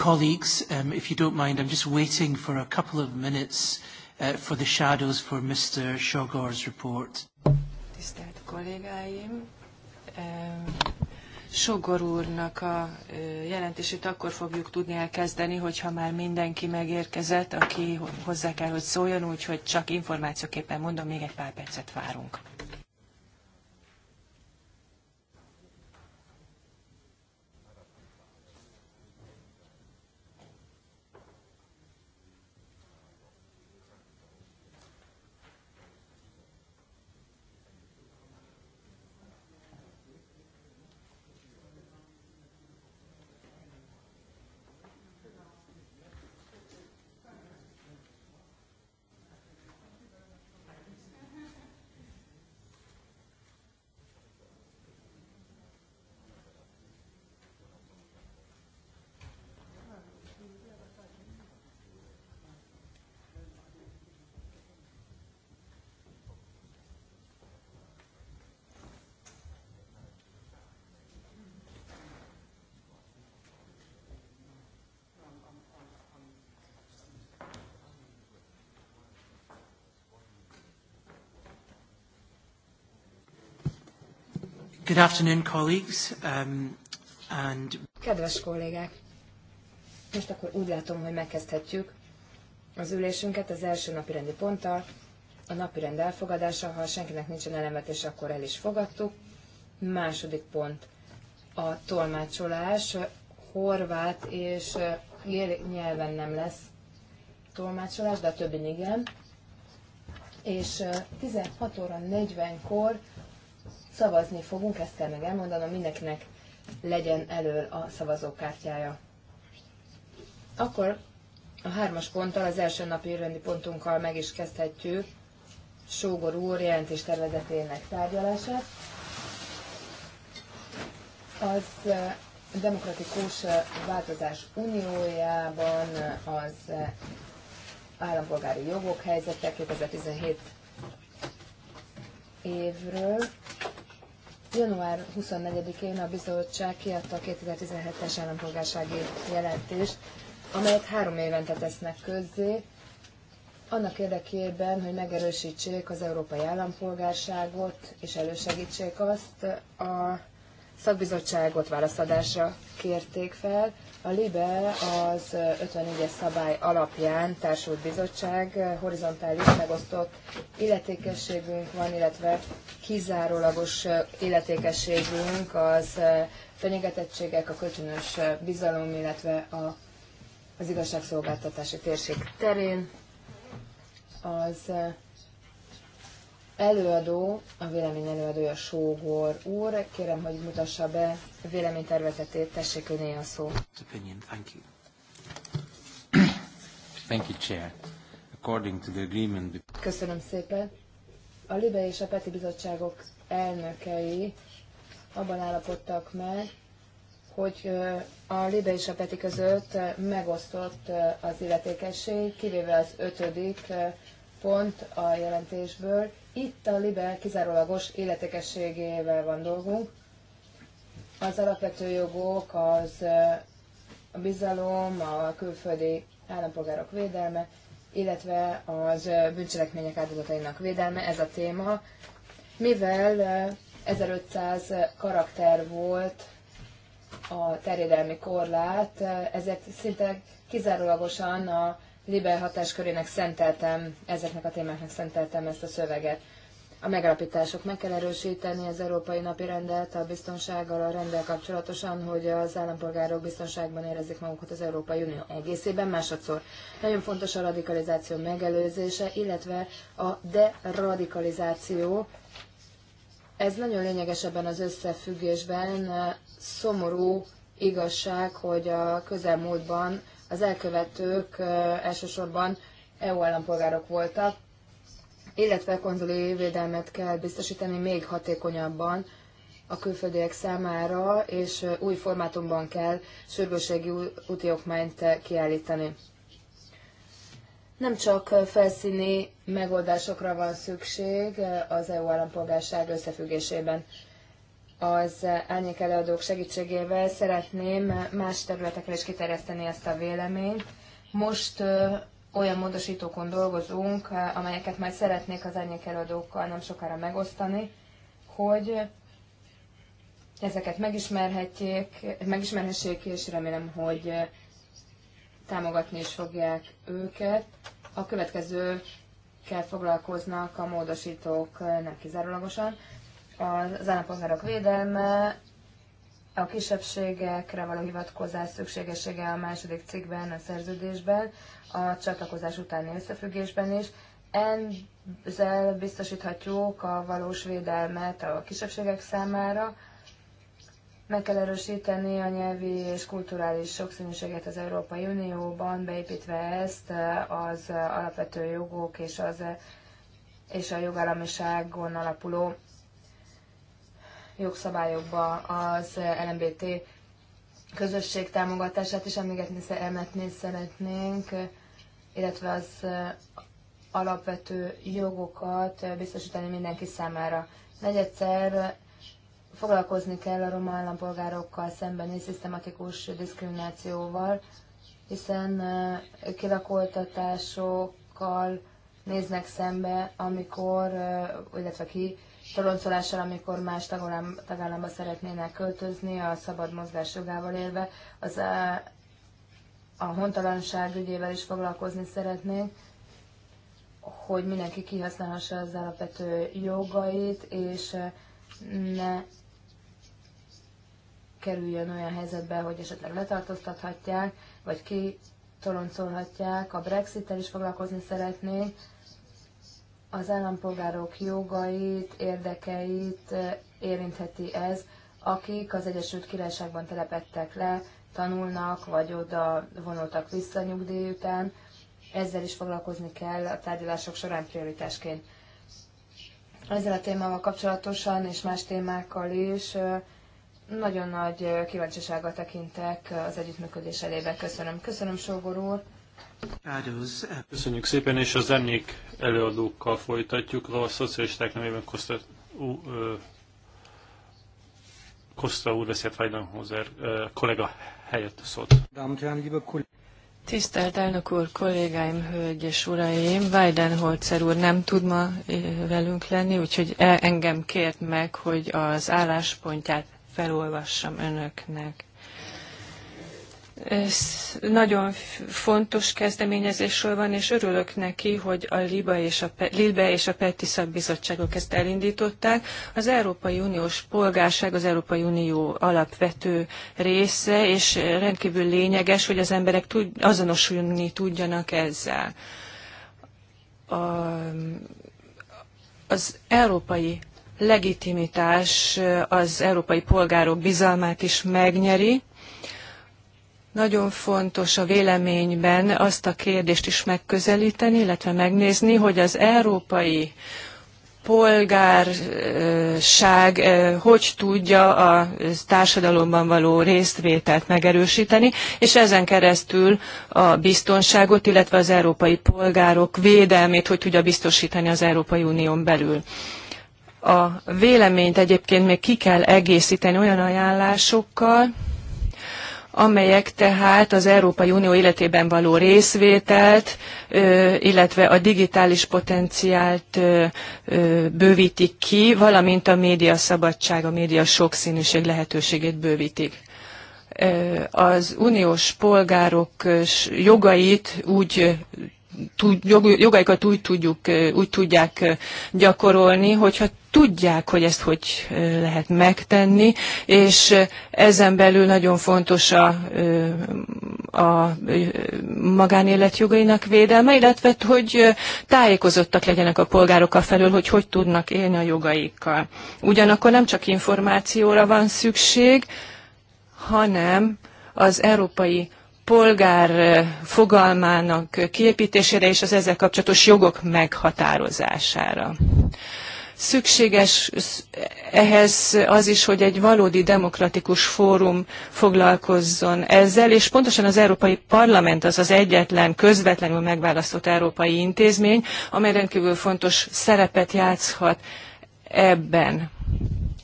Colleagues, um, if you don't mind, I'm just waiting for a couple of minutes uh, for the shadows for Mr. Shogor's report. Tisztelt kollégáim, um, Sogor úrnak a jelentését akkor fogjuk tudni elkezdeni, hogyha már mindenki megérkezett, aki hozzá kell, hogy szóljon, úgyhogy csak információképpen mondom, még egy pár percet várunk. Good afternoon, colleagues. Um, and... Kedves kollégák! Most akkor úgy látom, hogy megkezdhetjük az ülésünket az első napirendi ponttal. A rend elfogadása, ha senkinek nincsen elemetés, akkor el is fogadtuk. Második pont a tolmácsolás. Horvát és nyelven nem lesz tolmácsolás, de a többi igen. És 16 óra 40-kor Szavazni fogunk, ezt kell meg elmondanom, mindenkinek legyen elől a szavazókártyája. Akkor a hármas ponttal, az első napi rendi pontunkkal meg is kezdhetjük Sógor úr jelentés tervezetének tárgyalását. Az demokratikus változás uniójában az állampolgári jogok helyzete 2017 évről Január 24-én a bizottság kiadta a 2017-es állampolgársági jelentést, amelyet három évente tesznek közzé, annak érdekében, hogy megerősítsék az európai állampolgárságot, és elősegítsék azt a szakbizottságot válaszadásra kérték fel. A LIBE az 54-es szabály alapján társult bizottság, eh, horizontális megosztott illetékességünk van, illetve kizárólagos eh, illetékességünk az eh, fenyegetettségek, a kölcsönös bizalom, illetve a, az igazságszolgáltatási térség terén. Az előadó, a vélemény előadója Sógor úr. Kérem, hogy mutassa be a véleménytervezetét, tessék öné a szó. Thank you. Thank you, Chair. According to the agreement... Köszönöm szépen. A Libe és a Peti Bizottságok elnökei abban állapodtak meg, hogy a Libe és a Peti között megosztott az illetékesség, kivéve az ötödik pont a jelentésből, itt a libe kizárólagos életekességével van dolgunk. Az alapvető jogok, az a bizalom, a külföldi állampolgárok védelme, illetve az bűncselekmények áldozatainak védelme, ez a téma. Mivel 1500 karakter volt a terjedelmi korlát, ezért szinte kizárólagosan a libe hatáskörének szenteltem, ezeknek a témáknak szenteltem ezt a szöveget. A megalapítások meg kell erősíteni az európai napi rendet a biztonsággal, a rendel kapcsolatosan, hogy az állampolgárok biztonságban érezzék magukat az Európai Unió egészében. Másodszor nagyon fontos a radikalizáció megelőzése, illetve a deradikalizáció. Ez nagyon lényeges ebben az összefüggésben. Szomorú igazság, hogy a közelmúltban az elkövetők elsősorban EU állampolgárok voltak, illetve konzuli védelmet kell biztosítani még hatékonyabban a külföldiek számára, és új formátumban kell sürgőségi úti okmányt kiállítani. Nem csak felszíni megoldásokra van szükség az EU állampolgárság összefüggésében az árnyék előadók segítségével szeretném más területekre is kiterjeszteni ezt a véleményt. Most olyan módosítókon dolgozunk, amelyeket majd szeretnék az árnyék előadókkal nem sokára megosztani, hogy ezeket megismerhetjék, megismerhessék, és remélem, hogy támogatni is fogják őket. A következő kell foglalkoznak a módosítók nem kizárólagosan az állampolgárok védelme, a kisebbségekre való hivatkozás szükségessége a második cikkben, a szerződésben, a csatlakozás utáni összefüggésben is. Ezzel biztosíthatjuk a valós védelmet a kisebbségek számára. Meg kell erősíteni a nyelvi és kulturális sokszínűséget az Európai Unióban, beépítve ezt az alapvető jogok és, az, és a jogállamiságon alapuló jogszabályokba az LMBT közösség támogatását is emlegetni szeretnénk, illetve az alapvető jogokat biztosítani mindenki számára. Negyedszer foglalkozni kell a roma állampolgárokkal szembeni szisztematikus diszkriminációval, hiszen kilakoltatásokkal néznek szembe, amikor, illetve ki toloncolással, amikor más tagállamba szeretnének költözni, a szabad mozgás jogával élve, az a, e, a hontalanság ügyével is foglalkozni szeretnénk, hogy mindenki kihasználhassa az alapvető jogait, és e, ne kerüljön olyan helyzetbe, hogy esetleg letartóztathatják, vagy ki toloncolhatják, A Brexit-tel is foglalkozni szeretnénk, az állampolgárok jogait, érdekeit érintheti ez, akik az Egyesült Királyságban telepettek le, tanulnak, vagy oda vonultak vissza nyugdíj után. Ezzel is foglalkozni kell a tárgyalások során prioritásként. Ezzel a témával kapcsolatosan és más témákkal is nagyon nagy kíváncsisággal tekintek az együttműködés elébe. Köszönöm. Köszönöm, Sógor úr. Köszönjük szépen, és az ennék előadókkal folytatjuk. A szocialisták nevében Kosta, uh, Kosta úr beszélt Weidenhozer uh, kollega helyett szólt. Tisztelt elnök úr, kollégáim, hölgy és uraim, Weidenholzer úr nem tud ma velünk lenni, úgyhogy e, engem kért meg, hogy az álláspontját felolvassam önöknek. Ez nagyon fontos kezdeményezésről van, és örülök neki, hogy a LIBA és a, LIBE és a PETI szakbizottságok ezt elindították. Az Európai Uniós polgárság az Európai Unió alapvető része, és rendkívül lényeges, hogy az emberek tud, azonosulni tudjanak ezzel. A, az európai legitimitás az európai polgárok bizalmát is megnyeri, nagyon fontos a véleményben azt a kérdést is megközelíteni, illetve megnézni, hogy az európai polgárság eh, hogy tudja a társadalomban való résztvételt megerősíteni, és ezen keresztül a biztonságot, illetve az európai polgárok védelmét hogy tudja biztosítani az Európai Unión belül. A véleményt egyébként még ki kell egészíteni olyan ajánlásokkal, amelyek tehát az Európai Unió életében való részvételt, illetve a digitális potenciált bővítik ki, valamint a média szabadság, a média sokszínűség lehetőségét bővítik az uniós polgárok jogait úgy jogaikat úgy, tudjuk, úgy tudják gyakorolni, hogyha tudják, hogy ezt hogy lehet megtenni, és ezen belül nagyon fontos a, a magánélet jogainak védelme, illetve hogy tájékozottak legyenek a polgárok a felől, hogy hogy tudnak élni a jogaikkal. Ugyanakkor nem csak információra van szükség, hanem az európai polgár eh, fogalmának kiépítésére és az ezzel kapcsolatos jogok meghatározására. Szükséges ehhez az is, hogy egy valódi demokratikus fórum foglalkozzon ezzel, és pontosan az Európai Parlament az az egyetlen közvetlenül megválasztott európai intézmény, amely rendkívül fontos szerepet játszhat ebben,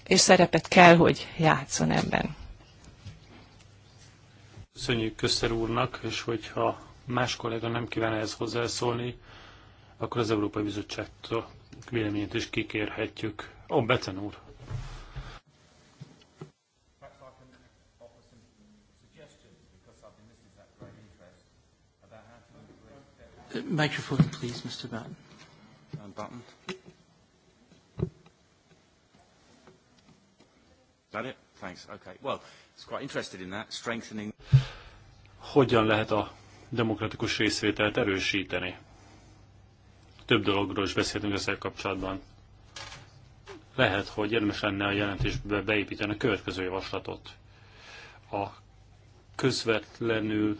és szerepet kell, hogy játszon ebben. Köszönjük Köszter úrnak, és hogyha más kollega nem kíván ehhez hozzászólni, akkor az Európai Bizottságtól véleményét is kikérhetjük. Ó, oh, Beten úr! Microphone, please, Mr. Batten. And Batten. Is that it? Thanks. Okay. Well, hogyan lehet a demokratikus részvételt erősíteni? Több dologról is beszéltünk ezzel kapcsolatban. Lehet, hogy érdemes lenne a jelentésbe beépíteni a következő javaslatot. A közvetlenül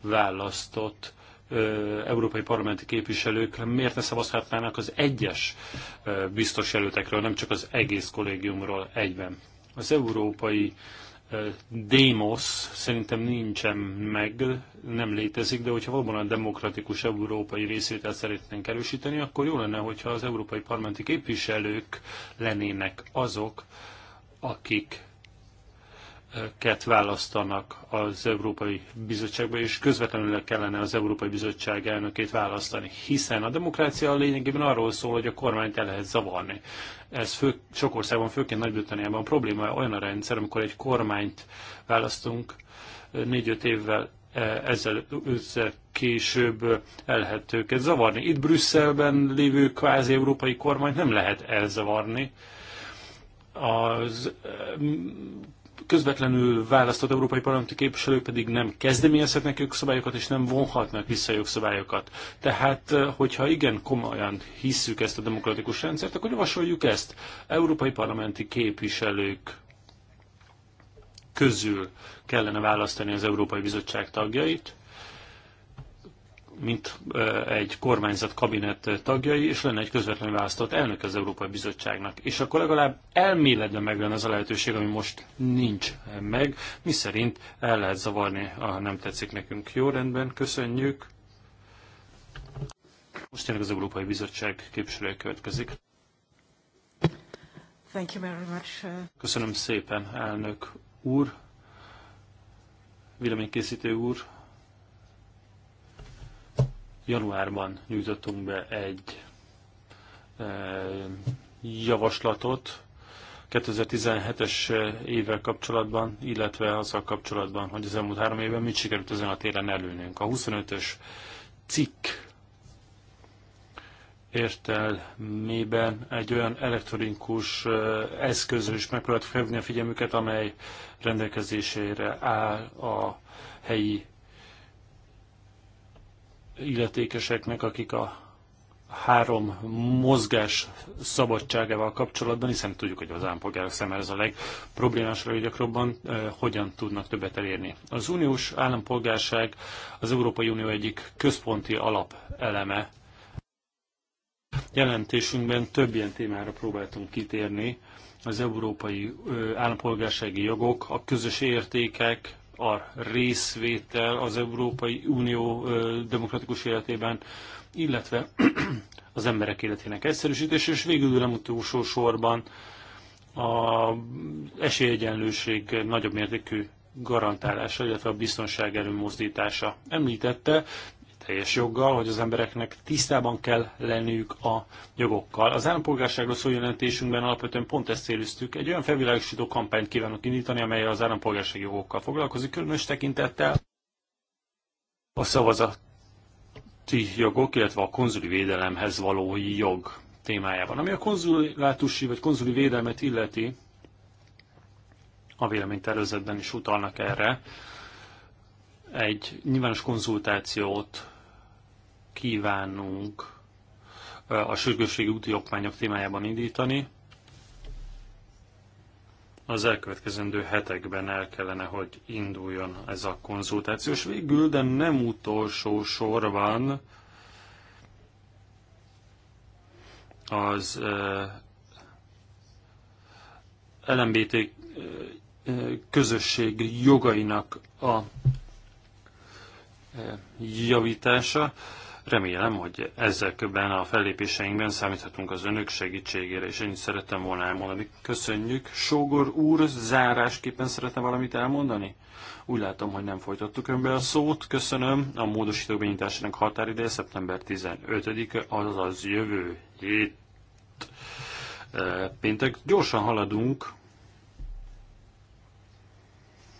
választott európai parlamenti képviselők miért ne szavazhatnának az egyes biztos jelöltekről, nem csak az egész kollégiumról egyben. Az európai Demos, szerintem nincsen meg, nem létezik, de hogyha valóban a demokratikus európai el szeretnénk erősíteni, akkor jó lenne, hogyha az európai parlamenti képviselők lennének azok, akik ket választanak az Európai Bizottságba, és közvetlenül kellene az Európai Bizottság elnökét választani, hiszen a demokrácia lényegében arról szól, hogy a kormányt el lehet zavarni ez fő, sok országban, főként Nagy-Britanniában probléma olyan a rendszer, amikor egy kormányt választunk négy-öt évvel e, ezzel össze később el lehet őket zavarni. Itt Brüsszelben lévő kvázi európai kormányt nem lehet elzavarni. Az közvetlenül választott európai parlamenti képviselők pedig nem kezdeményezhetnek jogszabályokat, és nem vonhatnak vissza jogszabályokat. Tehát, eh, hogyha igen komolyan hisszük ezt a demokratikus rendszert, akkor javasoljuk ezt. Európai parlamenti képviselők közül kellene választani az Európai Bizottság tagjait, mint egy kormányzat kabinet tagjai, és lenne egy közvetlenül választott elnök az Európai Bizottságnak. És akkor legalább elméletben meg lenne az a lehetőség, ami most nincs meg, mi szerint el lehet zavarni, ha nem tetszik nekünk. Jó rendben, köszönjük. Most tényleg az Európai Bizottság képviselője következik. Thank you very much. Uh, Köszönöm szépen, elnök úr, véleménykészítő úr, Januárban nyújtottunk be egy e, javaslatot 2017-es évvel kapcsolatban, illetve azzal kapcsolatban, hogy az elmúlt három évben mit sikerült ezen a téren előnünk. A 25-ös cikk értelmében egy olyan elektronikus e, eszközről is megpróbáltuk felvenni a figyelmüket, amely rendelkezésére áll a helyi illetékeseknek, akik a három mozgás szabadságával kapcsolatban, hiszen tudjuk, hogy az állampolgárok számára ez a gyakrabban eh, hogyan tudnak többet elérni. Az uniós állampolgárság az Európai Unió egyik központi alapeleme. Jelentésünkben több ilyen témára próbáltunk kitérni, az európai állampolgársági jogok, a közös értékek, a részvétel az Európai Unió demokratikus életében, illetve az emberek életének egyszerűsítés, és végül nem utolsó sorban a esélyegyenlőség nagyobb mértékű garantálása, illetve a biztonság előmozdítása. Említette, teljes joggal, hogy az embereknek tisztában kell lenniük a jogokkal. Az állampolgárságról szóló jelentésünkben alapvetően pont ezt céloztuk. Egy olyan felvilágosító kampányt kívánok indítani, amely az állampolgársági jogokkal foglalkozik, különös tekintettel a szavazati jogok, illetve a konzuli védelemhez való jog témájában. Ami a konzulátusi vagy konzuli védelmet illeti, a véleménytervezetben is utalnak erre, egy nyilvános konzultációt kívánunk a sürgősségi úti okmányok témájában indítani. Az elkövetkezendő hetekben el kellene, hogy induljon ez a és végül, de nem utolsó sorban az LMBT közösség jogainak a javítása. Remélem, hogy ezekben a fellépéseinkben számíthatunk az önök segítségére, és ennyit szerettem volna elmondani. Köszönjük. Sógor úr, zárásképpen szeretne valamit elmondani? Úgy látom, hogy nem folytattuk önbe a szót. Köszönöm. A módosító benyitásának határideje szeptember 15-e, azaz jövő hét eh, péntek. Gyorsan haladunk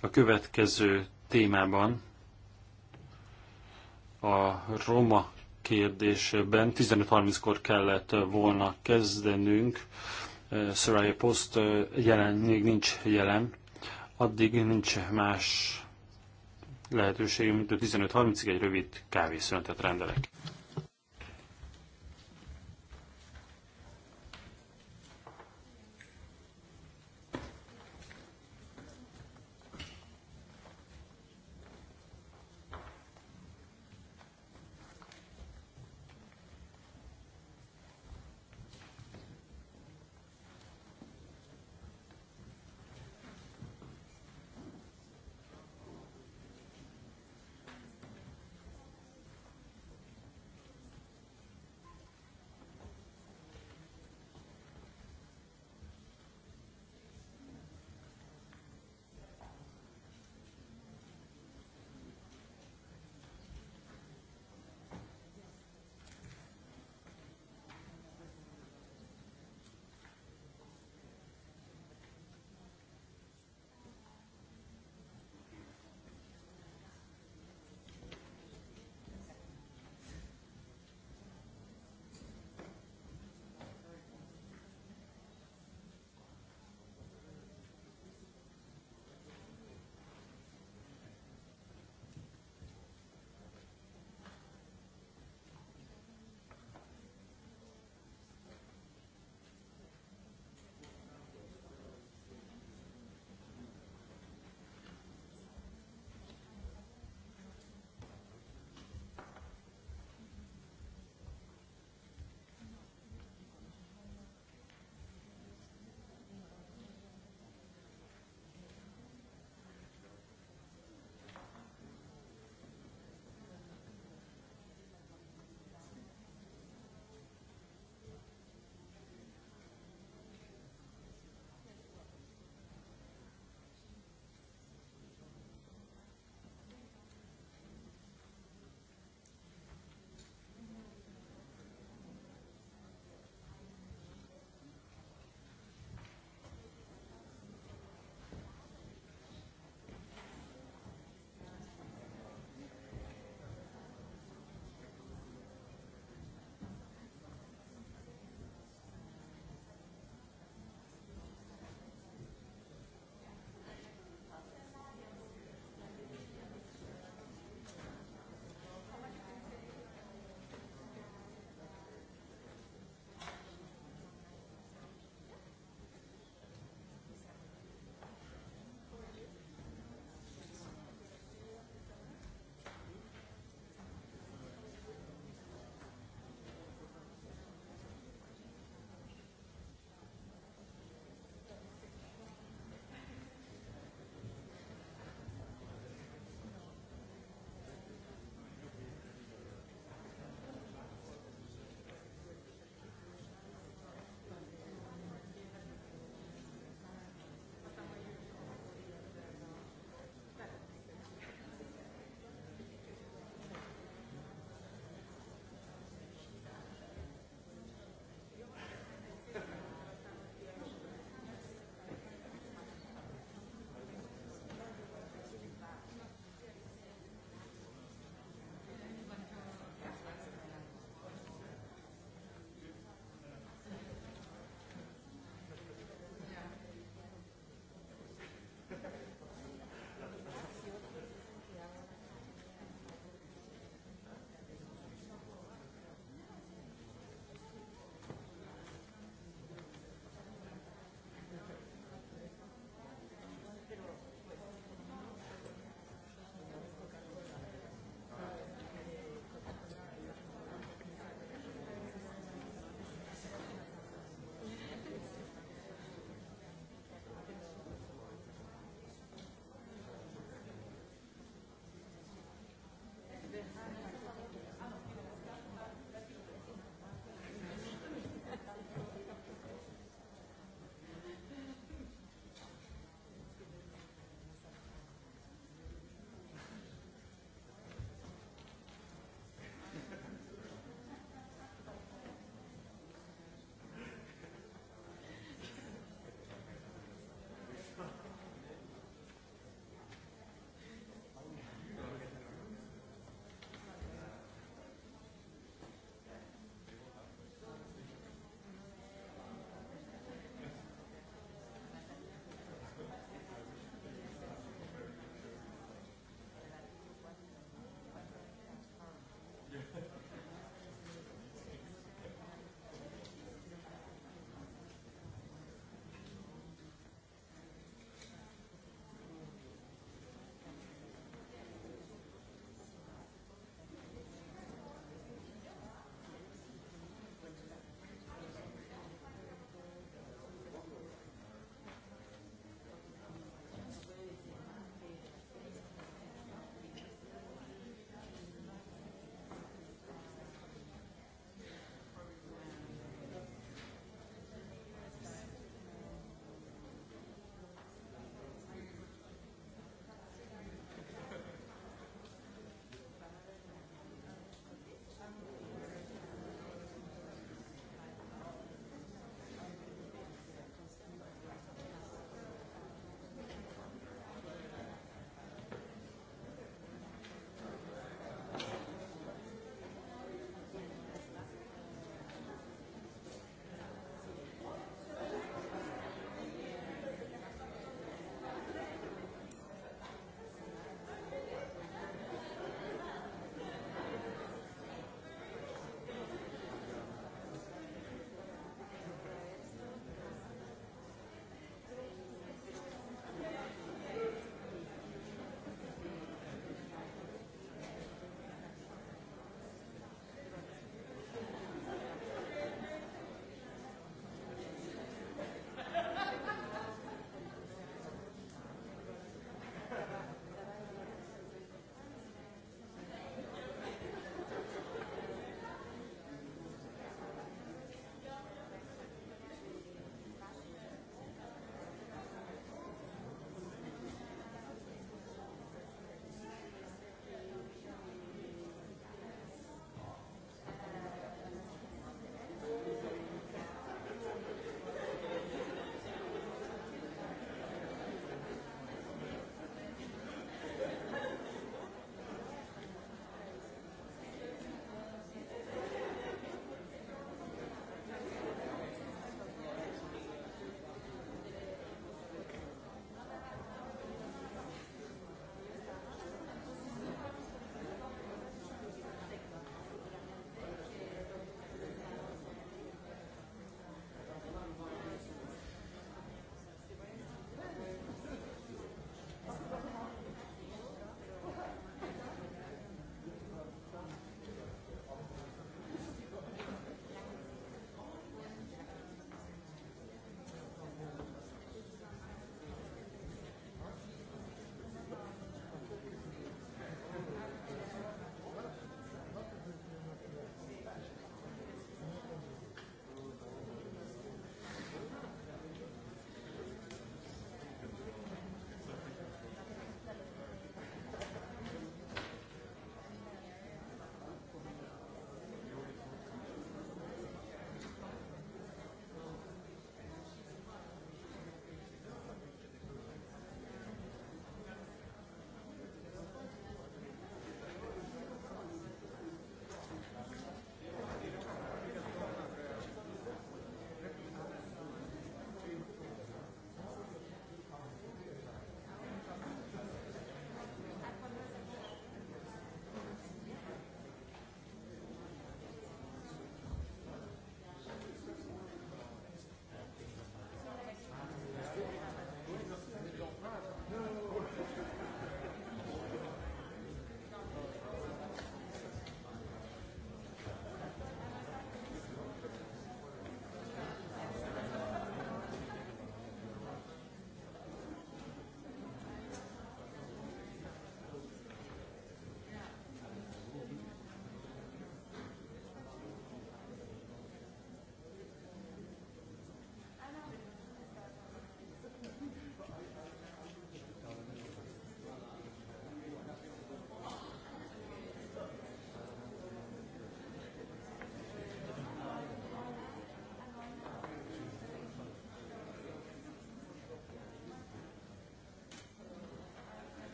a következő témában, a roma kérdésben 15-30-kor kellett volna kezdenünk. Eh, Soraya Post eh, jelen, még nincs jelen, addig nincs más lehetőségünk, mint a 15.30-ig egy rövid kávészünetet rendelek.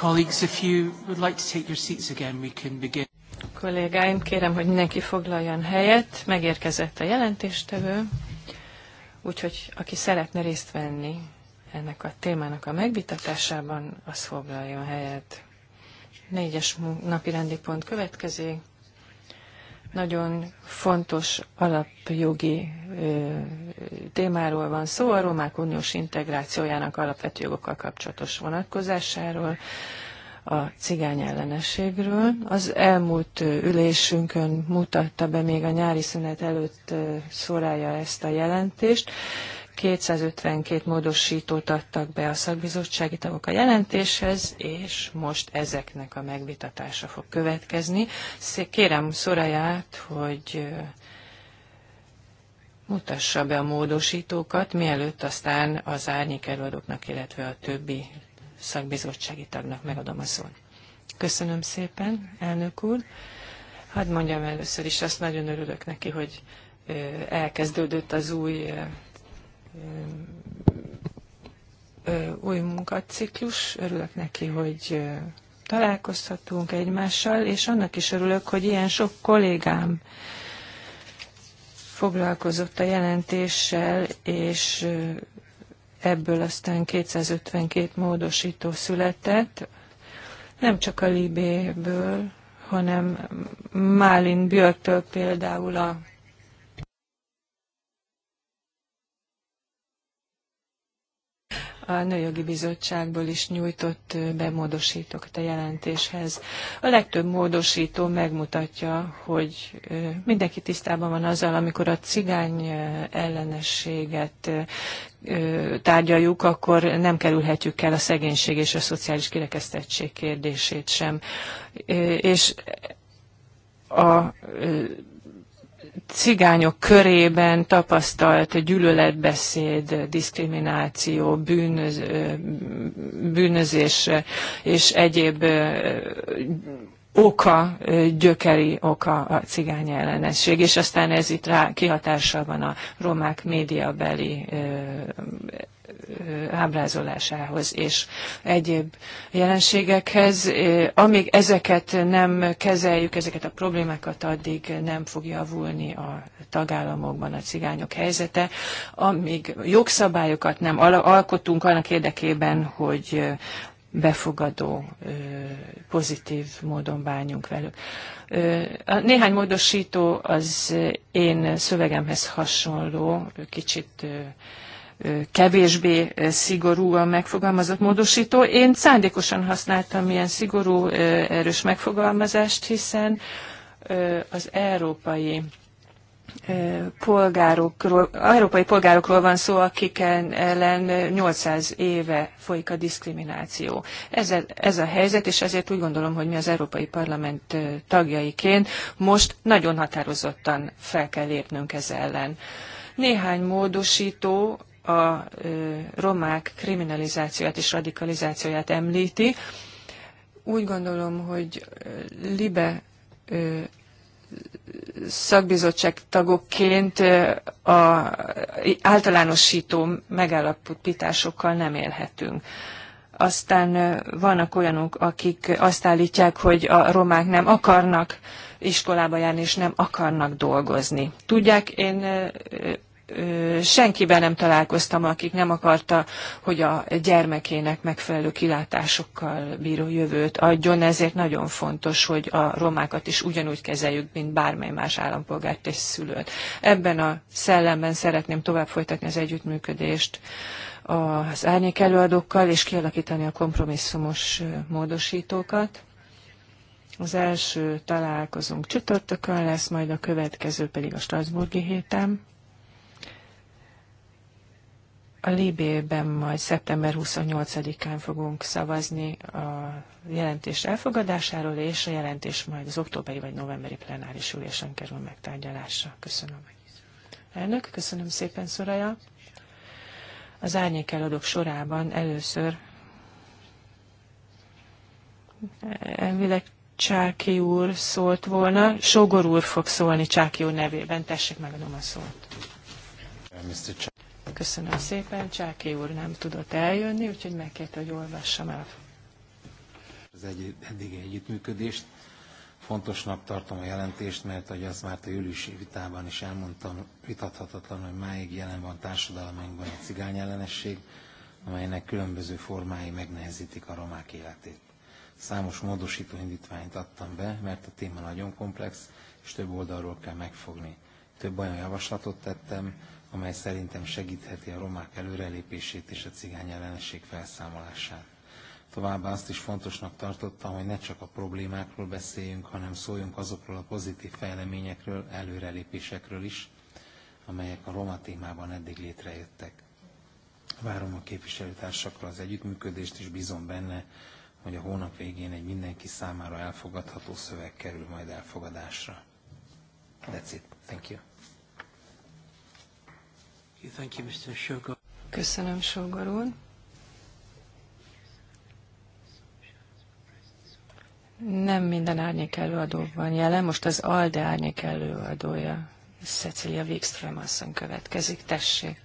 Colleagues, if you would like to take your seats again, we can begin. Kollégáim, kérem, hogy mindenki foglaljon helyet. Megérkezett a jelentéstevő, úgyhogy aki szeretne részt venni ennek a témának a megvitatásában, az foglaljon helyet. Négyes napi rendi pont következik. Nagyon fontos alapjogi témáról van szó, a romák uniós integrációjának alapvető jogokkal kapcsolatos vonatkozásáról, a cigány ellenességről. Az elmúlt ülésünkön mutatta be még a nyári szünet előtt szórája ezt a jelentést. 252 módosítót adtak be a szakbizottsági tagok a jelentéshez, és most ezeknek a megvitatása fog következni. Kérem Szoraját, hogy mutassa be a módosítókat, mielőtt aztán az árnyék előadóknak, illetve a többi szakbizottsági tagnak megadom a szót. Köszönöm szépen, elnök úr. Hadd mondjam először is, azt nagyon örülök neki, hogy elkezdődött az új új munkaciklus. Örülök neki, hogy találkozhatunk egymással, és annak is örülök, hogy ilyen sok kollégám foglalkozott a jelentéssel, és ebből aztán 252 módosító született, nem csak a Libéből, hanem Málin Björktől például a a Nőjogi Bizottságból is nyújtott bemódosítókat a jelentéshez. A legtöbb módosító megmutatja, hogy mindenki tisztában van azzal, amikor a cigány ellenességet tárgyaljuk, akkor nem kerülhetjük el a szegénység és a szociális kirekesztettség kérdését sem. És a cigányok körében tapasztalt gyűlöletbeszéd, diszkrimináció, bűnöz, bűnözés és egyéb oka, gyökeri oka a cigány ellenesség, és aztán ez itt rá kihatással van a romák médiabeli ábrázolásához és egyéb jelenségekhez. Amíg ezeket nem kezeljük, ezeket a problémákat, addig nem fog javulni a tagállamokban a cigányok helyzete. Amíg jogszabályokat nem alkotunk annak érdekében, hogy befogadó, pozitív módon bánjunk velük. A néhány módosító az én szövegemhez hasonló, kicsit kevésbé a megfogalmazott módosító. Én szándékosan használtam ilyen szigorú, erős megfogalmazást, hiszen az európai polgárokról, európai polgárokról van szó, akik ellen 800 éve folyik a diszkrimináció. Ez a, ez a helyzet, és ezért úgy gondolom, hogy mi az Európai Parlament tagjaiként most nagyon határozottan fel kell lépnünk ez ellen. Néhány módosító a romák kriminalizációját és radikalizációját említi. Úgy gondolom, hogy Libe szakbizottság tagokként a általánosító megállapításokkal nem élhetünk. Aztán vannak olyanok, akik azt állítják, hogy a romák nem akarnak iskolába járni, és nem akarnak dolgozni. Tudják, én senkiben nem találkoztam, akik nem akarta, hogy a gyermekének megfelelő kilátásokkal bíró jövőt adjon, ezért nagyon fontos, hogy a romákat is ugyanúgy kezeljük, mint bármely más állampolgárt és szülőt. Ebben a szellemben szeretném tovább folytatni az együttműködést az árnyék előadókkal, és kialakítani a kompromisszumos módosítókat. Az első találkozunk csütörtökön lesz, majd a következő pedig a Strasburgi héten. A Libében majd szeptember 28-án fogunk szavazni a jelentés elfogadásáról, és a jelentés majd az októberi vagy novemberi plenáris ülésen kerül megtárgyalásra. Köszönöm. Elnök, köszönöm szépen, Szoraja. Az árnyék eladók sorában először elvileg Csáki úr szólt volna. Sogor úr fog szólni Csáki úr nevében. Tessék meg a szót. Mr. Köszönöm szépen. Csáki úr nem tudott eljönni, úgyhogy megkérte, hogy olvassam el. Az egy, eddigi együttműködést fontosnak tartom a jelentést, mert ahogy azt már a júliusi vitában is elmondtam, vitathatatlan, hogy máig jelen van társadalmainkban egy cigány ellenesség, amelynek különböző formái megnehezítik a romák életét. Számos módosító indítványt adtam be, mert a téma nagyon komplex, és több oldalról kell megfogni. Több olyan javaslatot tettem, amely szerintem segítheti a romák előrelépését és a cigány ellenesség felszámolását. Továbbá azt is fontosnak tartottam, hogy ne csak a problémákról beszéljünk, hanem szóljunk azokról a pozitív fejleményekről, előrelépésekről is, amelyek a roma témában eddig létrejöttek. Várom a képviselőtársakra az együttműködést, és bízom benne, hogy a hónap végén egy mindenki számára elfogadható szöveg kerül majd elfogadásra. That's it. Thank you. Köszönöm, Sógor úr. Nem minden árnyék előadó van jelen, most az ALDE árnyék előadója, Cecilia Wikström asszony következik, tessék.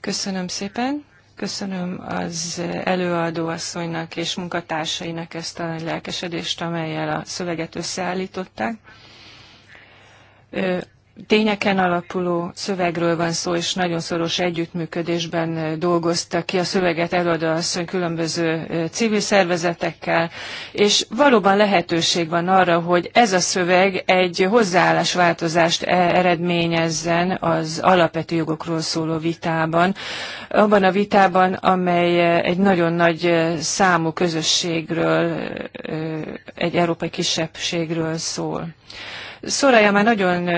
Köszönöm szépen, köszönöm az előadó asszonynak és munkatársainak ezt a lelkesedést, amelyel a szöveget összeállították tényeken alapuló szövegről van szó, és nagyon szoros együttműködésben dolgoztak ki a szöveget előadó asszony különböző civil szervezetekkel, és valóban lehetőség van arra, hogy ez a szöveg egy hozzáállásváltozást e, eredményezzen az alapvető jogokról szóló vitában, abban a vitában, amely egy nagyon nagy számú közösségről, egy európai kisebbségről szól. Szoraja már nagyon,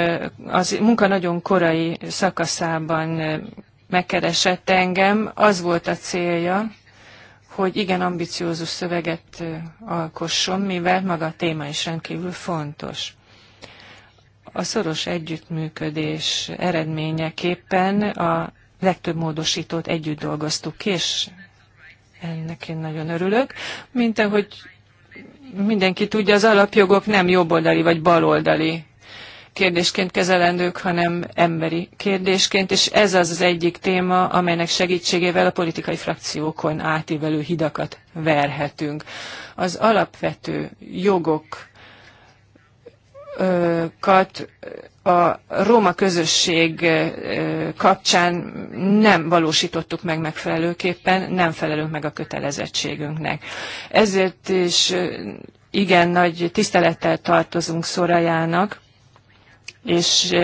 az munka nagyon korai szakaszában megkeresett engem. Az volt a célja, hogy igen ambiciózus szöveget alkosson, mivel maga a téma is rendkívül fontos. A szoros együttműködés eredményeképpen a legtöbb módosítót együtt dolgoztuk ki, és ennek én nagyon örülök. Mint ahogy mindenki tudja, az alapjogok nem jobboldali vagy baloldali kérdésként kezelendők, hanem emberi kérdésként, és ez az az egyik téma, amelynek segítségével a politikai frakciókon átívelő hidakat verhetünk. Az alapvető jogokat a roma közösség kapcsán nem valósítottuk meg megfelelőképpen, nem felelünk meg a kötelezettségünknek. Ezért is igen nagy tisztelettel tartozunk Szorajának, és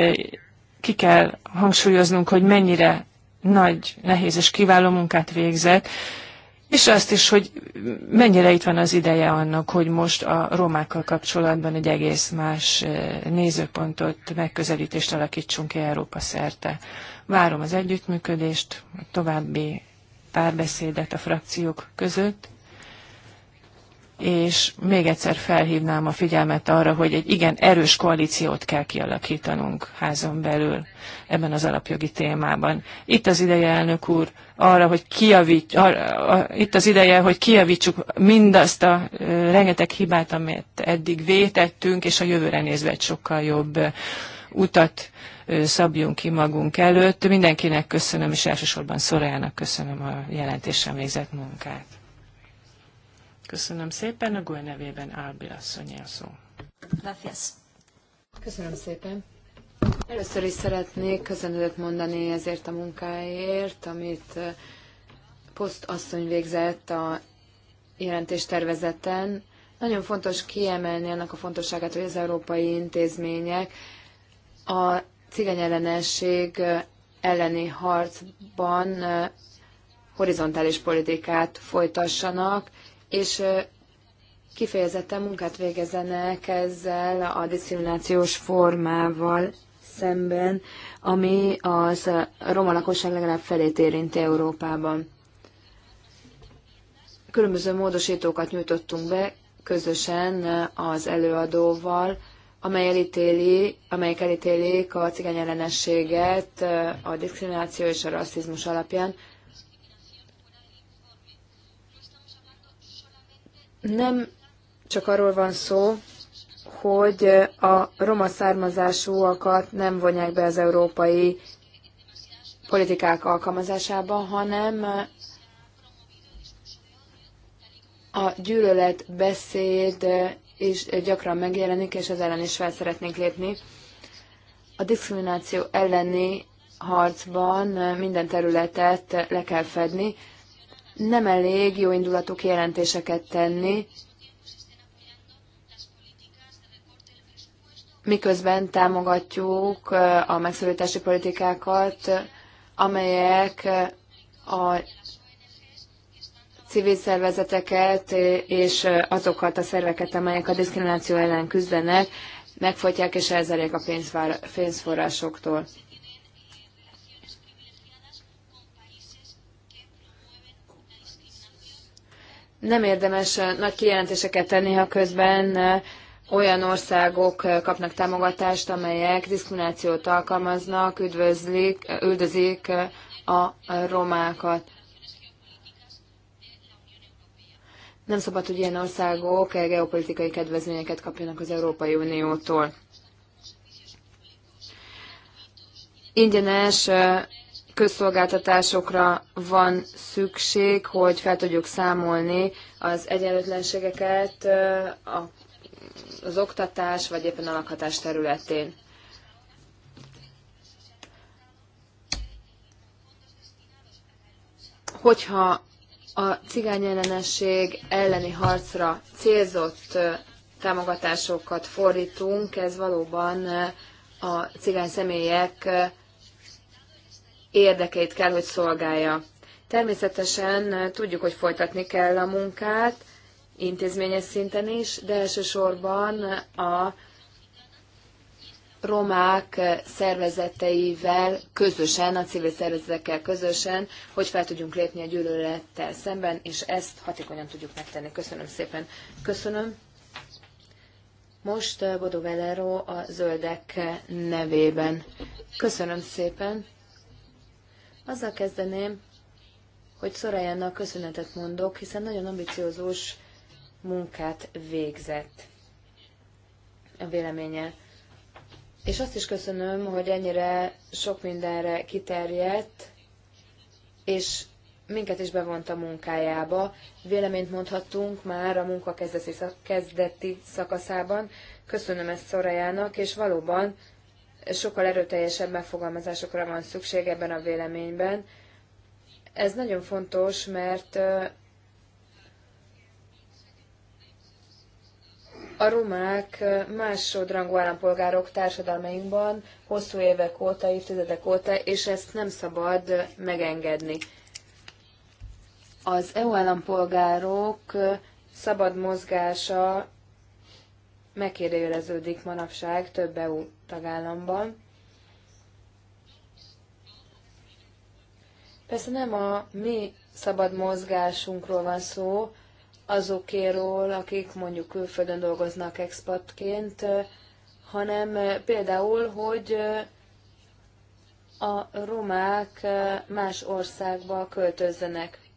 ki kell hangsúlyoznunk, hogy mennyire nagy, nehéz és kiváló munkát végzett, és azt is, hogy mennyire itt van az ideje annak, hogy most a romákkal kapcsolatban egy egész más eh, nézőpontot, megközelítést alakítsunk ki Európa szerte. Várom az együttműködést, a további párbeszédet a frakciók között, és még egyszer felhívnám a figyelmet arra, hogy egy igen erős koalíciót kell kialakítanunk házon belül ebben az alapjogi témában. Itt az ideje, elnök úr, arra, hogy kiavít, arra, a, itt az ideje, hogy kiavítsuk mindazt a rengeteg hibát, amit eddig vétettünk, és a jövőre nézve egy sokkal jobb e, utat szabjunk ki magunk előtt. Mindenkinek köszönöm, és elsősorban Szorájának köszönöm a jelentésem végzett munkát. Köszönöm szépen, a GUE nevében Álbi asszony szó. Gracias. Köszönöm szépen. Először is szeretnék köszönetet mondani ezért a munkáért, amit Poszt asszony végzett a jelentéstervezeten. Nagyon fontos kiemelni annak a fontosságát, hogy az európai intézmények a cigányellenesség elleni harcban horizontális politikát folytassanak, és kifejezetten munkát végezenek ezzel a diszkriminációs formával szemben, ami az roma lakosság legalább felét érinti Európában. Különböző módosítókat nyújtottunk be közösen az előadóval, amely elítéli, amelyek elítélik a cigány ellenességet a diszkrimináció és a rasszizmus alapján. nem csak arról van szó, hogy a roma származásúakat nem vonják be az európai politikák alkalmazásába, hanem a gyűlöletbeszéd is gyakran megjelenik, és az ellen is fel szeretnénk lépni. A diszkrimináció elleni harcban minden területet le kell fedni, nem elég jó indulatú kijelentéseket tenni, miközben támogatjuk a megszorítási politikákat, amelyek a civil szervezeteket és azokat a szerveket, amelyek a diszkrimináció ellen küzdenek, megfogyják és elzerjék a pénzforrásoktól. nem érdemes eh, nagy kijelentéseket tenni, ha közben eh, olyan országok eh, kapnak támogatást, amelyek diszkriminációt alkalmaznak, üdvözlik, üldözik a romákat. Nem szabad, hogy ilyen országok geopolitikai kedvezményeket kapjanak az Európai Uniótól. Ingyenes közszolgáltatásokra van szükség, hogy fel tudjuk számolni az egyenlőtlenségeket az oktatás vagy éppen a lakhatás területén. Hogyha a cigány ellenesség elleni harcra célzott támogatásokat fordítunk, ez valóban a cigány személyek érdekeit kell, hogy szolgálja. Természetesen tudjuk, hogy folytatni kell a munkát, intézményes szinten is, de elsősorban a romák szervezeteivel közösen, a civil szervezetekkel közösen, hogy fel tudjunk lépni a gyűlölettel szemben, és ezt hatékonyan tudjuk megtenni. Köszönöm szépen. Köszönöm. Most eh, Bodo Velero a zöldek nevében. Köszönöm szépen. Azzal kezdeném, hogy Szorájának köszönetet mondok, hiszen nagyon ambiciózus munkát végzett a véleménye. És azt is köszönöm, hogy ennyire sok mindenre kiterjedt, és minket is bevont a munkájába. Véleményt mondhattunk már a munka kezdeti szakaszában. Köszönöm ezt Szorajának, és valóban sokkal erőteljesebb megfogalmazásokra van szükség ebben a véleményben. Ez nagyon fontos, mert a romák másodrangú állampolgárok társadalmainkban hosszú évek óta, évtizedek óta, és ezt nem szabad megengedni. Az EU állampolgárok szabad mozgása megkérdőjeleződik manapság több EU tagállamban. Persze nem a mi szabad mozgásunkról van szó, azokéról, akik mondjuk külföldön dolgoznak expatként, hanem például, hogy a romák más országba költözzenek.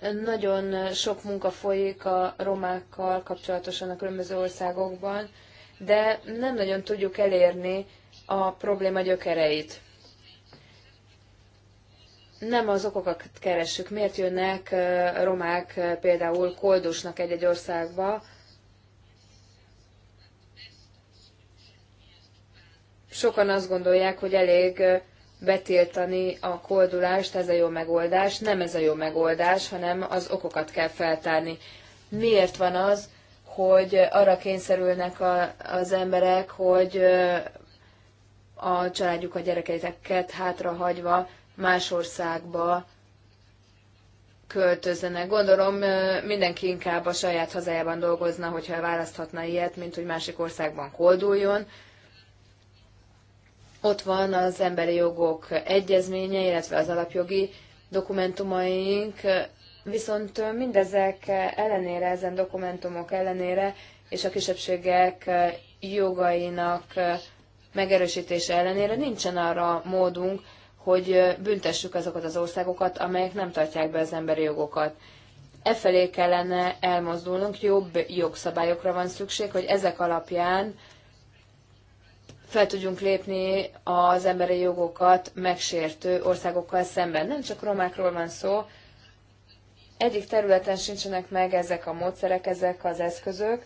Nagyon sok munka folyik a romákkal kapcsolatosan a különböző országokban, de nem nagyon tudjuk elérni a probléma gyökereit. Nem az okokat keressük, miért jönnek romák például koldusnak egy-egy országba, sokan azt gondolják, hogy elég betiltani a koldulást, ez a jó megoldás. Nem ez a jó megoldás, hanem az okokat kell feltárni. Miért van az, hogy arra kényszerülnek a, az emberek, hogy a családjuk a gyerekeiket hátrahagyva más országba költözzenek. Gondolom mindenki inkább a saját hazájában dolgozna, hogyha választhatna ilyet, mint hogy másik országban kolduljon. Ott van az emberi jogok egyezménye, illetve az alapjogi dokumentumaink, viszont mindezek ellenére, ezen dokumentumok ellenére, és a kisebbségek jogainak megerősítése ellenére nincsen arra módunk, hogy büntessük azokat az országokat, amelyek nem tartják be az emberi jogokat. E felé kellene elmozdulnunk, jobb jogszabályokra van szükség, hogy ezek alapján fel tudjunk lépni az emberi jogokat megsértő országokkal szemben. Nem csak romákról van szó, egyik területen sincsenek meg ezek a módszerek, ezek az eszközök,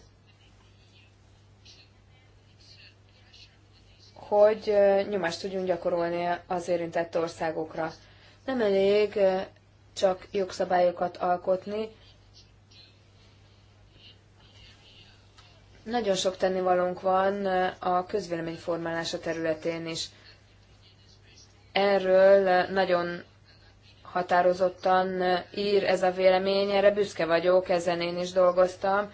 hogy nyomást tudjunk gyakorolni az érintett országokra. Nem elég csak jogszabályokat alkotni, Nagyon sok tennivalónk van a közvéleményformálása területén is. Erről nagyon határozottan ír ez a vélemény, erre büszke vagyok, ezen én is dolgoztam.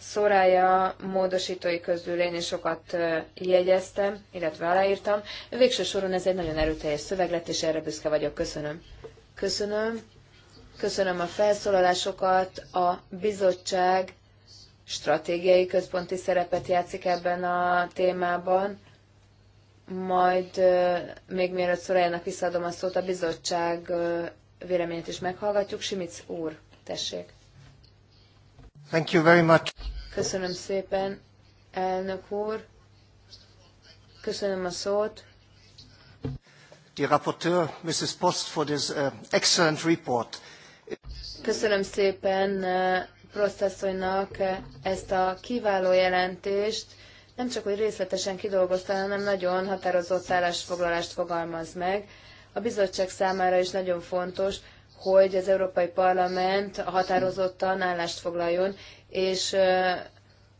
Szorája módosítói közül én is sokat jegyeztem, illetve aláírtam. Végső soron ez egy nagyon erőteljes szöveg lett, és erre büszke vagyok. Köszönöm. Köszönöm. Köszönöm a felszólalásokat. A bizottság stratégiai központi szerepet játszik ebben a témában. Majd még mielőtt Szorájának visszaadom a szót, a bizottság véleményét is meghallgatjuk. Simic úr, tessék. Thank you very much. Köszönöm szépen, elnök úr. Köszönöm a szót. Die rapporteur, Mrs. Post, for this uh, excellent report. Köszönöm szépen Prostasszonynak ezt a kiváló jelentést, nem csak, hogy részletesen kidolgozta, hanem nagyon határozott állásfoglalást fogalmaz meg. A bizottság számára is nagyon fontos, hogy az Európai Parlament határozottan állást foglaljon, és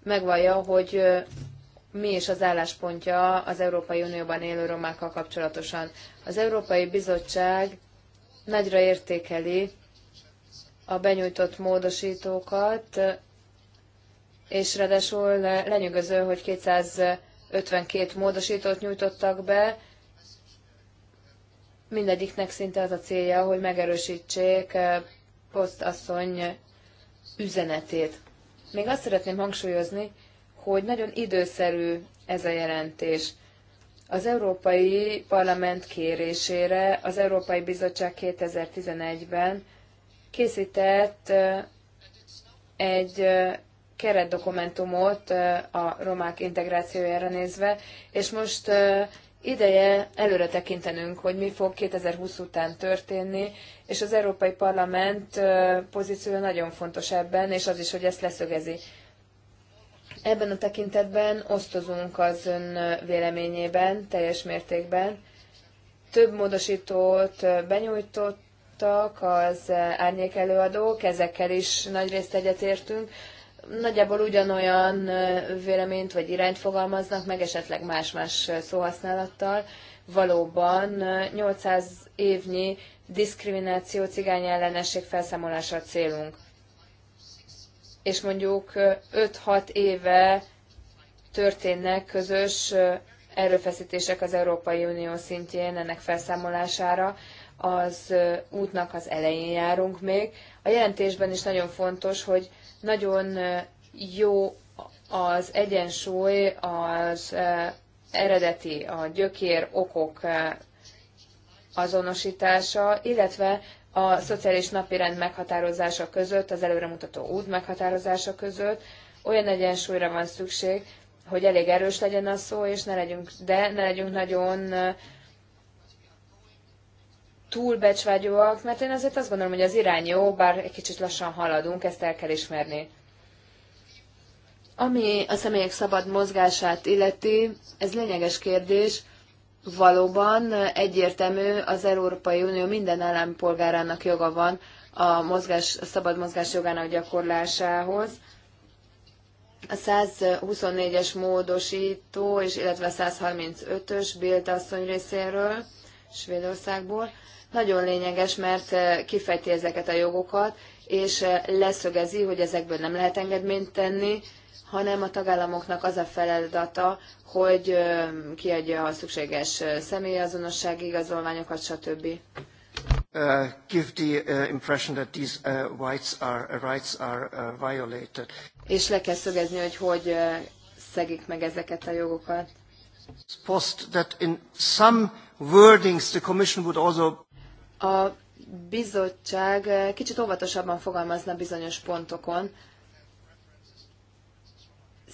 megvallja, hogy mi is az álláspontja az Európai Unióban élő romákkal kapcsolatosan. Az Európai Bizottság nagyra értékeli a benyújtott módosítókat, és ráadásul lenyűgöző, hogy 252 módosítót nyújtottak be, mindegyiknek szinte az a célja, hogy megerősítsék eh, posztasszony üzenetét. Még azt szeretném hangsúlyozni, hogy nagyon időszerű ez a jelentés. Az Európai Parlament kérésére az Európai Bizottság 2011-ben készített egy keretdokumentumot a romák integrációjára nézve, és most ideje előre tekintenünk, hogy mi fog 2020 után történni, és az Európai Parlament pozíciója nagyon fontos ebben, és az is, hogy ezt leszögezi. Ebben a tekintetben osztozunk az ön véleményében teljes mértékben. Több módosítót benyújtott elmondtak az árnyék előadók, ezekkel is nagyrészt egyetértünk. Nagyjából ugyanolyan véleményt vagy irányt fogalmaznak meg, esetleg más-más szóhasználattal. Valóban 800 évnyi diszkrimináció cigány ellenesség felszámolása a célunk. És mondjuk 5-6 éve történnek közös erőfeszítések az Európai Unió szintjén ennek felszámolására az útnak az elején járunk még. A jelentésben is nagyon fontos, hogy nagyon jó az egyensúly az eredeti, a gyökér okok azonosítása, illetve a szociális napirend meghatározása között, az előremutató út meghatározása között olyan egyensúlyra van szükség, hogy elég erős legyen a szó, és ne legyünk, de ne legyünk nagyon túl becsvágyóak, mert én azért azt gondolom, hogy az irány jó, bár egy kicsit lassan haladunk, ezt el kell ismerni. Ami a személyek szabad mozgását illeti, ez lényeges kérdés. Valóban egyértelmű, az Európai Unió minden állampolgárának joga van a, mozgás, a szabad mozgás jogának gyakorlásához. A 124-es módosító, és illetve a 135-ös Bilt asszony részéről Svédországból nagyon lényeges, mert kifejti ezeket a jogokat, és leszögezi, hogy ezekből nem lehet engedményt tenni, hanem a tagállamoknak az a feladata, hogy kiadja a szükséges személyazonossági igazolványokat, stb. Uh, give the uh, impression that these uh, rights are, uh, rights are uh, violated. És le kell szögezni, hogy hogy uh, szegik meg ezeket a jogokat. Post that in some wordings the Commission would also a bizottság kicsit óvatosabban fogalmazna bizonyos pontokon.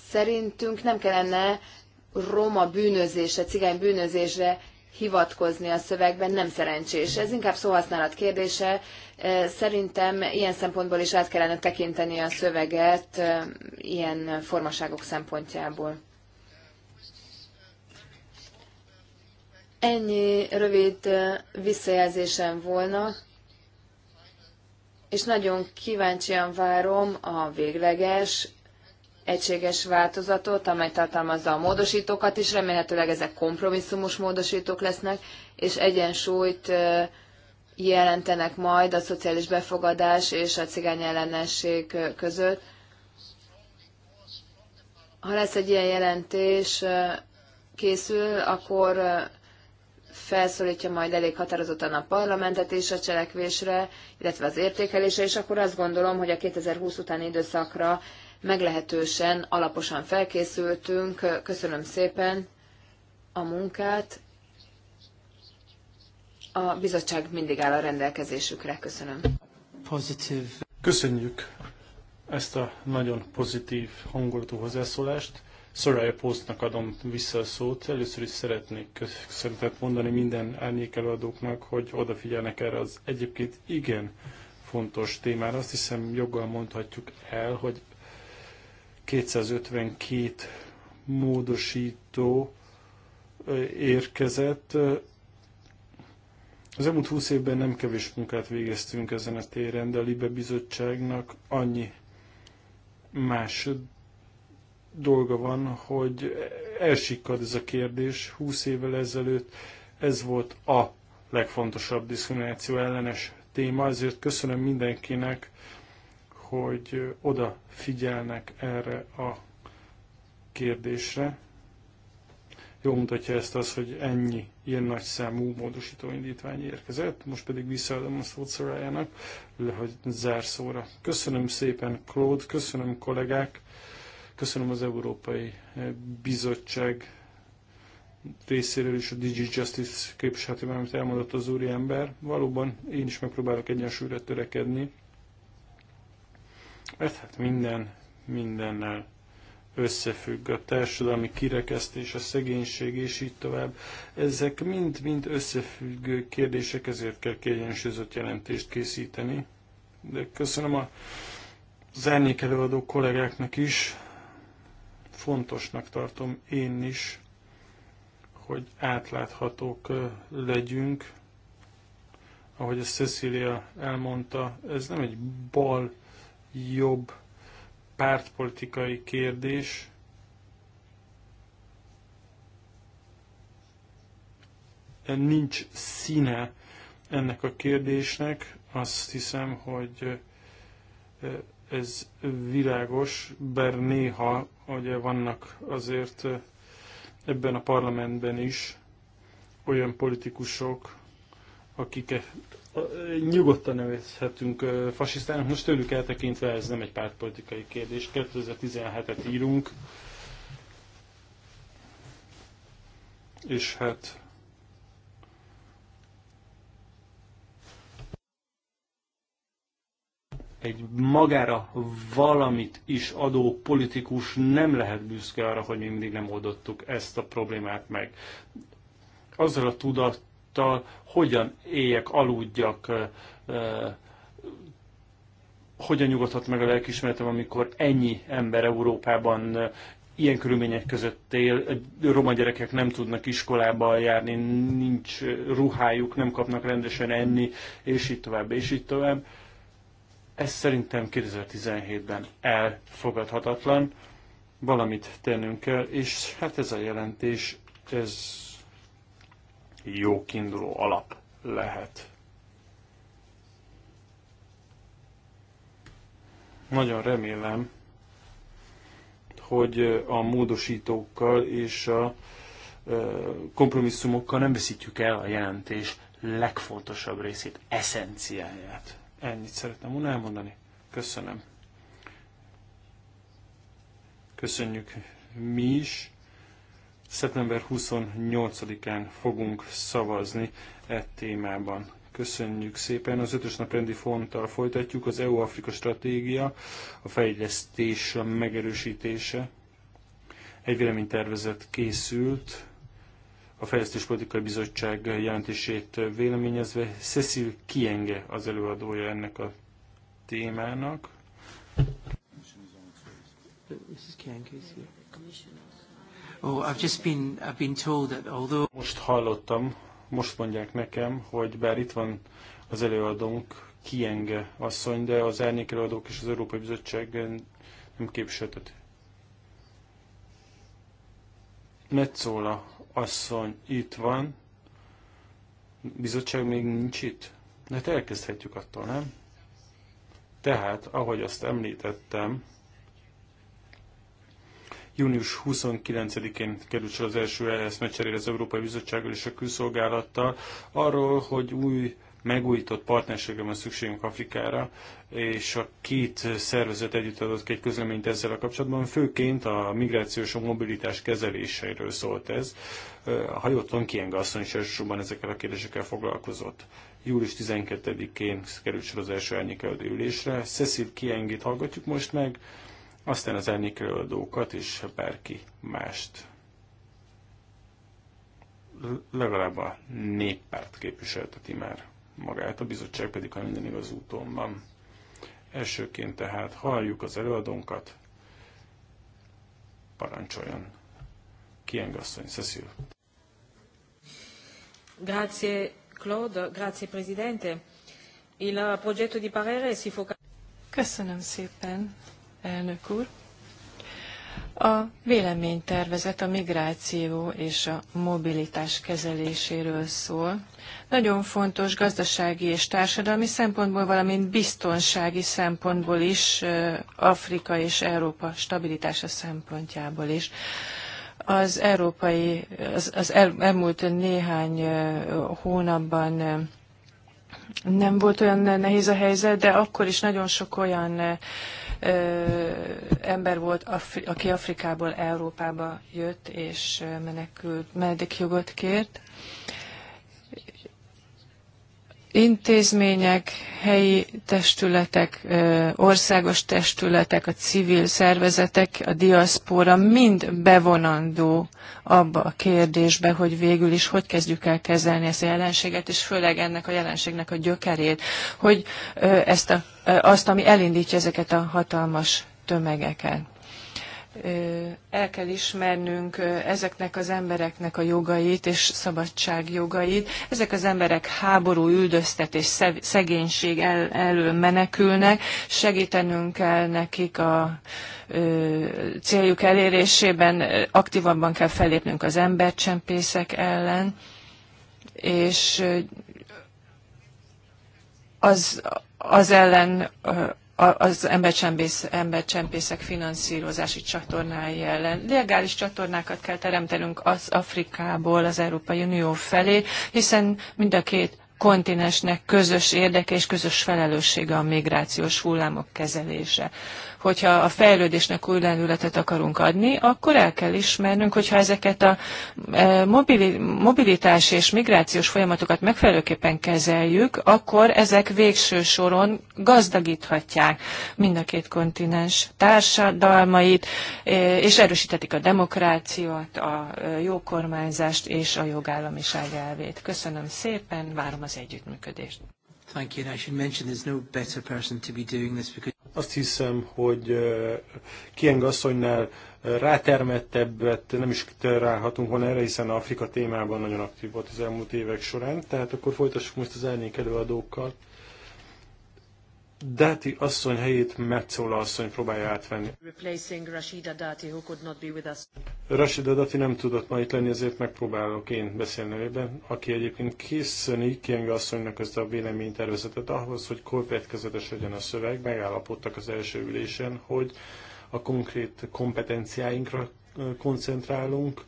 Szerintünk nem kellene roma bűnözésre, cigány bűnözésre hivatkozni a szövegben, nem szerencsés. Ez inkább szóhasználat kérdése. Szerintem ilyen szempontból is át kellene tekinteni a szöveget, ilyen formaságok szempontjából. Ennyi rövid visszajelzésem volna, és nagyon kíváncsian várom a végleges, egységes változatot, amely tartalmazza a módosítókat is, remélhetőleg ezek kompromisszumos módosítók lesznek, és egyensúlyt jelentenek majd a szociális befogadás és a cigány ellenesség között. Ha lesz egy ilyen jelentés, készül, akkor felszólítja majd elég határozottan a parlamentet és a cselekvésre, illetve az értékelésre, és akkor azt gondolom, hogy a 2020 utáni időszakra meglehetősen alaposan felkészültünk. Köszönöm szépen a munkát. A bizottság mindig áll a rendelkezésükre. Köszönöm. Köszönjük ezt a nagyon pozitív hangulatú hozzászólást. Soraya Postnak adom vissza a szót. Először is szeretnék köszönetet mondani minden árnyékelőadóknak, hogy odafigyelnek erre az egyébként igen fontos témára. Azt hiszem joggal mondhatjuk el, hogy 252 módosító érkezett. Az elmúlt 20 évben nem kevés munkát végeztünk ezen a téren, de a Libe Bizottságnak annyi más dolga van, hogy elsikkad ez a kérdés. 20 évvel ezelőtt ez volt a legfontosabb diszkrimináció ellenes téma, ezért köszönöm mindenkinek, hogy oda figyelnek erre a kérdésre. Jó mutatja ezt az, hogy ennyi ilyen nagy számú módosító indítvány érkezett, most pedig visszaadom a szót Szorájának, hogy zárszóra. Köszönöm szépen, Claude, köszönöm kollégák, Köszönöm az Európai Bizottság részéről is a Digi Justice képviseletében, amit elmondott az ember. Valóban én is megpróbálok egyensúlyra törekedni. mert hát minden, mindennel összefügg a társadalmi kirekesztés, a szegénység és így tovább. Ezek mind-mind összefüggő kérdések, ezért kell kiegyensúlyozott jelentést készíteni. De köszönöm a az előadó kollégáknak is fontosnak tartom én is, hogy átláthatók legyünk. Ahogy a Cecilia elmondta, ez nem egy bal-jobb pártpolitikai kérdés, nincs színe ennek a kérdésnek. Azt hiszem, hogy ez világos, bár néha ugye vannak azért eh, ebben a parlamentben is olyan politikusok, akiket eh, eh, nyugodtan nevezhetünk fasisztának. Most tőlük eltekintve ez nem egy pártpolitikai kérdés. 2017-et írunk, és hát egy magára valamit is adó politikus nem lehet büszke arra, hogy mi mindig nem oldottuk ezt a problémát meg. Azzal a tudattal, hogyan éljek, aludjak, hogyan nyugodhat meg a lelkismeretem, amikor ennyi ember Európában ilyen körülmények között él, roma gyerekek nem tudnak iskolába járni, nincs ruhájuk, nem kapnak rendesen enni, és így tovább, és így tovább ez szerintem 2017-ben elfogadhatatlan, valamit tennünk kell, és hát ez a jelentés, ez jó kiinduló alap lehet. Nagyon remélem, hogy a módosítókkal és a kompromisszumokkal nem veszítjük el a jelentés legfontosabb részét, eszenciáját. Ennyit szeretném volna elmondani. Köszönöm. Köszönjük mi is. Szeptember 28-án fogunk szavazni e témában. Köszönjük szépen. Az ötös rendi fonttal folytatjuk. Az EU-Afrika stratégia, a fejlesztés, a megerősítése. Egy véleménytervezet készült a Fejlesztéspolitikai Bizottság jelentését véleményezve. Cecil Kienge az előadója ennek a témának. Oh, most hallottam, most mondják nekem, hogy bár itt van az előadónk, Kienge asszony, de az árnyék előadók és az Európai Bizottság nem képviseltet. Metzola asszony itt van. Bizottság még nincs itt? Hát elkezdhetjük attól, nem? Tehát, ahogy azt említettem, június 29-én került sor az első eszmecserére az Európai Bizottsággal és a Külszolgálattal arról, hogy új megújított partnerségre van szükségünk Afrikára, és a két szervezet együtt adott ki egy közleményt ezzel a kapcsolatban, főként a migrációs a mobilitás kezeléseiről szólt ez. A hajóton Kienga asszony is elsősorban ezekkel a kérdésekkel foglalkozott. Július 12-én került sor az első árnyékelődő ülésre. Cecil Kiengit hallgatjuk most meg, aztán az árnyékelődókat és bárki mást legalább a néppárt képviselteti már magát, a bizottság pedig, ha minden igaz úton van. Elsőként tehát halljuk az előadónkat, parancsoljon. Kiengasszony, Cecil. Grazie Claude, grazie Presidente. Il progetto di parere si focalizza... Köszönöm szépen, elnök úr. A véleménytervezet a migráció és a mobilitás kezeléséről szól. Nagyon fontos gazdasági és társadalmi szempontból, valamint biztonsági szempontból is, Afrika és Európa stabilitása szempontjából is az európai, az, az el, elmúlt néhány hónapban nem volt olyan nehéz a helyzet, de akkor is nagyon sok olyan ember volt, Afri- aki Afrikából Európába jött és menekült, menedékjogot kért intézmények, helyi testületek, országos testületek, a civil szervezetek, a diaszpóra mind bevonandó abba a kérdésbe, hogy végül is hogy kezdjük el kezelni ezt a jelenséget, és főleg ennek a jelenségnek a gyökerét, hogy ezt a, azt, ami elindítja ezeket a hatalmas tömegeket el kell ismernünk ezeknek az embereknek a jogait és szabadságjogait. Ezek az emberek háború, üldöztetés, szegénység el, elől menekülnek, segítenünk kell nekik a ö, céljuk elérésében, aktívabban kell felépnünk az embercsempészek ellen, és az, az ellen az embercsempész, embercsempészek finanszírozási csatornái ellen. Legális csatornákat kell teremtenünk az Afrikából az Európai Unió felé, hiszen mind a két kontinensnek közös érdeke és közös felelőssége a migrációs hullámok kezelése hogyha a fejlődésnek új lendületet akarunk adni, akkor el kell ismernünk, hogyha ezeket a e, mobilitás és migrációs folyamatokat megfelelőképpen kezeljük, akkor ezek végső soron gazdagíthatják mind a két kontinens társadalmait, e, és erősítetik a demokráciát, a e, jó kormányzást és a jogállamiság elvét. Köszönöm szépen, várom az együttműködést. Thank you. And I should mention there's no better person to be doing this because... Azt hiszem, hogy eh, Kieng asszonynál eh, rátermettebbet nem is ráhatunk volna erre, hiszen Afrika témában nagyon aktív volt az elmúlt évek során. Tehát akkor folytassuk most az elnék előadókkal. Dati asszony helyét Metzola asszony próbálja átvenni. Replacing Rashida Dati, who could not be with us. Rashida Dati nem tudott ma itt lenni, ezért megpróbálok én beszélni nevében, aki egyébként készíteni Kienge asszonynak ezt a véleménytervezetet ahhoz, hogy következetes legyen a szöveg. Megállapodtak az első ülésen, hogy a konkrét kompetenciáinkra koncentrálunk.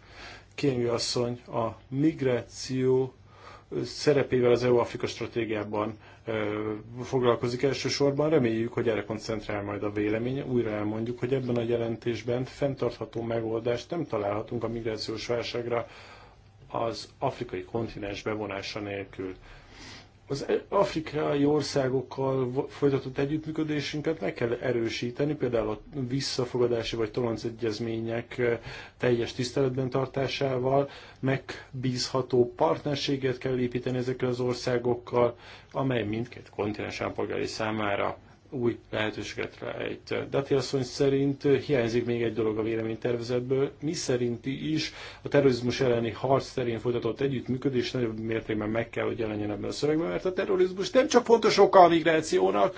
Kienge asszony a migráció szerepével az EU-Afrika stratégiában foglalkozik elsősorban. Reméljük, hogy erre koncentrál majd a vélemény. Újra elmondjuk, hogy ebben a jelentésben fenntartható megoldást nem találhatunk a migrációs válságra az afrikai kontinens bevonása nélkül. Az e- afrikai országokkal folytatott együttműködésünket meg kell erősíteni, például a visszafogadási vagy toloncegyezmények e, teljes tiszteletben tartásával, megbízható partnerséget kell építeni ezekkel az országokkal, amely mindkét kontinens állampolgári számára új lehetőséget rejt. Dati asszony szerint hiányzik még egy dolog a véleménytervezetből, mi szerinti is a terrorizmus elleni harc terén folytatott együttműködés nagyobb mértékben meg kell, hogy jelenjen ebben a szövegben, mert a terrorizmus nem csak fontos oka a migrációnak,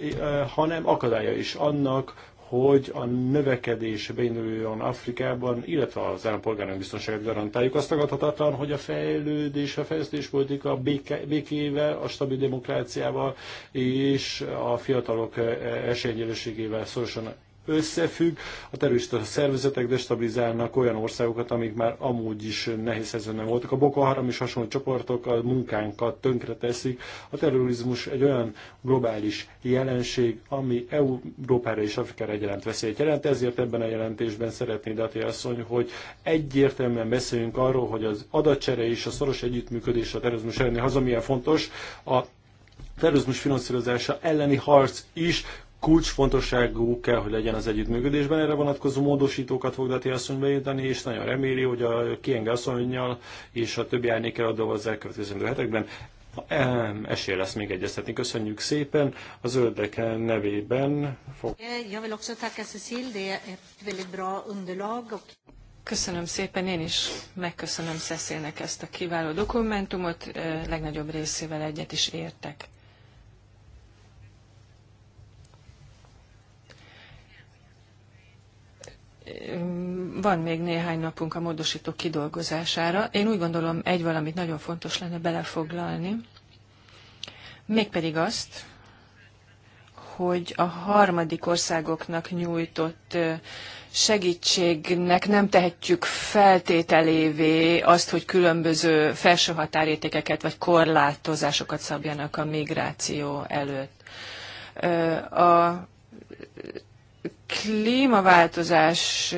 eh, hanem akadálya is annak, hogy a növekedés beinduljon Afrikában, illetve az állampolgárnak biztonságát garantáljuk. Azt tagadhatatlan, hogy a fejlődés, a fejlesztéspolitika békével, a stabil demokráciával és a fiatalok esélyegyenlőségével szorosan összefügg. A terrorista szervezetek destabilizálnak olyan országokat, amik már amúgy is nehéz helyzetben voltak. A Boko Haram és hasonló csoportok a munkánkat tönkreteszik. A terrorizmus egy olyan globális jelenség, ami Európára és Afrikára egyaránt veszélyt jelent. Ezért ebben a jelentésben szeretné Dati asszony, hogy egyértelműen beszéljünk arról, hogy az adatcsere és a szoros együttműködés a terrorizmus elleni haza milyen fontos. A terrorizmus finanszírozása elleni harc is kulcsfontosságú kell, hogy legyen az együttműködésben. Erre vonatkozó módosítókat fog Dati asszony beírni, és nagyon reméli, hogy a Kienge asszonynal és a többi adóval az elkövetkező hetekben esély lesz még egyeztetni. Köszönjük szépen. A zöldek nevében fog... Köszönöm szépen, én is megköszönöm Szeszélnek ezt a kiváló dokumentumot, eh, legnagyobb részével egyet is értek. van még néhány napunk a módosítók kidolgozására. Én úgy gondolom, egy valamit nagyon fontos lenne belefoglalni, mégpedig azt, hogy a harmadik országoknak nyújtott segítségnek nem tehetjük feltételévé azt, hogy különböző felső határértékeket vagy korlátozásokat szabjanak a migráció előtt. A klímaváltozás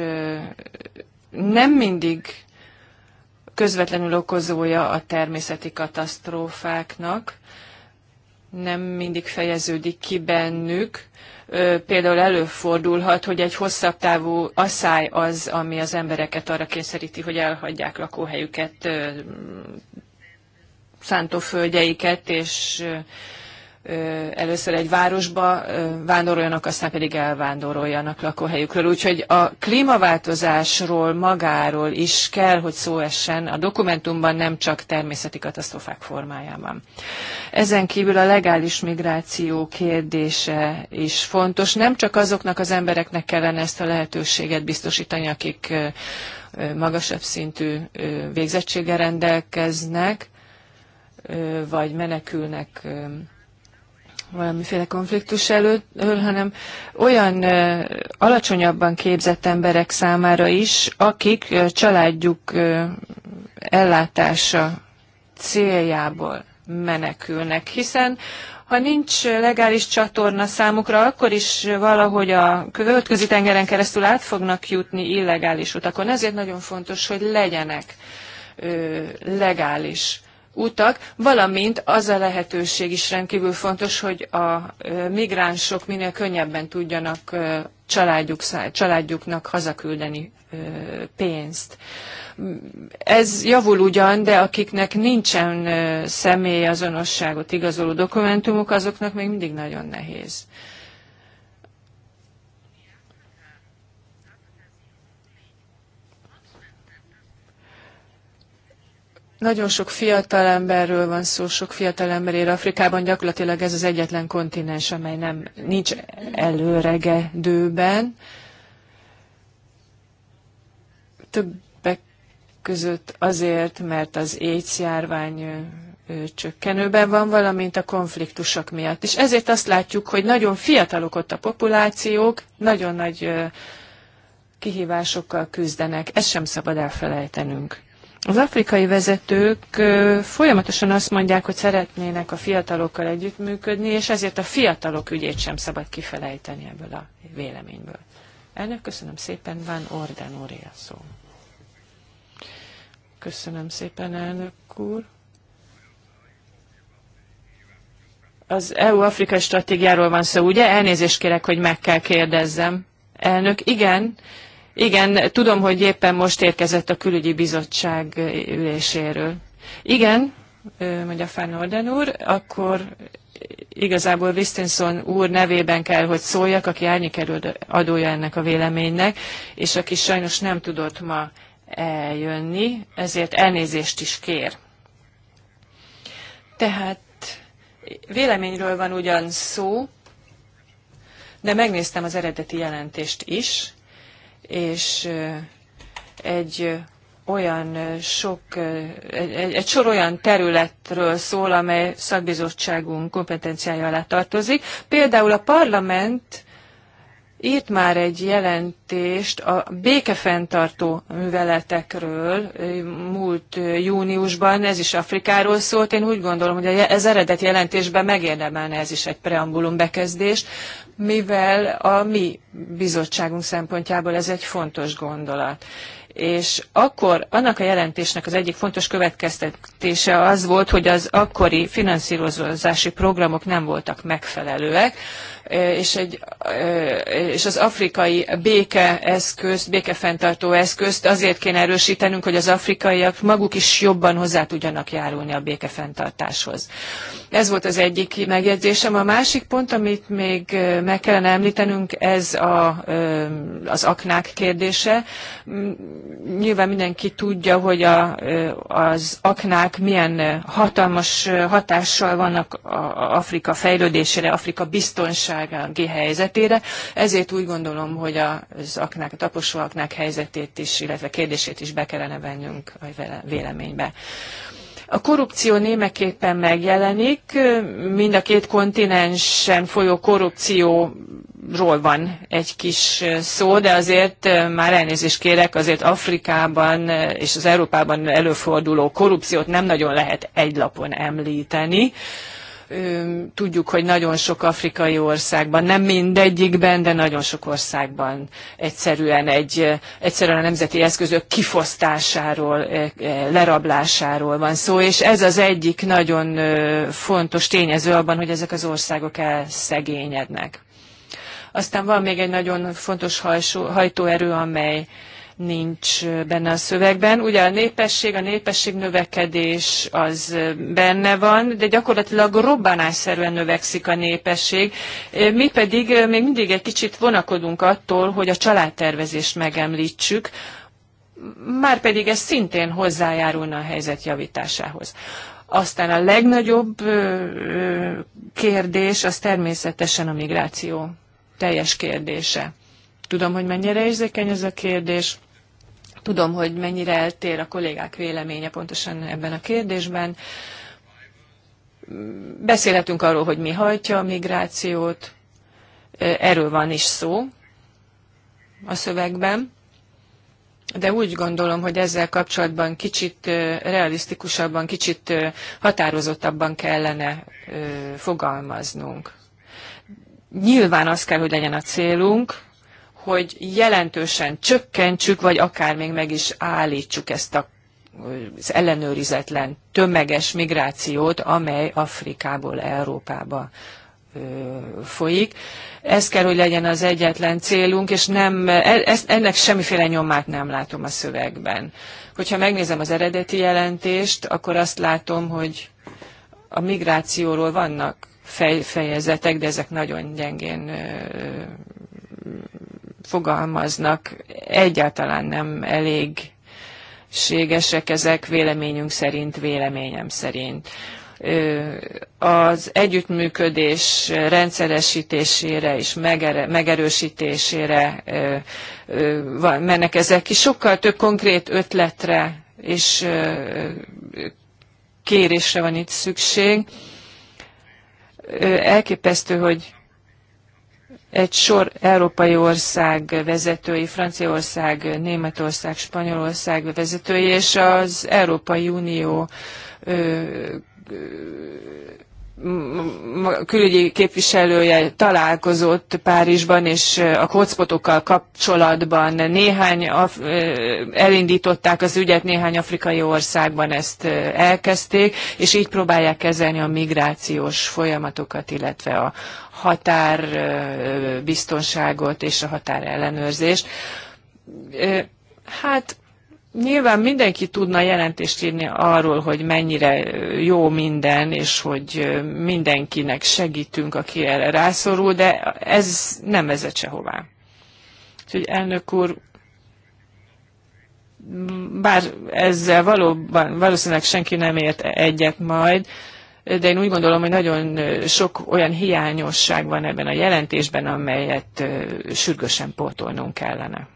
nem mindig közvetlenül okozója a természeti katasztrófáknak, nem mindig fejeződik ki bennük. Például előfordulhat, hogy egy hosszabb távú asszály az, ami az embereket arra kényszeríti, hogy elhagyják lakóhelyüket, szántóföldjeiket, és először egy városba vándoroljanak, aztán pedig elvándoroljanak lakóhelyükről. Úgyhogy a klímaváltozásról magáról is kell, hogy szó essen a dokumentumban, nem csak természeti katasztrofák formájában. Ezen kívül a legális migráció kérdése is fontos. Nem csak azoknak az embereknek kellene ezt a lehetőséget biztosítani, akik magasabb szintű végzettséggel rendelkeznek, vagy menekülnek valamiféle konfliktus előtt, hanem olyan alacsonyabban képzett emberek számára is, akik családjuk ellátása céljából menekülnek, hiszen ha nincs legális csatorna számukra, akkor is valahogy a követközi tengeren keresztül át fognak jutni illegális utakon. Ezért nagyon fontos, hogy legyenek ö, legális utak, valamint az a lehetőség is rendkívül fontos, hogy a migránsok minél könnyebben tudjanak családjuk, családjuknak hazaküldeni pénzt. Ez javul ugyan, de akiknek nincsen személyazonosságot igazoló dokumentumok azoknak még mindig nagyon nehéz Nagyon sok fiatal emberről van szó, sok fiatal ember él Afrikában, gyakorlatilag ez az egyetlen kontinens, amely nem, nincs előregedőben. Többek között azért, mert az AIDS járvány csökkenőben van, valamint a konfliktusok miatt. És ezért azt látjuk, hogy nagyon fiatalok ott a populációk, nagyon nagy kihívásokkal küzdenek. Ezt sem szabad elfelejtenünk. Az afrikai vezetők folyamatosan azt mondják, hogy szeretnének a fiatalokkal együttműködni, és ezért a fiatalok ügyét sem szabad kifelejteni ebből a véleményből. Elnök, köszönöm szépen, Van Orden úr szó. Köszönöm szépen, elnök úr. Az EU-Afrika stratégiáról van szó, ugye? Elnézést kérek, hogy meg kell kérdezzem. Elnök, igen, igen, tudom, hogy éppen most érkezett a külügyi bizottság üléséről. Igen, mondja Fán Orden úr, akkor igazából Winston úr nevében kell, hogy szóljak, aki árnyékelő adója ennek a véleménynek, és aki sajnos nem tudott ma eljönni, ezért elnézést is kér. Tehát véleményről van ugyan szó, de megnéztem az eredeti jelentést is, és egy olyan sok, egy, egy sor olyan területről szól, amely szakbizottságunk kompetenciája alá tartozik. Például a parlament írt már egy jelentést a békefenntartó műveletekről múlt júniusban, ez is Afrikáról szólt. Én úgy gondolom, hogy ez eredet jelentésben megérdemelne ez is egy preambulum bekezdés, mivel a mi bizottságunk szempontjából ez egy fontos gondolat és akkor annak a jelentésnek az egyik fontos következtetése az volt, hogy az akkori finanszírozási programok nem voltak megfelelőek, és, egy, eh, és az afrikai békeeszközt, békefenntartó eszközt azért kéne erősítenünk, hogy az afrikaiak maguk is jobban hozzá tudjanak járulni a békefenntartáshoz. Ez volt az egyik megjegyzésem. A másik pont, amit még eh, meg kellene említenünk, ez a, eh, az aknák kérdése. Mm, nyilván mindenki tudja, hogy a, az aknák milyen hatalmas hatással vannak Afrika fejlődésére, Afrika biztonságára, gazdasági helyzetére. Ezért úgy gondolom, hogy az aknák, a taposó aknák helyzetét is, illetve kérdését is be kellene vennünk a véleménybe. A korrupció némeképpen megjelenik, mind a két kontinensen folyó korrupcióról van egy kis szó, de azért már elnézést kérek, azért Afrikában és az Európában előforduló korrupciót nem nagyon lehet egy lapon említeni tudjuk, hogy nagyon sok afrikai országban, nem mindegyikben, de nagyon sok országban egyszerűen, egy, egyszerűen a nemzeti eszközök kifosztásáról, lerablásáról van szó, és ez az egyik nagyon fontos tényező abban, hogy ezek az országok elszegényednek. Aztán van még egy nagyon fontos hajtóerő, amely nincs benne a szövegben. Ugye a népesség, a népesség növekedés az benne van, de gyakorlatilag robbanásszerűen növekszik a népesség. Mi pedig még mindig egy kicsit vonakodunk attól, hogy a családtervezést megemlítsük, már pedig ez szintén hozzájárulna a helyzet javításához. Aztán a legnagyobb kérdés az természetesen a migráció teljes kérdése. Tudom, hogy mennyire érzékeny ez a kérdés, tudom, hogy mennyire eltér a kollégák véleménye pontosan ebben a kérdésben. Beszélhetünk arról, hogy mi hajtja a migrációt, erről van is szó a szövegben, de úgy gondolom, hogy ezzel kapcsolatban kicsit realisztikusabban, kicsit határozottabban kellene fogalmaznunk. Nyilván az kell, hogy legyen a célunk, hogy jelentősen csökkentsük, vagy akár még meg is állítsuk ezt a, az ellenőrizetlen tömeges migrációt, amely Afrikából Európába folyik. Ez kell, hogy legyen az egyetlen célunk, és nem, e, ez, ennek semmiféle nyomát nem látom a szövegben. Hogyha megnézem az eredeti jelentést, akkor azt látom, hogy a migrációról vannak fej, fejezetek, de ezek nagyon gyengén fogalmaznak, egyáltalán nem elég ségesek ezek véleményünk szerint, véleményem szerint az együttműködés rendszeresítésére és megerősítésére mennek ezek ki. Sokkal több konkrét ötletre és kérésre van itt szükség. Elképesztő, hogy egy sor európai ország vezetői, Franciaország, Németország, Spanyolország vezetői, és az Európai Unió ö, ö, külügyi képviselője találkozott Párizsban, és a hotspotokkal kapcsolatban néhány elindították az ügyet, néhány afrikai országban ezt elkezdték, és így próbálják kezelni a migrációs folyamatokat, illetve a határbiztonságot és a határellenőrzést. Hát Nyilván mindenki tudna jelentést írni arról, hogy mennyire jó minden, és hogy mindenkinek segítünk, aki erre rászorul, de ez nem vezet sehová. Úgyhogy elnök úr, bár ezzel valóban, valószínűleg senki nem ért egyet majd, de én úgy gondolom, hogy nagyon sok olyan hiányosság van ebben a jelentésben, amelyet sürgősen pótolnunk kellene.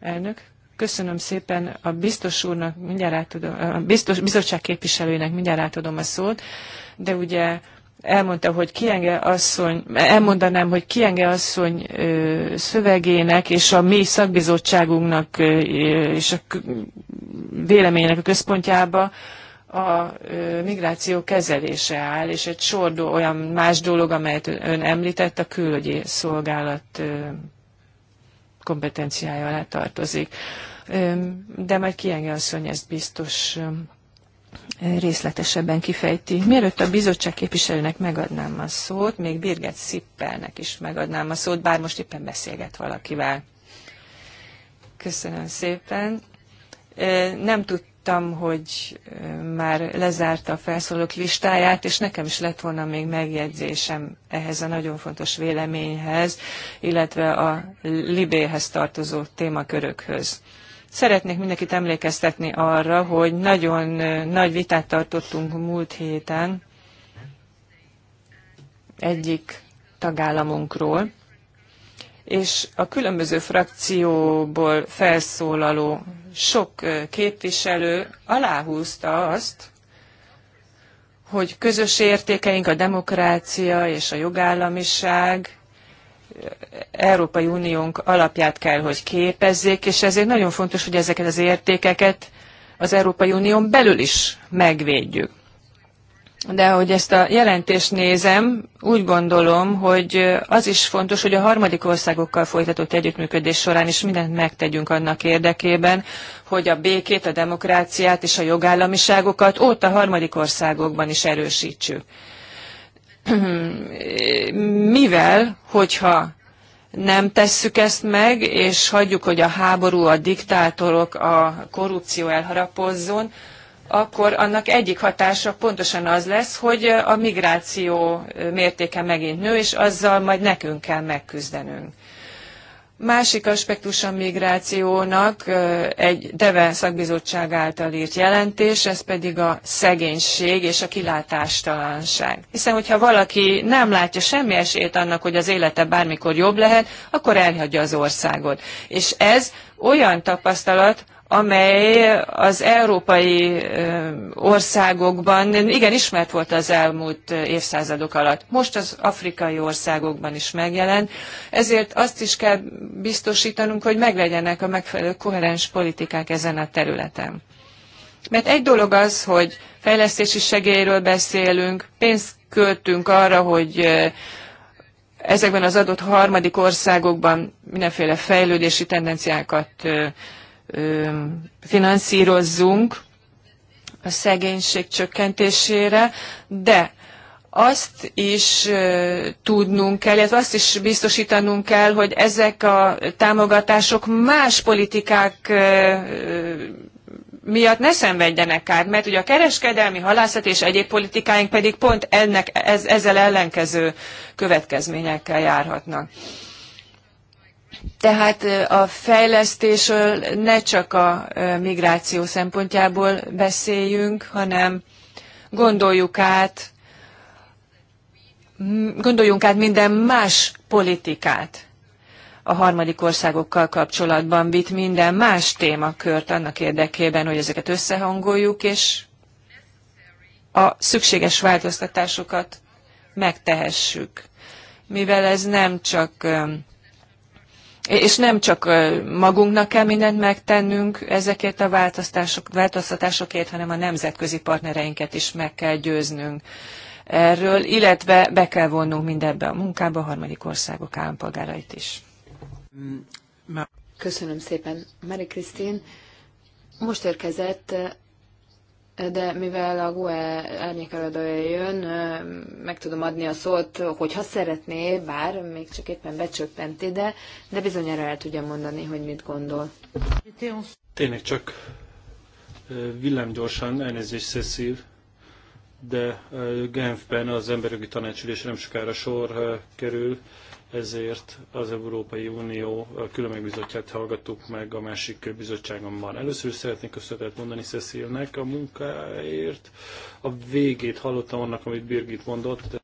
Elnök, Köszönöm szépen a biztos úrnak, mindjárt a biztos, bizottság képviselőjének, mindjárt átadom a szót, de ugye elmondta, hogy Kienge asszony, elmondanám, hogy Kienge asszony szövegének és a mi szakbizottságunknak és a véleménynek a központjába a migráció kezelése áll, és egy sor do, olyan más dolog, amelyet ön említett, a külügyi szolgálat kompetenciája alá tartozik de majd kiengel asszony ezt biztos részletesebben kifejti. Mielőtt a bizottság képviselőnek megadnám a szót, még Birgit Szippelnek is megadnám a szót, bár most éppen beszélget valakivel. Köszönöm szépen. Nem tudtam, hogy már lezárta a felszólók listáját, és nekem is lett volna még megjegyzésem ehhez a nagyon fontos véleményhez, illetve a libéhez tartozó témakörökhöz. Szeretnék mindenkit emlékeztetni arra, hogy nagyon nagy vitát tartottunk múlt héten egyik tagállamunkról, és a különböző frakcióból felszólaló sok képviselő aláhúzta azt, hogy közös értékeink a demokrácia és a jogállamiság Európai Uniónk alapját kell, hogy képezzék, és ezért nagyon fontos, hogy ezeket az értékeket az Európai Unión belül is megvédjük. De hogy ezt a jelentést nézem, úgy gondolom, hogy az is fontos, hogy a harmadik országokkal folytatott együttműködés során is mindent megtegyünk annak érdekében, hogy a békét, a demokráciát és a jogállamiságokat ott a harmadik országokban is erősítsük. mivel, hogyha nem tesszük ezt meg, és hagyjuk, hogy a háború, a diktátorok, a korrupció elharapozzon, akkor annak egyik hatása pontosan az lesz, hogy a migráció mértéke megint nő, és azzal majd nekünk kell megküzdenünk. Másik aspektus a migrációnak egy DEVE szakbizottság által írt jelentés, ez pedig a szegénység és a kilátástalanság. Hiszen, hogyha valaki nem látja semmi esélyt annak, hogy az élete bármikor jobb lehet, akkor elhagyja az országot. És ez olyan tapasztalat, amely az európai országokban igen ismert volt az elmúlt évszázadok alatt. Most az afrikai országokban is megjelent, ezért azt is kell biztosítanunk, hogy meglegyenek a megfelelő koherens politikák ezen a területen. Mert egy dolog az, hogy fejlesztési segélyről beszélünk, pénzt költünk arra, hogy ezekben az adott harmadik országokban mindenféle fejlődési tendenciákat finanszírozzunk a szegénység csökkentésére, de azt is tudnunk kell, illetve azt is biztosítanunk kell, hogy ezek a támogatások más politikák miatt ne szenvedjenek át, mert ugye a kereskedelmi, halászat és egyéb politikáink pedig pont ennek, ez, ezzel ellenkező következményekkel járhatnak. Tehát a fejlesztésről ne csak a migráció szempontjából beszéljünk, hanem gondoljuk át, gondoljunk át minden más politikát a harmadik országokkal kapcsolatban, vitt minden más témakört annak érdekében, hogy ezeket összehangoljuk, és a szükséges változtatásokat megtehessük. Mivel ez nem csak és nem csak magunknak kell mindent megtennünk ezekért a változtatásokért, hanem a nemzetközi partnereinket is meg kell győznünk erről, illetve be kell vonnunk mindebbe a munkába a harmadik országok állampolgárait is. Köszönöm szépen, Mari Krisztin. Most érkezett de mivel a GUE árnyékeladója jön, meg tudom adni a szót, hogyha szeretné, bár még csak éppen becsökkent ide, de bizonyára el tudja mondani, hogy mit gondol. Tényleg csak villámgyorsan, elnézést szeszív, de Genfben az emberi tanácsülésre nem sokára sor kerül, ezért az Európai Unió külön megbizottját hallgattuk meg a másik bizottságomban. Először is szeretnék köszönetet mondani Cecilnek a munkáért. A végét hallottam annak, amit Birgit mondott.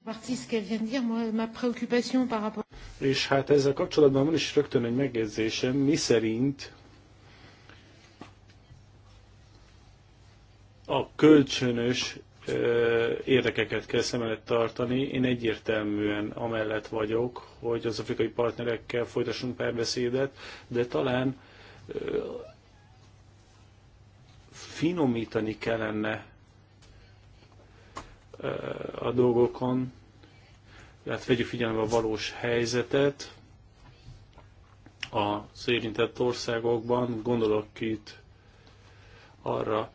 És hát ezzel kapcsolatban van is rögtön egy megjegyzésem, mi szerint a kölcsönös érdekeket kell szem előtt tartani. Én egyértelműen amellett vagyok, hogy az afrikai partnerekkel folytassunk párbeszédet, de talán finomítani kellene a dolgokon, tehát vegyük figyelembe a valós helyzetet az érintett országokban, gondolok itt arra,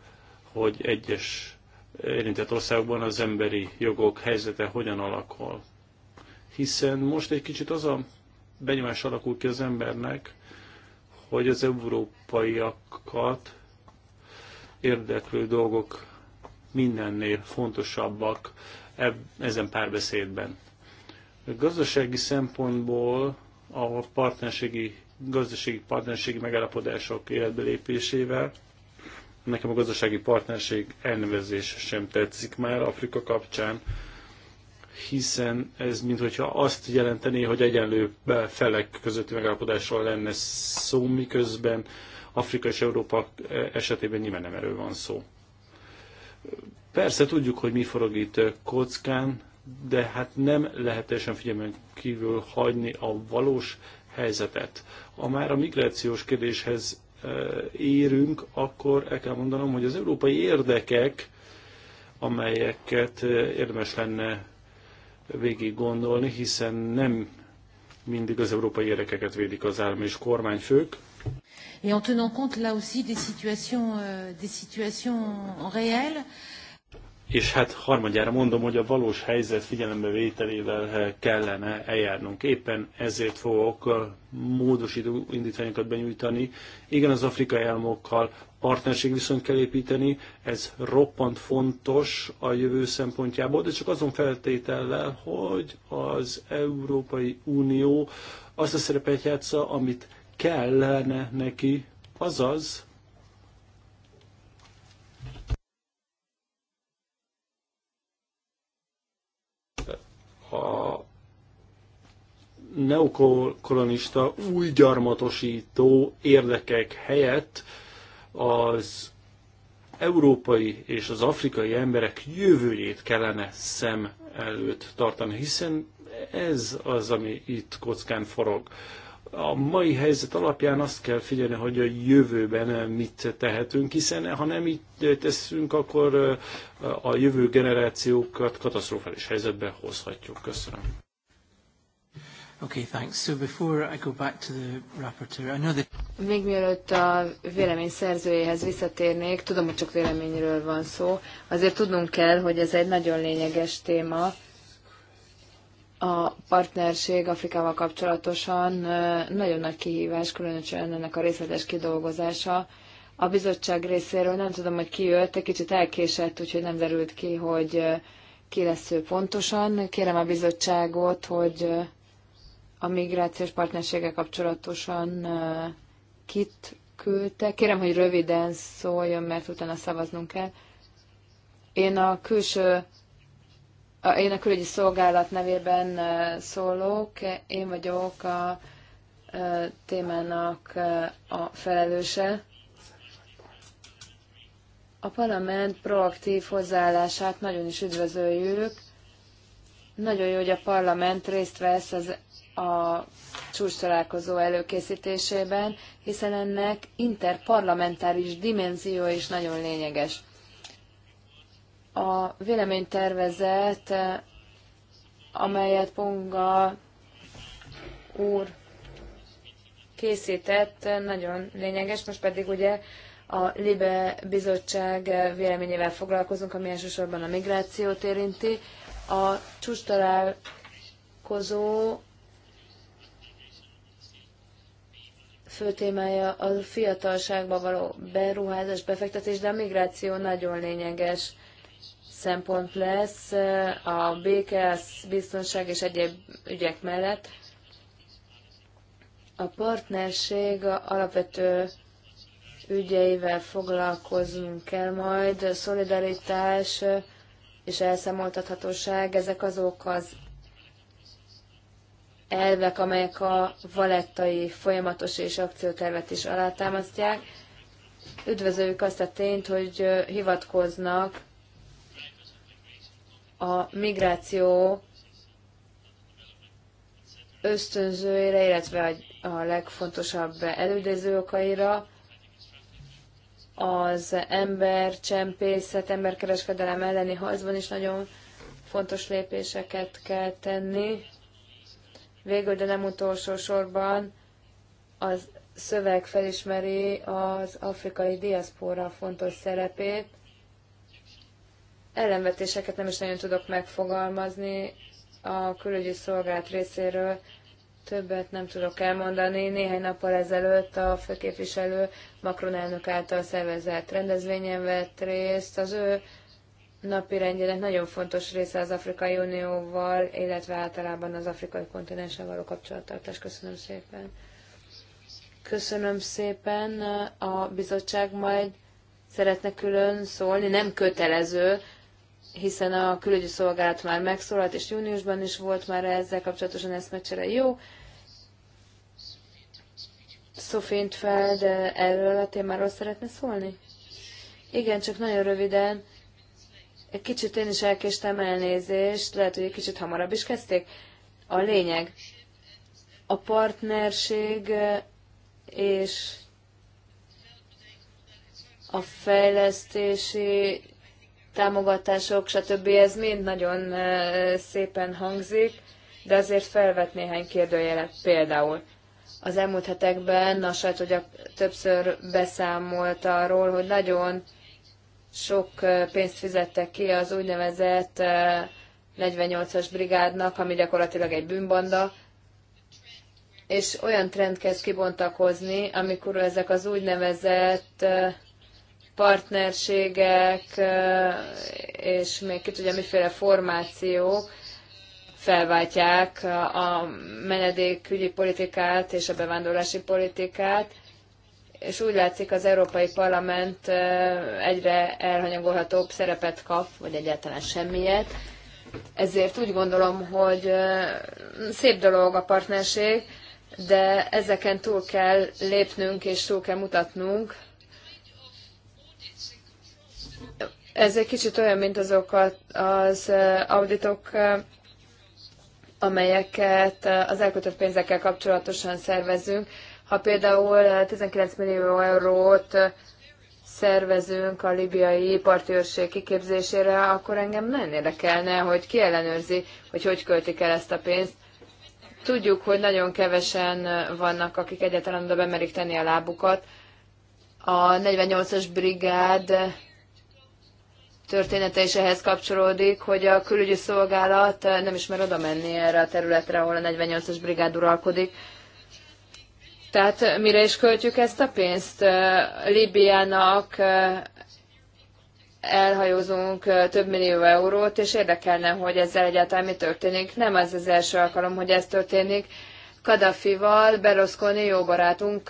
hogy egyes érintett országokban az emberi jogok helyzete hogyan alakul. Hiszen most egy kicsit az a benyomás alakul ki az embernek, hogy az európaiakat érdeklő dolgok mindennél fontosabbak ezen párbeszédben. A gazdasági szempontból a partnerségi, gazdasági partnerségi megállapodások életbelépésével Nekem a gazdasági partnerség elnevezés sem tetszik már Afrika kapcsán, hiszen ez mintha azt jelentené, hogy egyenlő felek közötti megállapodásról lenne szó, miközben Afrika és Európa esetében nyilván nem erről van szó. Persze tudjuk, hogy mi forog itt kockán, de hát nem lehet teljesen figyelmen kívül hagyni a valós helyzetet. A már a migrációs kérdéshez érünk, akkor el kell mondanom, hogy az európai érdekek, amelyeket érdemes lenne végig gondolni, hiszen nem mindig az európai érdekeket védik az állam és kormányfők. Et en tenant compte là aussi des situations, euh, des situations réelles, euh, és hát harmadjára mondom, hogy a valós helyzet vételével eh, kellene eljárnunk. Éppen ezért fogok eh, módosító indítványokat benyújtani. Igen, az afrikai államokkal partnerség viszont kell építeni, ez roppant fontos a jövő szempontjából, de csak azon feltétellel, hogy az Európai Unió azt a szerepet játsza, amit kellene neki, azaz a neokolonista új gyarmatosító érdekek helyett az európai és az afrikai emberek jövőjét kellene szem előtt tartani, hiszen ez az, ami itt kockán forog a mai helyzet alapján azt kell figyelni, hogy a jövőben mit tehetünk, hiszen ha nem így teszünk, akkor a jövő generációkat katasztrofális helyzetbe hozhatjuk. Köszönöm. Okay, thanks. So before I go back to the rapporteur, I know that... Még mielőtt a vélemény szerzőjéhez visszatérnék, tudom, hogy csak véleményről van szó, azért tudnunk kell, hogy ez egy nagyon lényeges téma, a partnerség Afrikával kapcsolatosan nagyon nagy kihívás, különösen ennek a részletes kidolgozása. A bizottság részéről nem tudom, hogy ki jött, egy kicsit elkésett, úgyhogy nem derült ki, hogy ki lesz ő pontosan. Kérem a bizottságot, hogy a migrációs partnersége kapcsolatosan kit küldte. Kérem, hogy röviden szóljon, mert utána szavaznunk kell. Én a külső én a külügyi szolgálat nevében szólok, én vagyok a témának a felelőse. A parlament proaktív hozzáállását nagyon is üdvözöljük. Nagyon jó, hogy a parlament részt vesz az a csúcs találkozó előkészítésében, hiszen ennek interparlamentáris dimenzió is nagyon lényeges. A véleménytervezet, amelyet Ponga úr készített, nagyon lényeges, most pedig ugye a Libe bizottság véleményével foglalkozunk, ami elsősorban a migrációt érinti. A csúcs találkozó fő témája a fiatalságba való beruházás, befektetés, de a migráció nagyon lényeges szempont lesz a béke, biztonság és egyéb ügyek mellett. A partnerség alapvető ügyeivel foglalkoznunk kell majd, szolidaritás és elszámoltathatóság, ezek azok az elvek, amelyek a valettai folyamatos és akciótervet is alátámasztják. Üdvözöljük azt a tényt, hogy hivatkoznak a migráció ösztönzőire, illetve a legfontosabb elődező okaira, az csempészet, emberkereskedelem elleni harcban is nagyon fontos lépéseket kell tenni. Végül, de nem utolsó sorban az szöveg felismeri az afrikai diaszpóra fontos szerepét, ellenvetéseket nem is nagyon tudok megfogalmazni a külügyi szolgált részéről. Többet nem tudok elmondani. Néhány nappal ezelőtt a főképviselő Macron elnök által szervezett rendezvényen vett részt. Az ő napi rendjének nagyon fontos része az Afrikai Unióval, illetve általában az afrikai kontinenssel való kapcsolattartás. Köszönöm szépen. Köszönöm szépen. A bizottság majd szeretne külön szólni, nem kötelező, hiszen a külügyi szolgálat már megszólalt, és júniusban is volt már ezzel kapcsolatosan eszmecsere. Jó, Szofint fel, de erről a témáról szeretne szólni? Igen, csak nagyon röviden. Egy kicsit én is elkéstem elnézést, lehet, hogy egy kicsit hamarabb is kezdték. A lényeg, a partnerség eh, és a fejlesztési támogatások, stb. Ez mind nagyon szépen hangzik, de azért felvet néhány kérdőjelet. Például az elmúlt hetekben a sajtó többször beszámolt arról, hogy nagyon sok pénzt fizettek ki az úgynevezett 48-as brigádnak, ami gyakorlatilag egy bűnbanda, és olyan trend kezd kibontakozni, amikor ezek az úgynevezett partnerségek, és még ki tudja, miféle formáció felváltják a menedékügyi politikát és a bevándorlási politikát, és úgy látszik az Európai Parlament egyre elhanyagolhatóbb szerepet kap, vagy egyáltalán semmilyet. Ezért úgy gondolom, hogy szép dolog a partnerség, de ezeken túl kell lépnünk és túl kell mutatnunk, Ez egy kicsit olyan, mint azokat az auditok, amelyeket az elkötött pénzekkel kapcsolatosan szervezünk. Ha például 19 millió eurót szervezünk a libiai parti őrség kiképzésére, akkor engem nem érdekelne, hogy ki ellenőrzi, hogy hogy költik el ezt a pénzt. Tudjuk, hogy nagyon kevesen vannak, akik egyáltalán oda bemerik tenni a lábukat. A 48-as brigád története is ehhez kapcsolódik, hogy a külügyi szolgálat nem is mer oda menni erre a területre, ahol a 48-as brigád uralkodik. Tehát mire is költjük ezt a pénzt? Libiának elhajózunk több millió eurót, és érdekelne, hogy ezzel egyáltalán mi történik. Nem az az első alkalom, hogy ez történik. Kadafival Berlusconi jó barátunk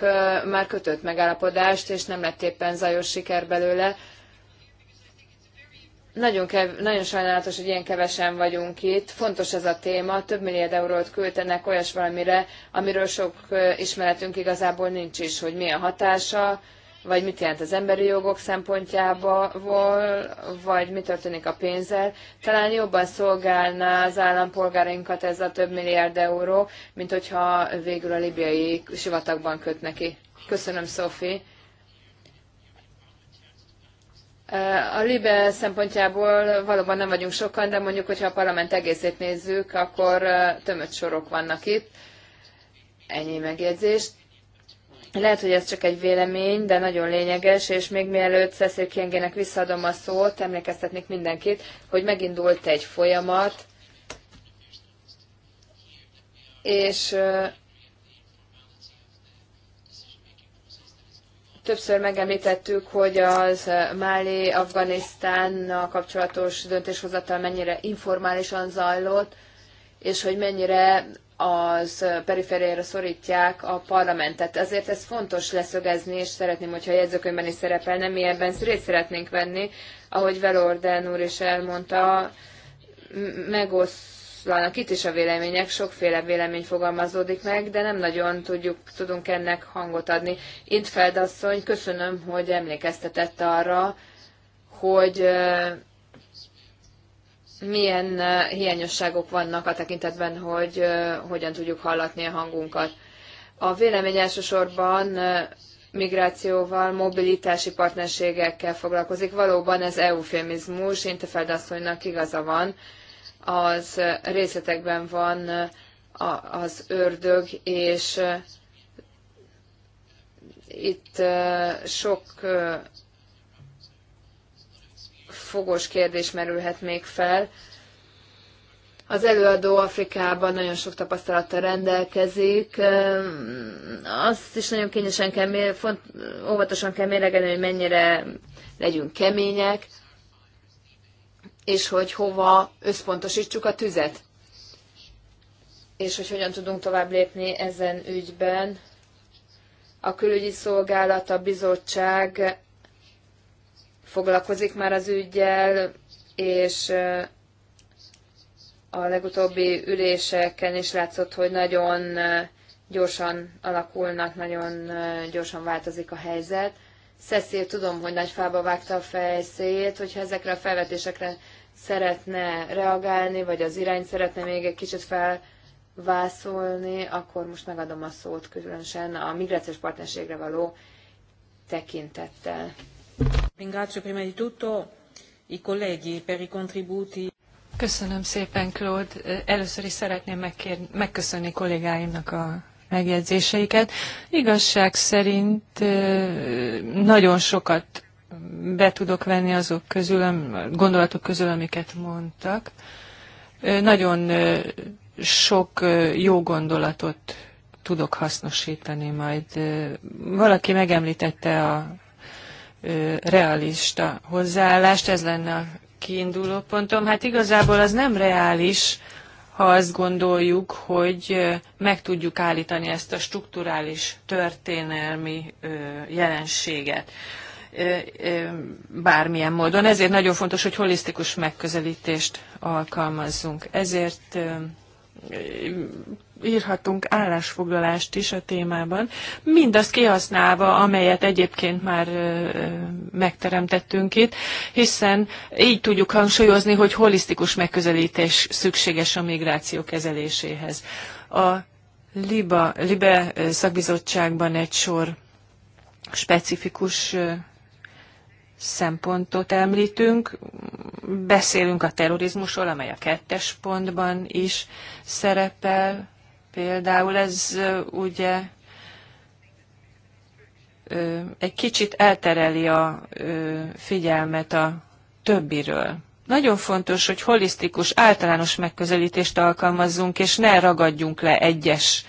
már kötött megállapodást, és nem lett éppen zajos siker belőle. Nagyon, kev- nagyon sajnálatos, hogy ilyen kevesen vagyunk itt. Fontos ez a téma. Több milliárd eurót költenek olyas valamire, amiről sok ismeretünk igazából nincs is, hogy mi a hatása, vagy mit jelent az emberi jogok szempontjából, vagy mi történik a pénzzel. Talán jobban szolgálná az állampolgárainkat ez a több milliárd euró, mint hogyha végül a libiai sivatagban köt neki. Köszönöm, Sophie. A LIBE szempontjából valóban nem vagyunk sokan, de mondjuk, hogyha a parlament egészét nézzük, akkor tömött sorok vannak itt. Ennyi megjegyzés. Lehet, hogy ez csak egy vélemény, de nagyon lényeges, és még mielőtt Cecil Kiengének visszaadom a szót, emlékeztetnék mindenkit, hogy megindult egy folyamat, és Többször megemlítettük, hogy az Máli Afganisztánnal kapcsolatos döntéshozatal mennyire informálisan zajlott, és hogy mennyire az perifériára szorítják a parlamentet. Azért ez fontos leszögezni, és szeretném, hogyha a jegyzőkönyvben is szerepelne, mi ebben részt szeretnénk venni, ahogy Velorden úr is elmondta, megosz vannak itt is a vélemények, sokféle vélemény fogalmazódik meg, de nem nagyon tudjuk, tudunk ennek hangot adni. Itt Feldasszony, köszönöm, hogy emlékeztetett arra, hogy milyen hiányosságok vannak a tekintetben, hogy hogyan tudjuk hallatni a hangunkat. A vélemény elsősorban migrációval, mobilitási partnerségekkel foglalkozik. Valóban ez eufemizmus, Intefeld asszonynak igaza van, az részletekben van az ördög, és itt sok fogos kérdés merülhet még fel. Az előadó Afrikában nagyon sok tapasztalattal rendelkezik. Azt is nagyon kényesen kell, óvatosan kell méregelni, hogy mennyire legyünk kemények, és hogy hova összpontosítsuk a tüzet, és hogy hogyan tudunk tovább lépni ezen ügyben. A külügyi szolgálat, a bizottság foglalkozik már az ügyjel, és eh, a legutóbbi üléseken is látszott, hogy nagyon eh, gyorsan alakulnak, nagyon eh, gyorsan változik a helyzet. Szeszél, tudom, hogy nagy fába vágta a fejszét, hogyha ezekre a felvetésekre szeretne reagálni, vagy az irány szeretne még egy kicsit felvászolni, akkor most megadom a szót különösen a migrációs partnerségre való tekintettel. Köszönöm szépen, Claude. Először is szeretném megkér, megköszönni kollégáimnak a megjegyzéseiket. Igazság szerint nagyon sokat be tudok venni azok közül, gondolatok közül, amiket mondtak. Nagyon sok jó gondolatot tudok hasznosítani majd. Valaki megemlítette a realista hozzáállást, ez lenne a kiinduló pontom. Hát igazából az nem reális, ha azt gondoljuk, hogy meg tudjuk állítani ezt a strukturális történelmi jelenséget bármilyen módon. Ezért nagyon fontos, hogy holisztikus megközelítést alkalmazzunk. Ezért írhatunk állásfoglalást is a témában, mindazt kihasználva, amelyet egyébként már megteremtettünk itt, hiszen így tudjuk hangsúlyozni, hogy holisztikus megközelítés szükséges a migráció kezeléséhez. A LIBA, LIBE szakbizottságban egy sor specifikus szempontot említünk. Beszélünk a terrorizmusról, amely a kettes pontban is szerepel. Például ez ugye egy kicsit eltereli a figyelmet a többiről. Nagyon fontos, hogy holisztikus, általános megközelítést alkalmazzunk, és ne ragadjunk le egyes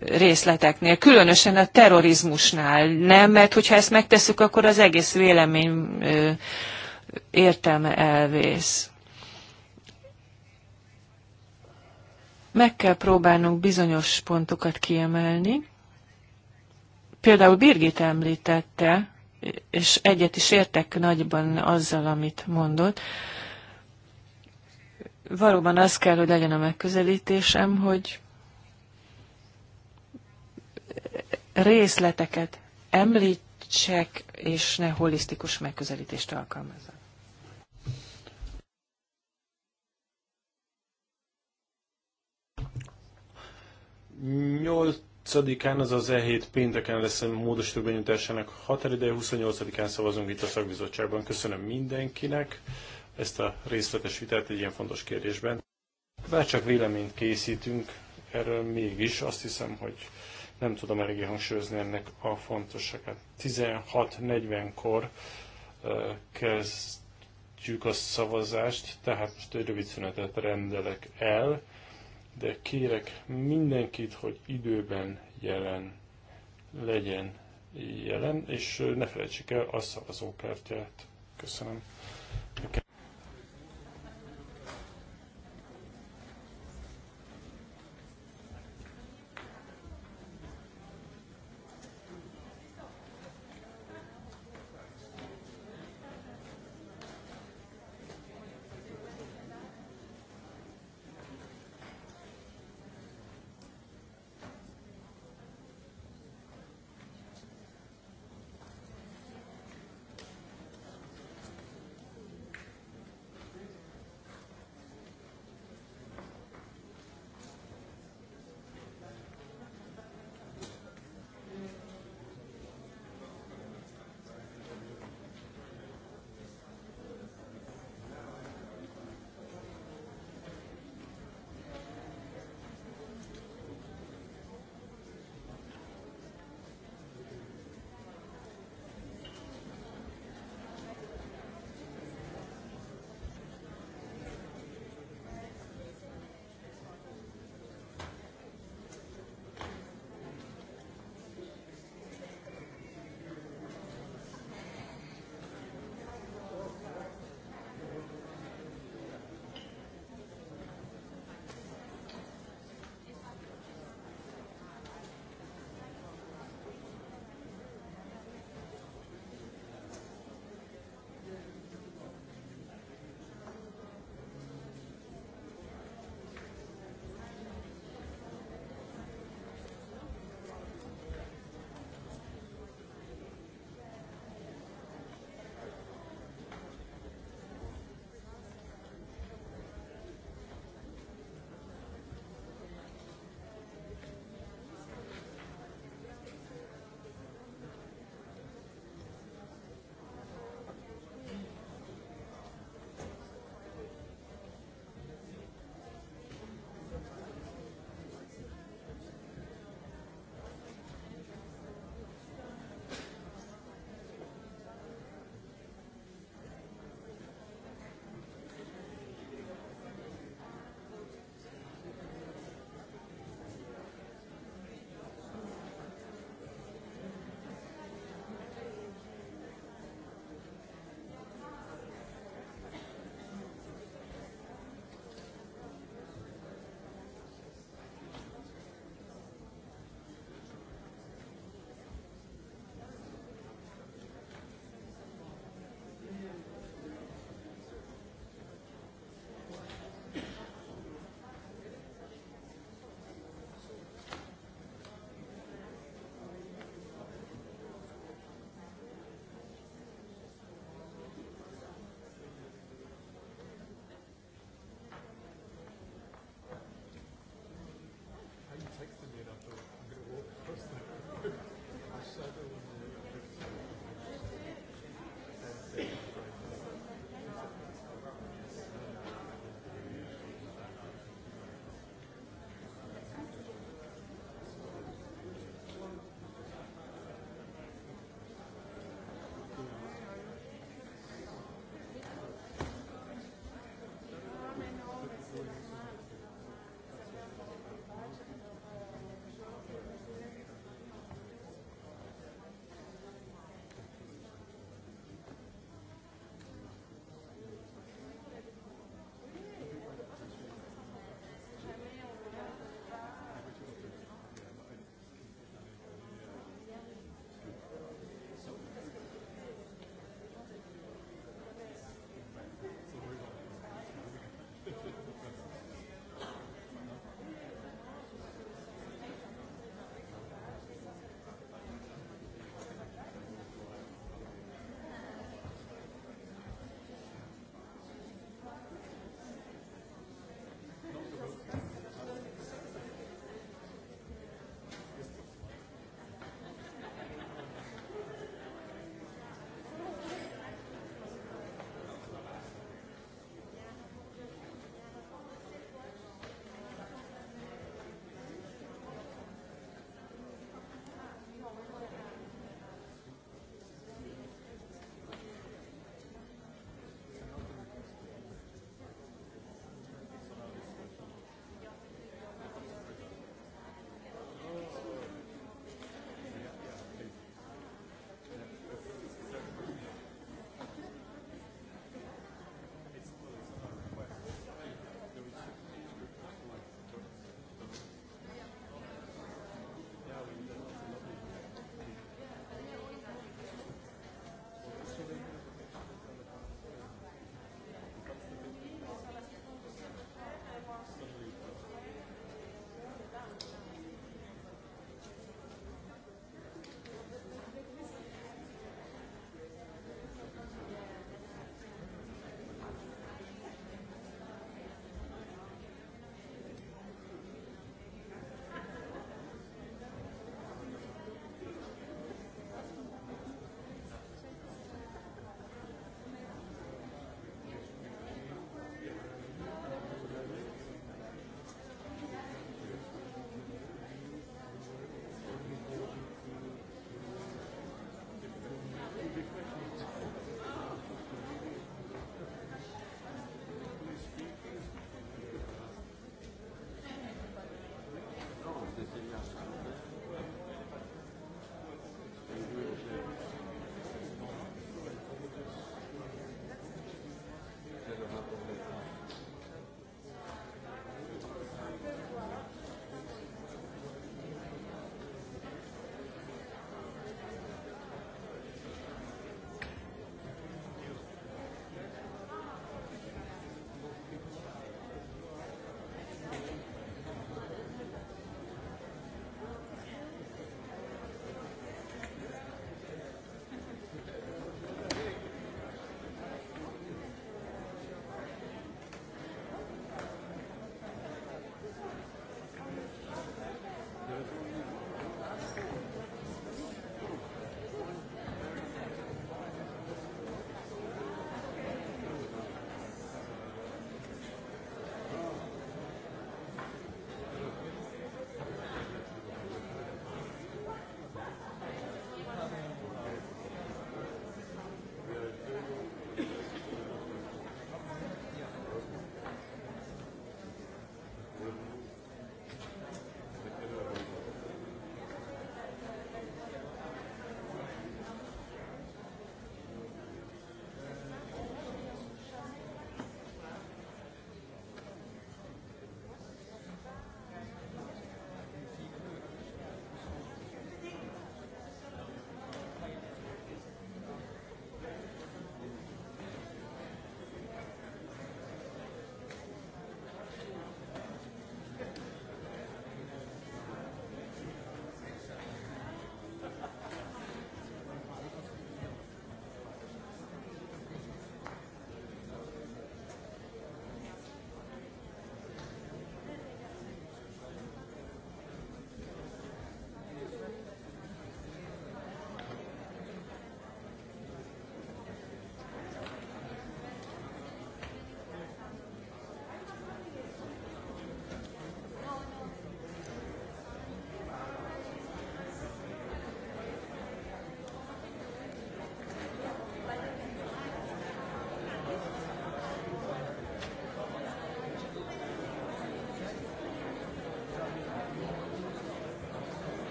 részleteknél, különösen a terrorizmusnál nem, mert hogyha ezt megteszük, akkor az egész vélemény értelme elvész. Meg kell próbálnunk bizonyos pontokat kiemelni. Például Birgit említette, és egyet is értek nagyban azzal, amit mondott, valóban az kell, hogy legyen a megközelítésem, hogy részleteket említsek, és ne holisztikus megközelítést alkalmazzak. Nyolcadikán, azaz E7 pénteken lesz a módosító benyújtásának határideje, 28-án szavazunk itt a szakbizottságban. Köszönöm mindenkinek ezt a részletes vitát egy ilyen fontos kérdésben. Bár csak véleményt készítünk, erről mégis azt hiszem, hogy nem tudom eléggé hangsúlyozni ennek a fontosságát. 16.40-kor kezdjük a szavazást, tehát most egy rövid szünetet rendelek el, de kérek mindenkit, hogy időben jelen legyen jelen, és ne felejtsék el a szavazókártyát. Köszönöm.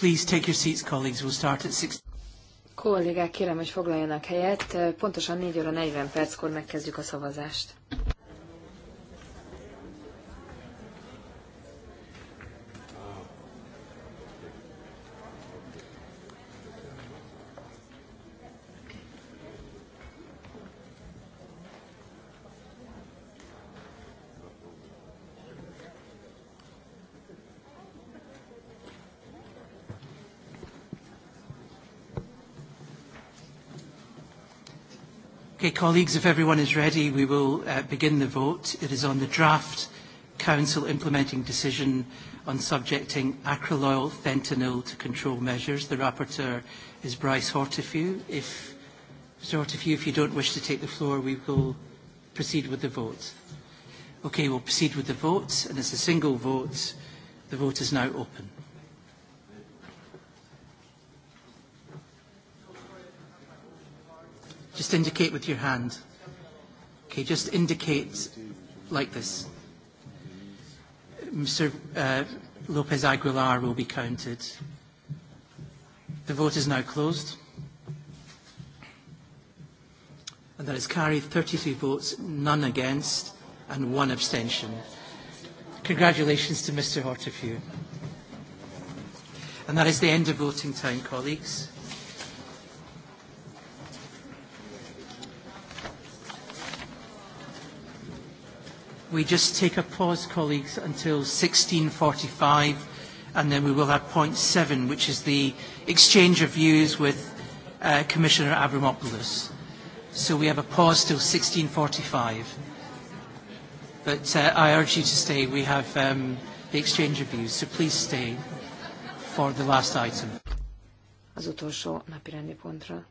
Please take your seats, colleagues. We'll start at six. Kollégák, kérem, hogy foglaljanak helyet. Pontosan 4 óra 40 perckor megkezdjük a szavazást. Okay, colleagues, if everyone is ready, we will uh, begin the vote. It is on the draft Council implementing decision on subjecting acryloyl fentanyl to control measures. The rapporteur is Bryce Hortefeux. If, Mr Hortefeux, if you don't wish to take the floor, we will proceed with the vote. Okay, we'll proceed with the vote, and it's a single vote. The vote is now open. Just indicate with your hand. Okay, just indicate like this. Mr. Uh, Lopez Aguilar will be counted. The vote is now closed. And that is carried 33 votes, none against, and one abstention. Congratulations to Mr. Hortefue. And that is the end of voting time, colleagues. we just take a pause, colleagues, until 16.45, and then we will have point seven, which is the exchange of views with uh, Commissioner Avramopoulos. So we have a pause till 16.45. But uh, I urge you to stay. We have um, the exchange of views, so please stay for the last item. Az utolsó napirendi pontra.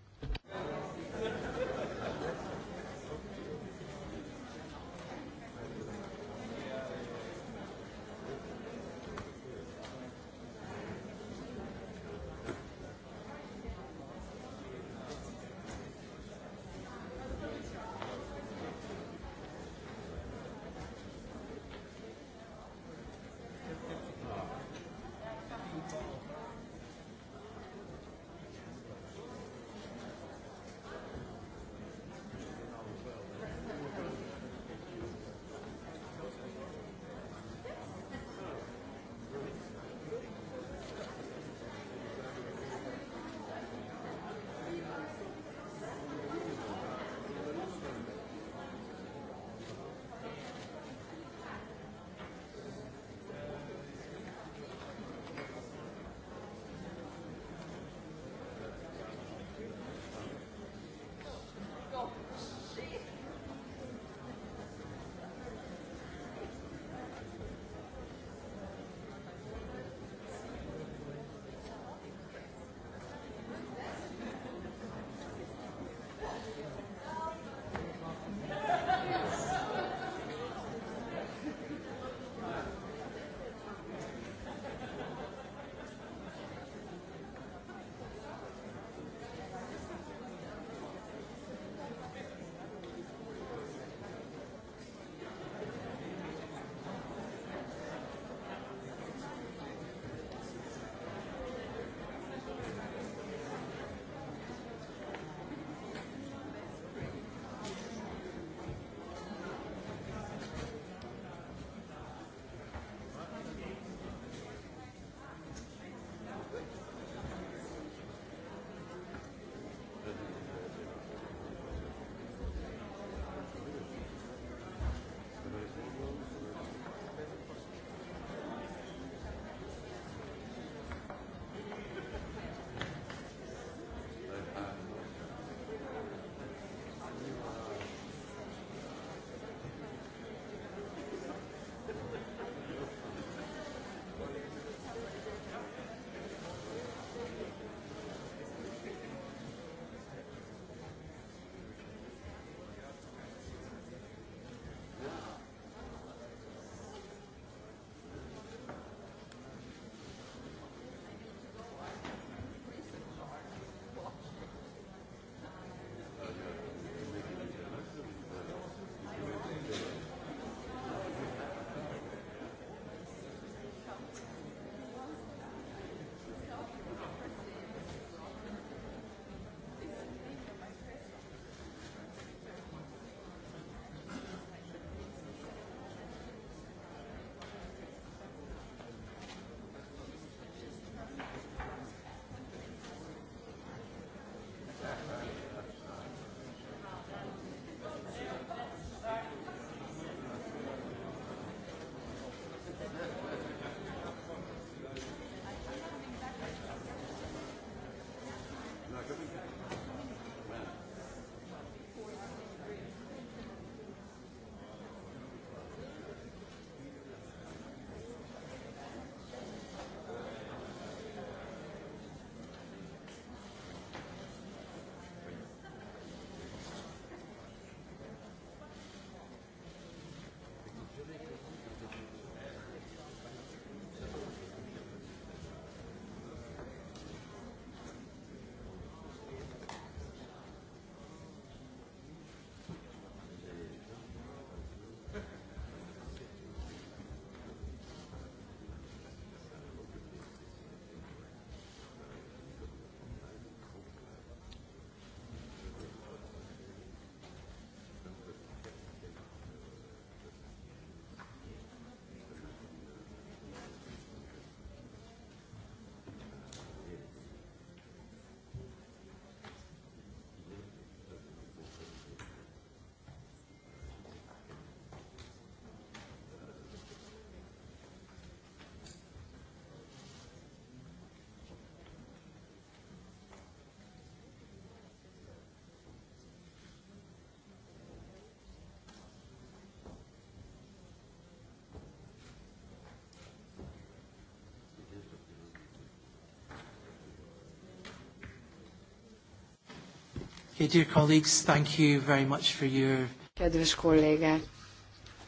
dear colleagues, thank you very much for your... Kedves kollégák,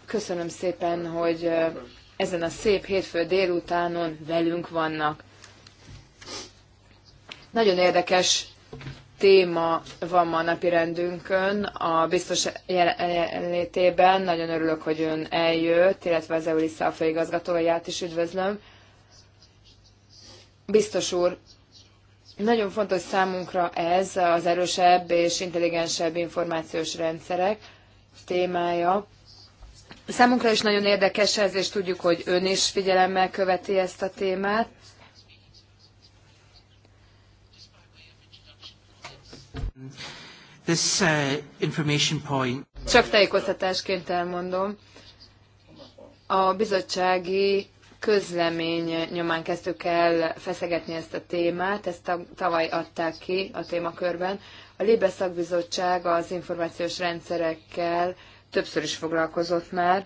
köszönöm szépen, hogy ezen a szép hétfő délutánon velünk vannak. Nagyon érdekes téma van ma a napi rendünkön. A biztos jelenlétében nagyon örülök, hogy ön eljött, illetve az a főigazgatóját is üdvözlöm. Biztos úr, nagyon fontos számunkra ez az erősebb és intelligensebb információs rendszerek témája. Számunkra is nagyon érdekes ez, és tudjuk, hogy ön is figyelemmel követi ezt a témát. This, uh, information point. Csak tájékoztatásként elmondom. A bizottsági közlemény nyomán kezdtük el feszegetni ezt a témát, ezt a tavaly adták ki a témakörben. A Libe szakbizottság az információs rendszerekkel többször is foglalkozott már.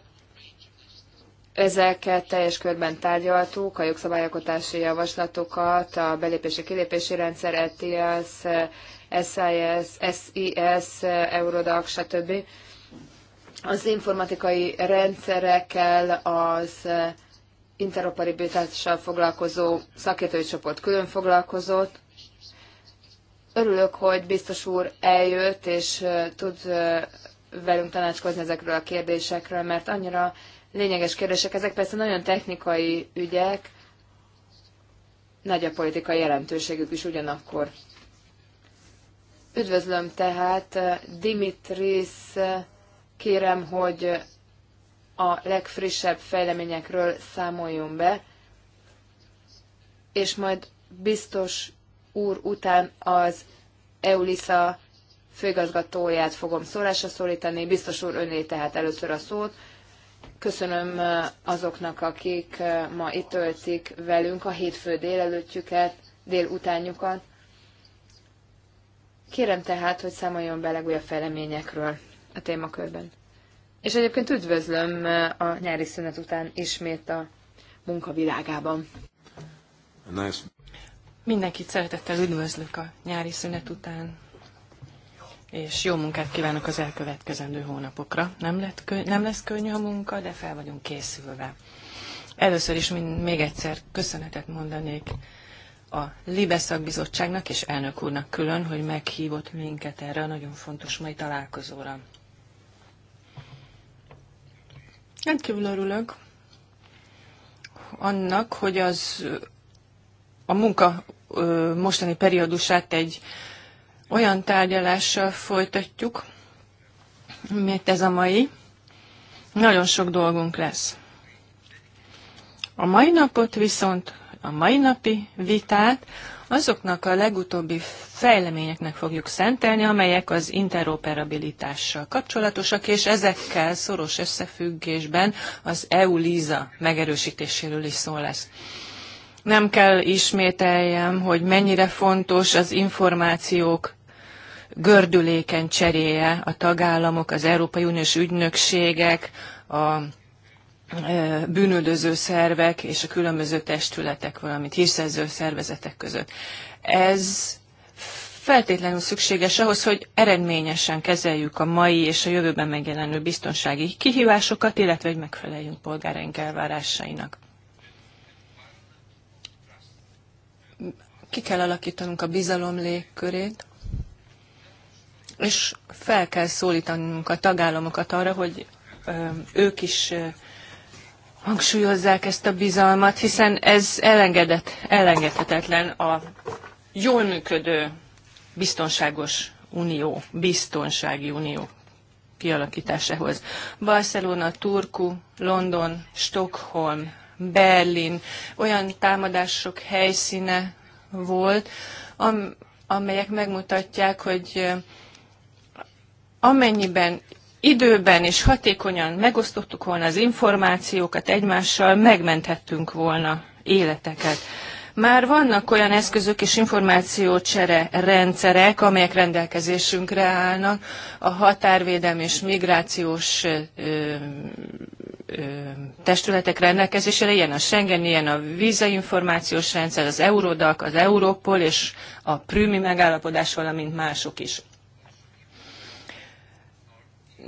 Ezeket teljes körben tárgyaltuk, a jogszabályalkotási javaslatokat, a belépési-kilépési rendszer, ETIAS, SIS, SIS, Eurodac, stb. Az informatikai rendszerekkel, az interoperabilitással foglalkozó szakértői csoport külön foglalkozott. Örülök, hogy biztos úr eljött, és tud velünk tanácskozni ezekről a kérdésekről, mert annyira lényeges kérdések. Ezek persze nagyon technikai ügyek, nagy a politikai jelentőségük is ugyanakkor. Üdvözlöm tehát Dimitris, kérem, hogy a legfrissebb fejleményekről számoljon be, és majd biztos úr után az EULISA főigazgatóját fogom szólásra szólítani. Biztos úr, öné tehát először a szót. Köszönöm azoknak, akik ma itt töltik velünk a hétfő délelőttjüket, délutánjukat. Kérem tehát, hogy számoljon be legújabb fejleményekről a témakörben. És egyébként üdvözlöm eh, a nyári szünet után ismét a munkavilágában. Nice. Mindenkit szeretettel üdvözlök a nyári szünet után, és jó munkát kívánok az elkövetkezendő hónapokra. Nem, lett kö- nem lesz könnyű a munka, de fel vagyunk készülve. Először is még egyszer köszönetet mondanék a Libe szakbizottságnak és elnök úrnak külön, hogy meghívott minket erre a nagyon fontos mai találkozóra. Rendkívül örülök annak, hogy az a munka mostani periódusát egy olyan tárgyalással folytatjuk, mert ez a mai. Nagyon sok dolgunk lesz. A mai napot viszont, a mai napi vitát azoknak a legutóbbi fejleményeknek fogjuk szentelni, amelyek az interoperabilitással kapcsolatosak, és ezekkel szoros összefüggésben az EU-LISA megerősítéséről is szó lesz. Nem kell ismételjem, hogy mennyire fontos az információk gördüléken cseréje a tagállamok, az Európai Uniós ügynökségek, a bűnöldöző szervek és a különböző testületek, valamint hírszerző szervezetek között. Ez feltétlenül szükséges ahhoz, hogy eredményesen kezeljük a mai és a jövőben megjelenő biztonsági kihívásokat, illetve hogy megfeleljünk polgáraink elvárásainak. Ki kell alakítanunk a bizalom légkörét, és fel kell szólítanunk a tagállamokat arra, hogy ők is hangsúlyozzák ezt a bizalmat, hiszen ez elengedett, elengedhetetlen a jól működő, biztonságos unió, biztonsági unió kialakításához. Barcelona, Turku, London, Stockholm, Berlin olyan támadások helyszíne volt, am amelyek megmutatják, hogy eh, amennyiben időben és hatékonyan megosztottuk volna az információkat egymással, megmenthettünk volna életeket. Már vannak olyan eszközök és információcsere rendszerek, amelyek rendelkezésünkre állnak a határvédelmi és migrációs ö, ö, testületek rendelkezésére, ilyen a Schengen, ilyen a információs rendszer, az Eurodac, az Europol és a Prümi megállapodás, valamint mások is.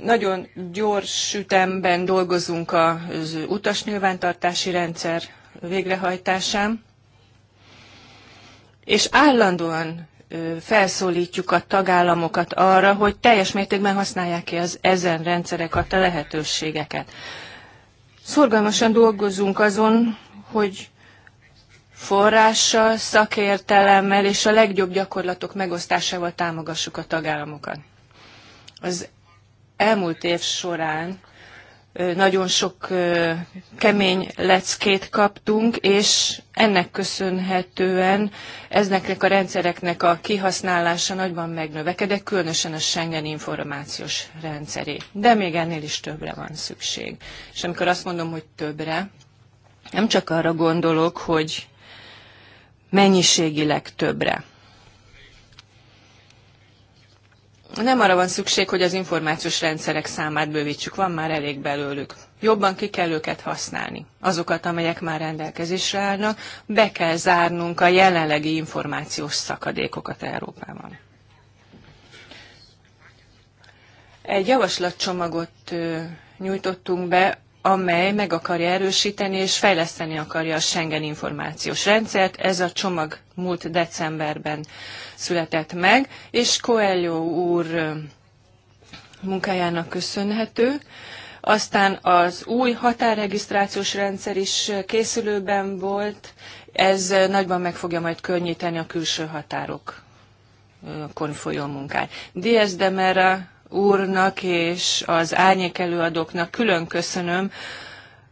Nagyon gyors ütemben dolgozunk az utas nyilvántartási rendszer végrehajtásán, és állandóan felszólítjuk a tagállamokat arra, hogy teljes mértékben használják ki az ezen rendszerek a lehetőségeket. Szorgalmasan dolgozunk azon, hogy forrással, szakértelemmel és a legjobb gyakorlatok megosztásával támogassuk a tagállamokat. Az elmúlt év során nagyon sok kemény leckét kaptunk, és ennek köszönhetően ezeknek a rendszereknek a kihasználása nagyban megnövekedett, különösen a Schengen információs rendszeré. De még ennél is többre van szükség. És amikor azt mondom, hogy többre, nem csak arra gondolok, hogy mennyiségileg többre, nem arra van szükség, hogy az információs rendszerek számát bővítsük, van már elég belőlük. Jobban ki kell őket használni. Azokat, amelyek már rendelkezésre állnak, be kell zárnunk a jelenlegi információs szakadékokat Európában. Egy javaslatcsomagot nyújtottunk be amely meg akarja erősíteni és fejleszteni akarja a Schengen információs rendszert. Ez a csomag múlt decemberben született meg, és Coelho úr munkájának köszönhető. Aztán az új határregisztrációs rendszer is készülőben volt, ez nagyban meg fogja majd könnyíteni a külső határokon folyó munkát. Diaz de Mera úrnak és az árnyék előadóknak külön köszönöm,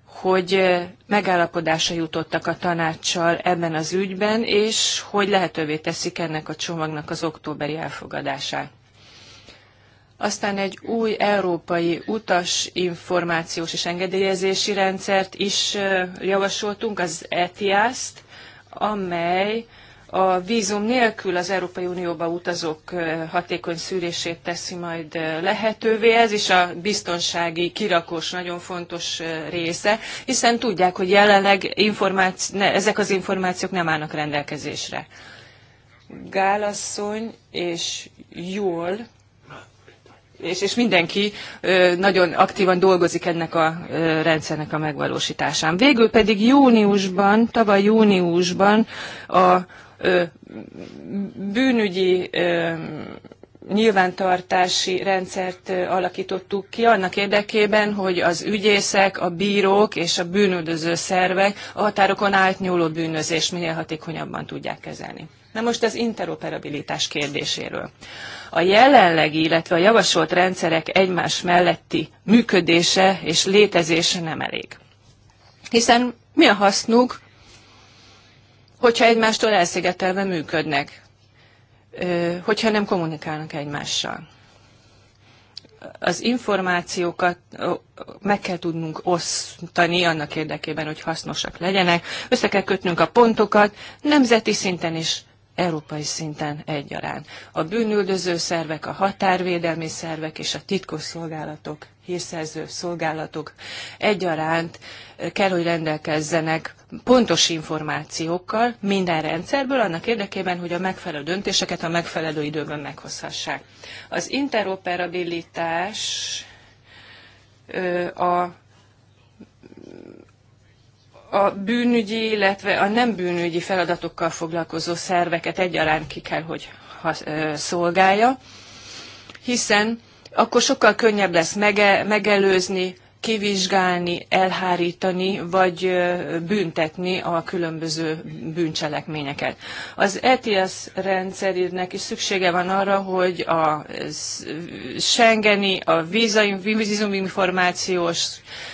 hogy megállapodásra jutottak a tanácssal ebben az ügyben, és hogy lehetővé teszik ennek a csomagnak az októberi elfogadását. Aztán egy új európai utas információs és engedélyezési rendszert is javasoltunk, az ETIAS-t, amely a vízum nélkül az Európai Unióba utazók hatékony szűrését teszi majd lehetővé. Ez is a biztonsági kirakós nagyon fontos része, hiszen tudják, hogy jelenleg információ, ne, ezek az információk nem állnak rendelkezésre. Gálasszony és jól és, és mindenki nagyon aktívan dolgozik ennek a rendszernek a megvalósításán. Végül pedig júniusban, tavaly júniusban a bűnügyi nyilvántartási rendszert alakítottuk ki annak érdekében, hogy az ügyészek, a bírók és a bűnöldöző szervek a határokon átnyúló bűnözést minél hatékonyabban tudják kezelni. Na most az interoperabilitás kérdéséről. A jelenlegi, illetve a javasolt rendszerek egymás melletti működése és létezése nem elég. Hiszen mi a hasznuk, hogyha egymástól elszigetelve működnek, hogyha nem kommunikálnak egymással. Az információkat meg kell tudnunk osztani annak érdekében, hogy hasznosak legyenek, össze kell kötnünk a pontokat, nemzeti szinten is európai szinten egyaránt. A bűnüldöző szervek, a határvédelmi szervek és a titkosszolgálatok, hírszerző szolgálatok egyaránt eh, kell, hogy rendelkezzenek pontos információkkal minden rendszerből, annak érdekében, hogy a megfelelő döntéseket a megfelelő időben meghozhassák. Az interoperabilitás eh, a a bűnügyi, illetve a nem bűnügyi feladatokkal foglalkozó szerveket egyaránt ki kell, hogy szolgálja, hiszen akkor sokkal könnyebb lesz mege, megelőzni, kivizsgálni, elhárítani vagy büntetni a különböző bűncselekményeket. Az ETS rendszerének is szüksége van arra, hogy a Schengeni, a vízum, információs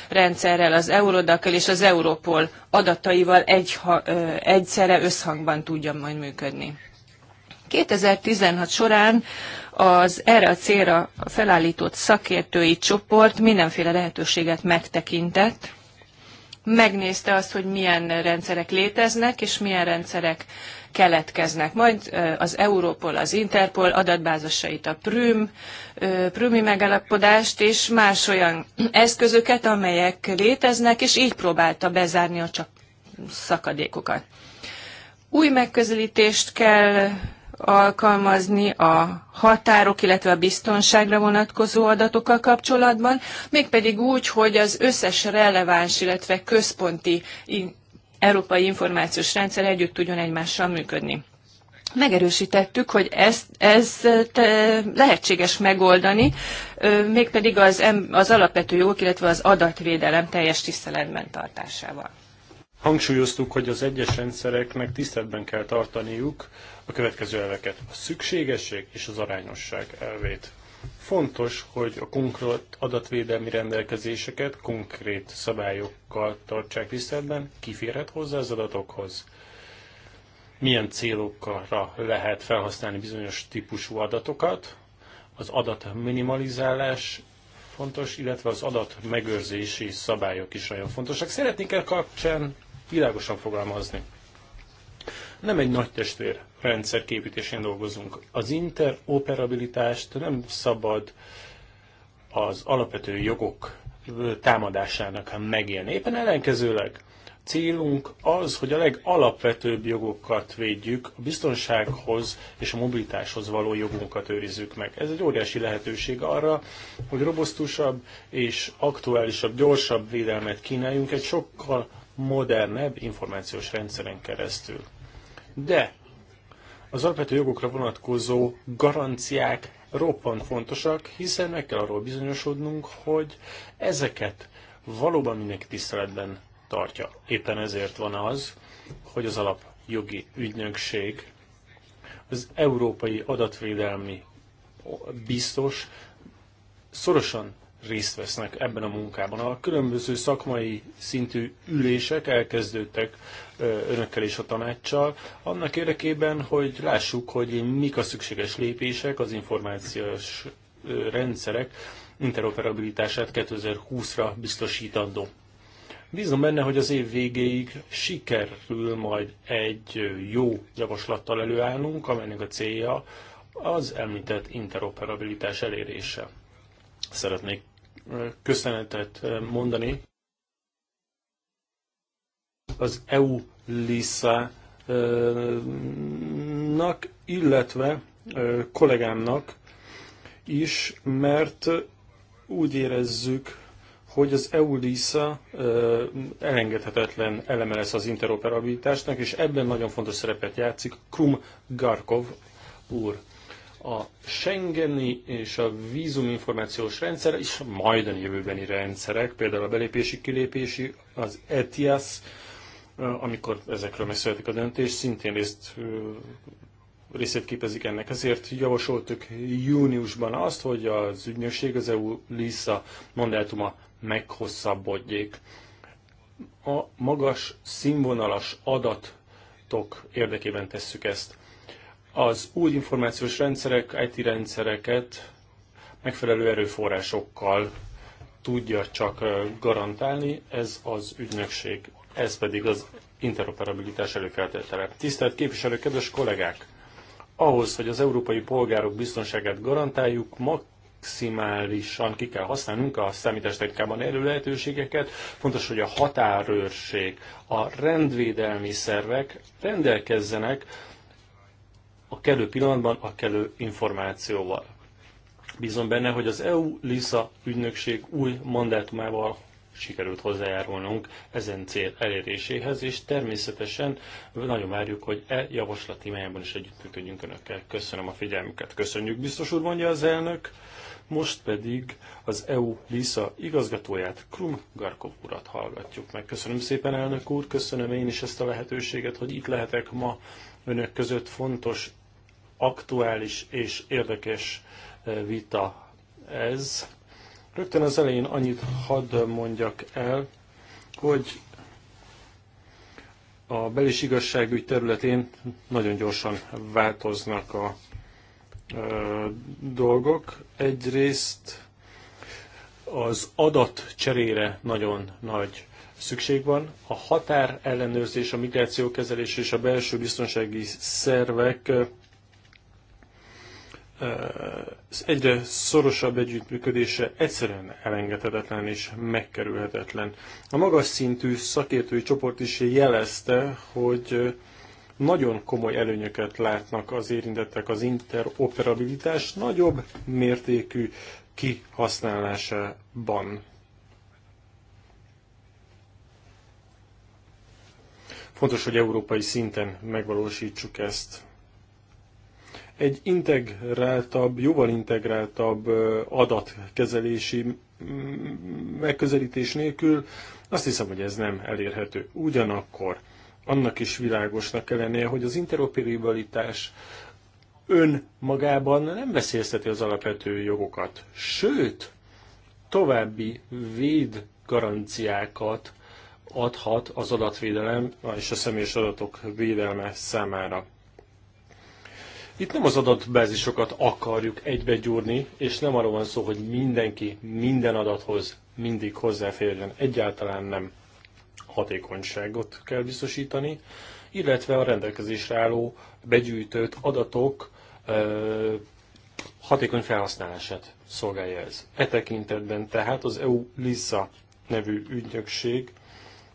rendszerrel, az Eurodakkel és az Europol adataival egy, egyszerre összhangban tudjon majd működni. 2016 során az erre a célra felállított szakértői csoport mindenféle lehetőséget megtekintett, megnézte azt, hogy milyen rendszerek léteznek, és milyen rendszerek keletkeznek. Majd az Europol, az Interpol adatbázisait, a Prüm, Prümi megállapodást és más olyan eszközöket, amelyek léteznek, és így próbálta bezárni a csak szakadékokat. Új megközelítést kell alkalmazni a határok, illetve a biztonságra vonatkozó adatokkal kapcsolatban, mégpedig úgy, hogy az összes releváns, illetve központi európai információs rendszer együtt tudjon egymással működni. Megerősítettük, hogy ezt, ezt e, lehetséges megoldani, mégpedig az, az alapvető jogok, illetve az adatvédelem teljes tiszteletben tartásával. Hangsúlyoztuk, hogy az egyes rendszereknek tiszteletben kell tartaniuk a következő elveket, a szükségesség és az arányosság elvét. Fontos, hogy a konkrét adatvédelmi rendelkezéseket konkrét szabályokkal tartsák tiszteletben, kiférhet hozzá az adatokhoz, milyen célokra lehet felhasználni bizonyos típusú adatokat, az adat minimalizálás fontos, illetve az adat megőrzési szabályok is nagyon fontosak. Szeretnék el kapcsán világosan fogalmazni. Nem egy nagy testvér rendszer képítésén dolgozunk. Az interoperabilitást nem szabad az alapvető jogok támadásának megélni. Éppen ellenkezőleg célunk az, hogy a legalapvetőbb jogokat védjük, a biztonsághoz és a mobilitáshoz való jogunkat őrizzük meg. Ez egy óriási lehetőség arra, hogy robosztusabb és aktuálisabb, gyorsabb védelmet kínáljunk egy sokkal modernebb információs rendszeren keresztül. De az alapvető jogokra vonatkozó garanciák roppant fontosak, hiszen meg kell arról bizonyosodnunk, hogy ezeket valóban mindenki tiszteletben tartja. Éppen ezért van az, hogy az alapjogi ügynökség az európai adatvédelmi biztos szorosan részt vesznek ebben a munkában. A különböző szakmai szintű ülések elkezdődtek önökkel és a tanácssal, annak érdekében, hogy lássuk, hogy mik a szükséges lépések az információs rendszerek interoperabilitását 2020-ra biztosítandó. Bízom benne, hogy az év végéig sikerül majd egy jó javaslattal előállnunk, amelynek a célja az említett interoperabilitás elérése. Szeretnék köszönetet mondani az EU Lisa-nak illetve kollégámnak is, mert úgy érezzük, hogy az EU-LISA elengedhetetlen eleme lesz az interoperabilitásnak, és ebben nagyon fontos szerepet játszik Krum Garkov úr. A Schengeni és a vízuminformációs rendszer és a majdani jövőbeni rendszerek, például a belépési-kilépési, az ETIAS amikor ezekről megszületik a döntés, szintén részt, részét képezik ennek. Ezért javasoltuk júniusban azt, hogy az ügynökség, az EU LISA mandátuma meghosszabbodjék. A magas színvonalas adatok érdekében tesszük ezt. Az új információs rendszerek, IT rendszereket megfelelő erőforrásokkal tudja csak garantálni ez az ügynökség ez pedig az interoperabilitás előfeltétele. Tisztelt képviselő, kedves kollégák! Ahhoz, hogy az európai polgárok biztonságát garantáljuk, maximálisan ki kell használnunk a számítástechnikában elő lehetőségeket. Fontos, hogy a határőrség, a rendvédelmi szervek rendelkezzenek a kellő pillanatban a kellő információval. Bízom benne, hogy az EU-LISA ügynökség új mandátumával sikerült hozzájárulnunk ezen cél eléréséhez, és természetesen nagyon várjuk, hogy e javaslat témájában is együttműködjünk Önökkel. Köszönöm a figyelmüket. Köszönjük, biztos úr, mondja az elnök. Most pedig az EU LISA igazgatóját, Krum Garkov urat hallgatjuk meg. Köszönöm szépen, elnök úr, köszönöm én is ezt a lehetőséget, hogy itt lehetek ma önök között fontos, aktuális és érdekes eh, vita ez. Rögtön az elején annyit hadd mondjak el, hogy a belis igazságügy területén nagyon gyorsan változnak a e, dolgok. Egyrészt az adat cserére nagyon nagy szükség van. A határ ellenőrzés, a migráció kezelés és a belső biztonsági szervek az egyre szorosabb együttműködése egyszerűen elengedhetetlen és megkerülhetetlen. A magas szintű szakértői csoport is jelezte, hogy nagyon komoly előnyöket látnak az érintettek az interoperabilitás nagyobb mértékű kihasználásában. Fontos, hogy európai szinten megvalósítsuk ezt egy integráltabb, jóval integráltabb adatkezelési megközelítés nélkül azt hiszem, hogy ez nem elérhető. Ugyanakkor annak is világosnak kell lennie, hogy az interoperabilitás ön magában nem veszélyezteti az alapvető jogokat, sőt, további véd garanciákat adhat az adatvédelem és a személyes adatok védelme számára. Itt nem az adatbázisokat akarjuk egybegyúrni, és nem arról van szó, hogy mindenki minden adathoz mindig hozzáférjen. Egyáltalán nem hatékonyságot kell biztosítani, illetve a rendelkezésre álló begyűjtött adatok ö, hatékony felhasználását szolgálja ez. E tekintetben tehát az EU LISA nevű ügynökség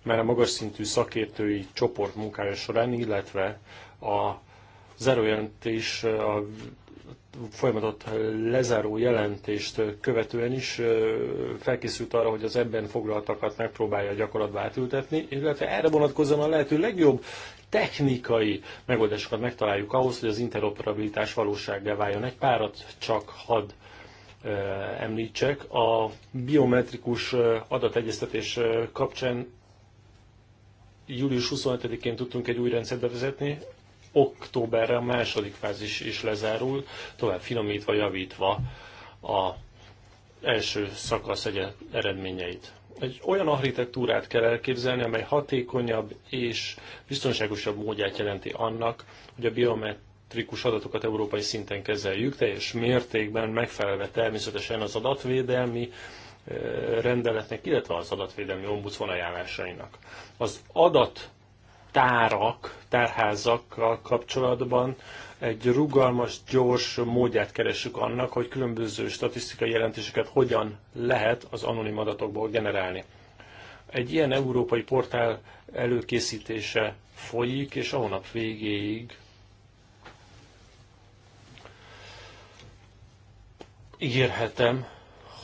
már a magas szintű szakértői csoport munkája során, illetve a zárójelentés a folyamatot lezáró jelentést követően is felkészült arra, hogy az ebben foglaltakat megpróbálja gyakorlatba átültetni, illetve erre vonatkozóan a lehető legjobb technikai megoldásokat megtaláljuk ahhoz, hogy az interoperabilitás valósággá váljon. Egy párat csak had említsek. A biometrikus adategyeztetés kapcsán július 25 én tudtunk egy új rendszert bevezetni, októberre a második fázis is lezárul, tovább finomítva, javítva a első szakasz eredményeit. Egy olyan architektúrát kell elképzelni, amely hatékonyabb és biztonságosabb módját jelenti annak, hogy a biometrikus adatokat európai szinten kezeljük, teljes mértékben megfelelve természetesen az adatvédelmi eh, rendeletnek, illetve az adatvédelmi ombudsman ajánlásainak. Az adat tárak, tárházakkal kapcsolatban egy rugalmas, gyors módját keresünk annak, hogy különböző statisztikai jelentéseket hogyan lehet az anonim adatokból generálni. Egy ilyen európai portál előkészítése folyik, és a hónap végéig ígérhetem,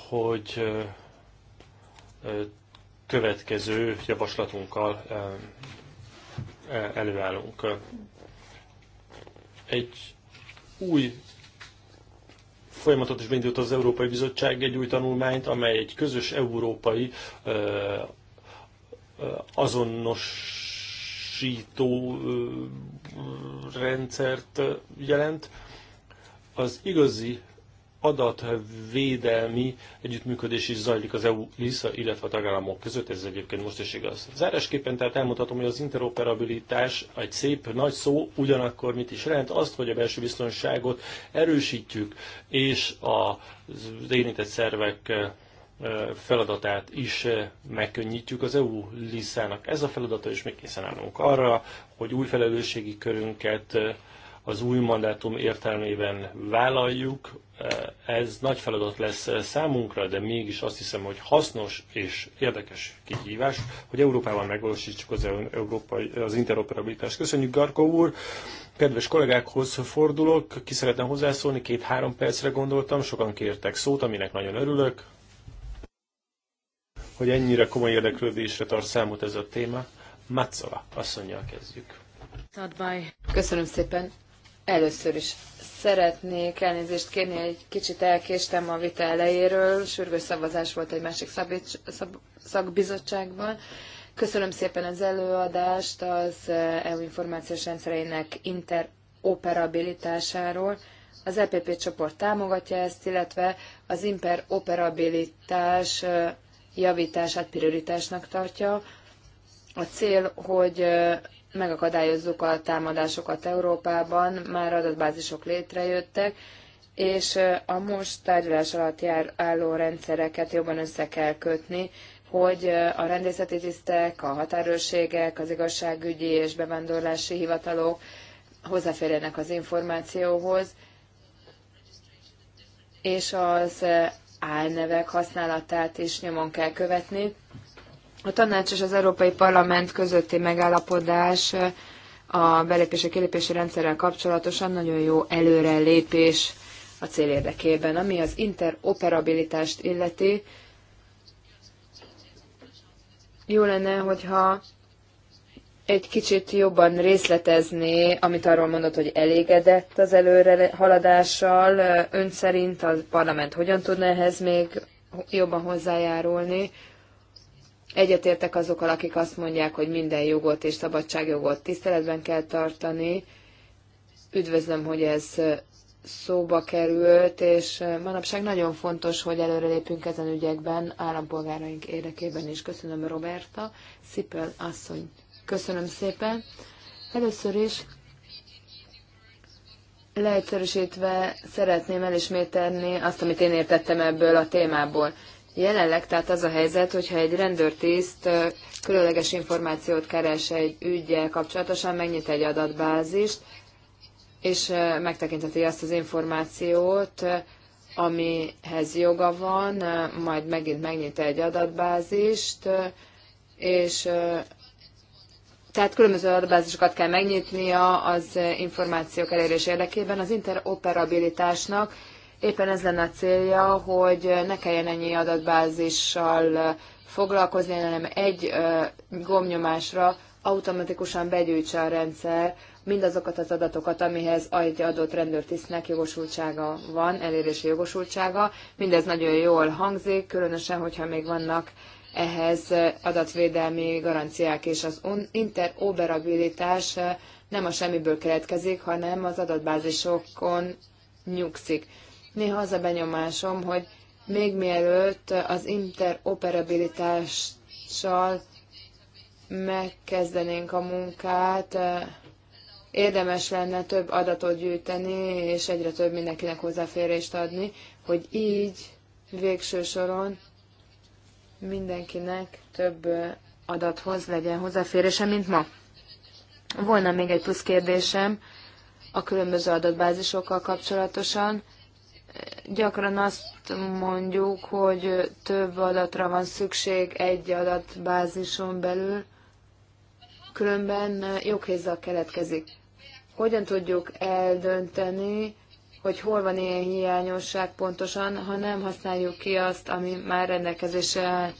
hogy következő javaslatunkkal előállunk. Egy új folyamatot is beindult az Európai Bizottság egy új tanulmányt, amely egy közös európai azonosító rendszert jelent. Az igazi adatvédelmi együttműködés is zajlik az EU LISA, illetve a tagállamok között, ez egyébként most is igaz. Zárásképpen tehát elmutatom, hogy az interoperabilitás egy szép nagy szó, ugyanakkor mit is jelent, azt, hogy a belső biztonságot erősítjük, és a érintett szervek feladatát is megkönnyítjük az EU liszának. Ez a feladata, és még készen állunk arra, hogy új felelősségi körünket az új mandátum értelmében vállaljuk. Ez nagy feladat lesz számunkra, de mégis azt hiszem, hogy hasznos és érdekes kihívás, hogy Európában megvalósítsuk az, európai, az interoperabilitást. Köszönjük, Garkó úr! Kedves kollégákhoz fordulok, ki szeretne hozzászólni, két-három percre gondoltam, sokan kértek szót, aminek nagyon örülök, hogy ennyire komoly érdeklődésre tart számot ez a téma. Matzola asszonyjal kezdjük. Köszönöm szépen. Először is szeretnék elnézést kérni, egy kicsit elkéstem a vita elejéről, sürgős szavazás volt egy másik szabics, szab, szakbizottságban. Köszönöm szépen az előadást az eh, EU információs rendszereinek interoperabilitásáról. Az EPP csoport támogatja ezt, illetve az interoperabilitás eh, javítását prioritásnak tartja. A cél, hogy eh, megakadályozzuk a támadásokat Európában, már adatbázisok létrejöttek, és a most tárgyalás alatt jár, álló rendszereket jobban össze kell kötni, hogy a rendészeti tisztek, a határőrségek, az igazságügyi és bevándorlási hivatalok hozzáférjenek az információhoz, és az álnevek használatát is nyomon kell követni, a tanács és az Európai Parlament közötti megállapodás a belépési kilépési rendszerrel kapcsolatosan nagyon jó előrelépés a cél érdekében, ami az interoperabilitást illeti. Jó lenne, hogyha egy kicsit jobban részletezné, amit arról mondott, hogy elégedett az előre haladással. Ön szerint a parlament hogyan tudna ehhez még jobban hozzájárulni? Egyetértek azokkal, akik azt mondják, hogy minden jogot és szabadságjogot tiszteletben kell tartani. Üdvözlöm, hogy ez szóba került, és manapság nagyon fontos, hogy előrelépünk ezen ügyekben állampolgáraink érdekében is. Köszönöm Roberta, Szipel asszony. Köszönöm szépen. Először is leegyszerűsítve szeretném elismételni azt, amit én értettem ebből a témából. Jelenleg tehát az a helyzet, hogyha egy rendőrtiszt különleges információt keres egy ügyjel kapcsolatosan, megnyit egy adatbázist, és megtekinteti azt az információt, amihez joga van, majd megint megnyit egy adatbázist, és tehát különböző adatbázisokat kell megnyitnia az információk elérés érdekében. Az interoperabilitásnak Éppen ez lenne a célja, hogy ne kelljen ennyi adatbázissal foglalkozni, hanem egy gomnyomásra automatikusan begyűjtse a rendszer mindazokat az adatokat, amihez egy adott rendőrtisztnek jogosultsága van, elérési jogosultsága. Mindez nagyon jól hangzik, különösen, hogyha még vannak ehhez adatvédelmi garanciák, és az interoperabilitás nem a semmiből keletkezik, hanem az adatbázisokon nyugszik. Néha az a benyomásom, hogy még mielőtt az interoperabilitással megkezdenénk a munkát, érdemes lenne több adatot gyűjteni, és egyre több mindenkinek hozzáférést adni, hogy így végső soron mindenkinek több adathoz legyen hozzáférése, mint ma. Volna még egy plusz kérdésem a különböző adatbázisokkal kapcsolatosan. Gyakran azt mondjuk, hogy több adatra van szükség egy adatbázison belül, különben joghézzal keletkezik. Hogyan tudjuk eldönteni, hogy hol van ilyen hiányosság pontosan, ha nem használjuk ki azt, ami már rendelkezésre áll.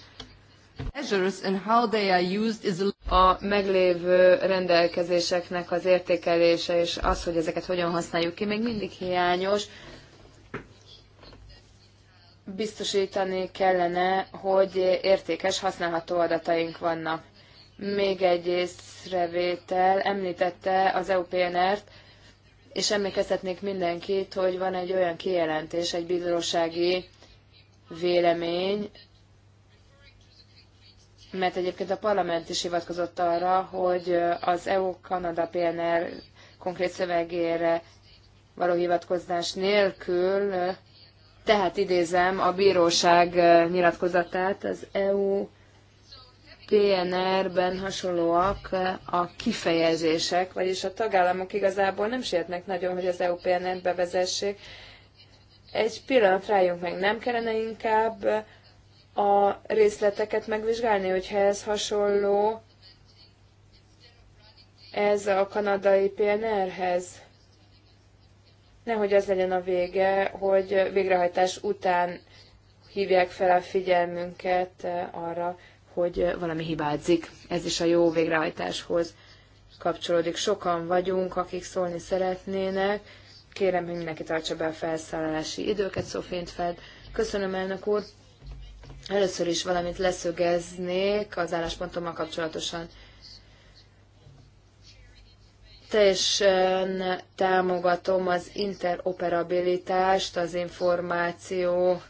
A meglévő rendelkezéseknek az értékelése és az, hogy ezeket hogyan használjuk ki, még mindig hiányos, biztosítani kellene, hogy értékes, használható adataink vannak. Még egy észrevétel említette az EUPNR-t, és emlékeztetnék mindenkit, hogy van egy olyan kijelentés, egy bírósági vélemény, mert egyébként a parlament is hivatkozott arra, hogy az EU-Kanada PNR konkrét szövegére való hivatkozás nélkül tehát idézem a bíróság nyilatkozatát, az EU PNR-ben hasonlóak a kifejezések, vagyis a tagállamok igazából nem sietnek nagyon, hogy az EU PNR-t bevezessék. Egy pillanat rájunk meg, nem kellene inkább a részleteket megvizsgálni, hogyha ez hasonló, ez a kanadai PNR-hez nehogy az legyen a vége, hogy végrehajtás után hívják fel a figyelmünket eh, arra, hogy eh, valami hibázik. Ez is a jó végrehajtáshoz kapcsolódik. Sokan vagyunk, akik szólni szeretnének. Kérem, hogy mindenki tartsa be a felszállási időket, Szofint fed. Köszönöm, elnök úr. Először is valamit leszögeznék az álláspontommal kapcsolatosan teljesen támogatom az interoperabilitást, az információ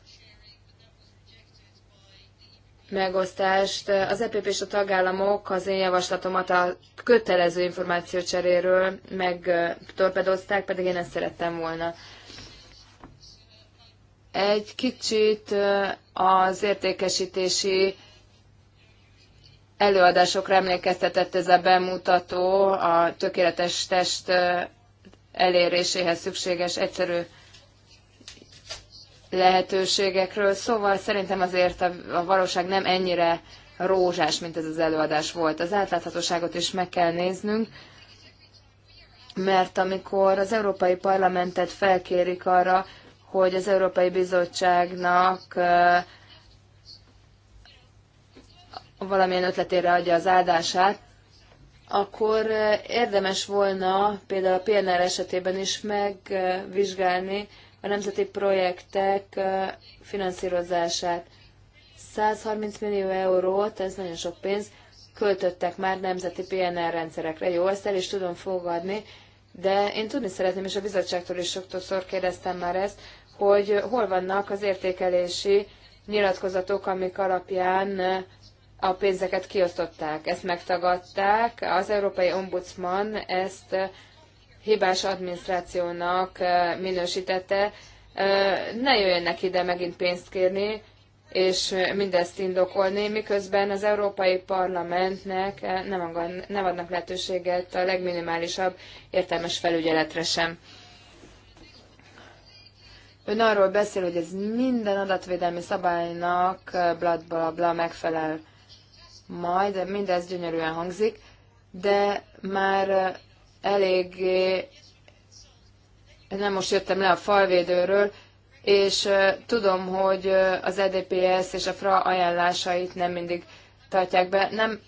megosztást. Az EPP és a tagállamok az én javaslatomat a kötelező információcseréről megtorpedozták, pedig én ezt szerettem volna. Egy kicsit az értékesítési előadásokra emlékeztetett ez a bemutató, a tökéletes test eléréséhez szükséges egyszerű lehetőségekről. Szóval szerintem azért a, a valóság nem ennyire rózsás, mint ez az előadás volt. Az átláthatóságot is meg kell néznünk, mert amikor az Európai Parlamentet felkérik arra, hogy az Európai Bizottságnak valamilyen ötletére adja az áldását, akkor eh, érdemes volna például a PNR esetében is megvizsgálni a nemzeti projektek eh, finanszírozását. 130 millió eurót, ez nagyon sok pénz, költöttek már nemzeti PNR rendszerekre. Jó, ezt el is tudom fogadni, de én tudni szeretném, és a bizottságtól is sokszor kérdeztem már ezt, hogy hol vannak az értékelési nyilatkozatok, amik alapján eh, a pénzeket kiosztották. Ezt megtagadták. Az Európai Ombudsman ezt eh, hibás adminisztrációnak eh, minősítette. Eh, ne jöjjenek ide megint pénzt kérni, és mindezt indokolni, miközben az Európai Parlamentnek nem adnak lehetőséget a legminimálisabb értelmes felügyeletre sem. Ön arról beszél, hogy ez minden adatvédelmi szabálynak bla bla bla megfelel majd, mindez gyönyörűen hangzik, de már eléggé, nem most jöttem le a falvédőről, és tudom, hogy az EDPS és a FRA ajánlásait nem mindig tartják be. Nem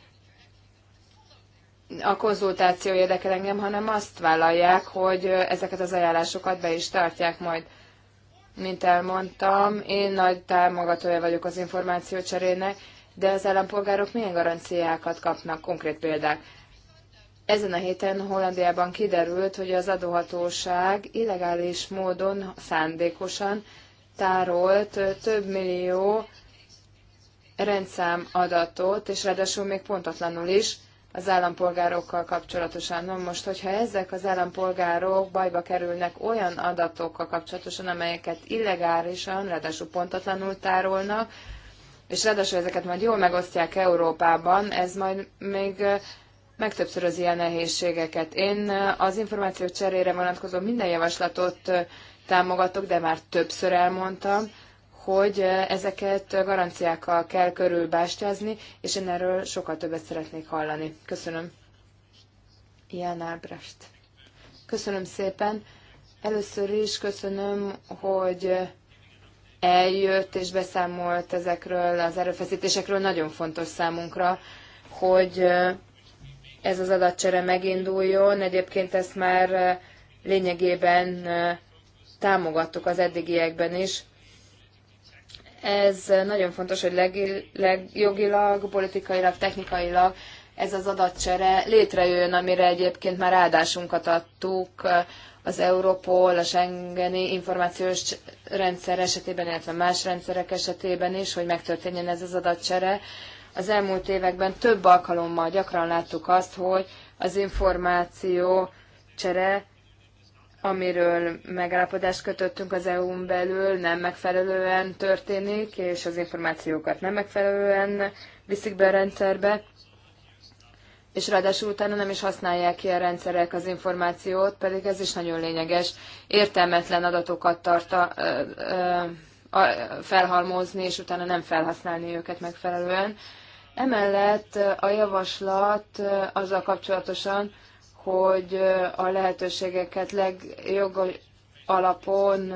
a konzultáció érdekel engem, hanem azt vállalják, hogy ezeket az ajánlásokat be is tartják majd. Mint elmondtam, én nagy támogatója vagyok az információcserének, de az állampolgárok milyen garanciákat kapnak, konkrét példák. Ezen a héten Hollandiában kiderült, hogy az adóhatóság illegális módon, szándékosan tárolt több millió rendszám adatot, és ráadásul még pontatlanul is az állampolgárokkal kapcsolatosan. Na most, hogyha ezek az állampolgárok bajba kerülnek olyan adatokkal kapcsolatosan, amelyeket illegálisan, ráadásul pontatlanul tárolnak, és ráadásul ezeket majd jól megosztják Európában, ez majd még megtöbbszörözi a nehézségeket. Én az információ cserére vonatkozó minden javaslatot támogatok, de már többször elmondtam, hogy ezeket garanciákkal kell körülbástyázni, és én erről sokkal többet szeretnék hallani. Köszönöm. Ilyen Albrecht. Köszönöm szépen. Először is köszönöm, hogy eljött és beszámolt ezekről az erőfeszítésekről. Nagyon fontos számunkra, hogy ez az adatcsere meginduljon. Egyébként ezt már lényegében támogattuk az eddigiekben is. Ez nagyon fontos, hogy legi, leg, jogilag, politikailag, technikailag ez az adatcsere létrejön, amire egyébként már áldásunkat adtuk az Europol, a Schengeni információs rendszer esetében, illetve más rendszerek esetében is, hogy megtörténjen ez az adatcsere. Az elmúlt években több alkalommal gyakran láttuk azt, hogy az információ csere, amiről megállapodást kötöttünk az EU-n belül, nem megfelelően történik, és az információkat nem megfelelően viszik be a rendszerbe és ráadásul utána nem is használják ki a rendszerek az információt, pedig ez is nagyon lényeges. Értelmetlen adatokat a, ö, ö, felhalmozni, és utána nem felhasználni őket megfelelően. Emellett a javaslat azzal kapcsolatosan, hogy a lehetőségeket legjog alapon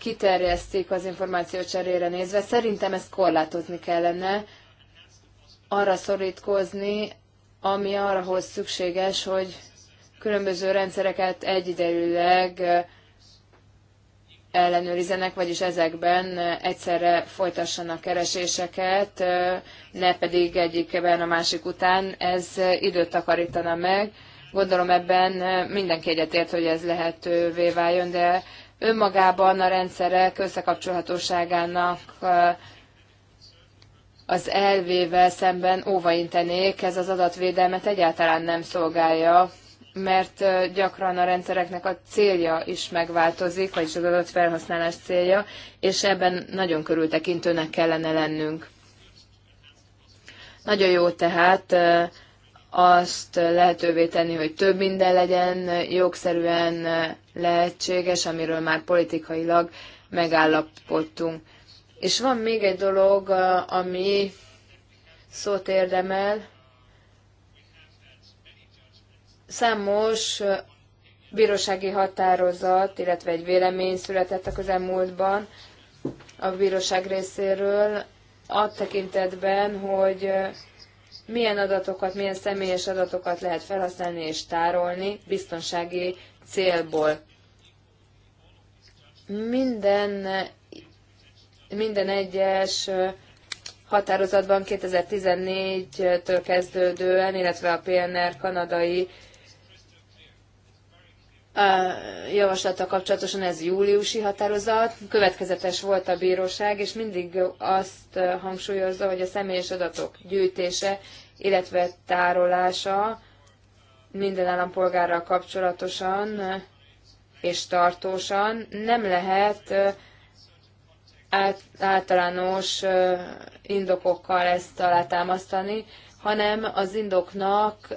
kiterjesztik az információ cserére nézve. Szerintem ezt korlátozni kellene, arra szorítkozni, ami arra hoz szükséges, hogy különböző rendszereket egyidejűleg ellenőrizenek, vagyis ezekben egyszerre folytassanak kereséseket, ne pedig egyikben a másik után, ez időt takarítana meg. Gondolom ebben mindenki egyetért, hogy ez lehetővé váljon, de önmagában a rendszerek összekapcsolhatóságának az elvével szemben óvaintenék, ez az adatvédelmet egyáltalán nem szolgálja, mert gyakran a rendszereknek a célja is megváltozik, vagyis az adatfelhasználás célja, és ebben nagyon körültekintőnek kellene lennünk. Nagyon jó tehát azt lehetővé tenni, hogy több minden legyen jogszerűen lehetséges, amiről már politikailag megállapodtunk. És van még egy dolog, ami szót érdemel. Számos bírósági határozat, illetve egy vélemény született a közelmúltban a bíróság részéről a tekintetben, hogy milyen adatokat, milyen személyes adatokat lehet felhasználni és tárolni biztonsági célból. Minden minden egyes határozatban 2014-től kezdődően, illetve a PNR kanadai javaslata kapcsolatosan ez júliusi határozat. Következetes volt a bíróság, és mindig azt hangsúlyozza, hogy a személyes adatok gyűjtése, illetve tárolása minden állampolgárral kapcsolatosan és tartósan nem lehet általános indokokkal ezt alátámasztani, hanem az indoknak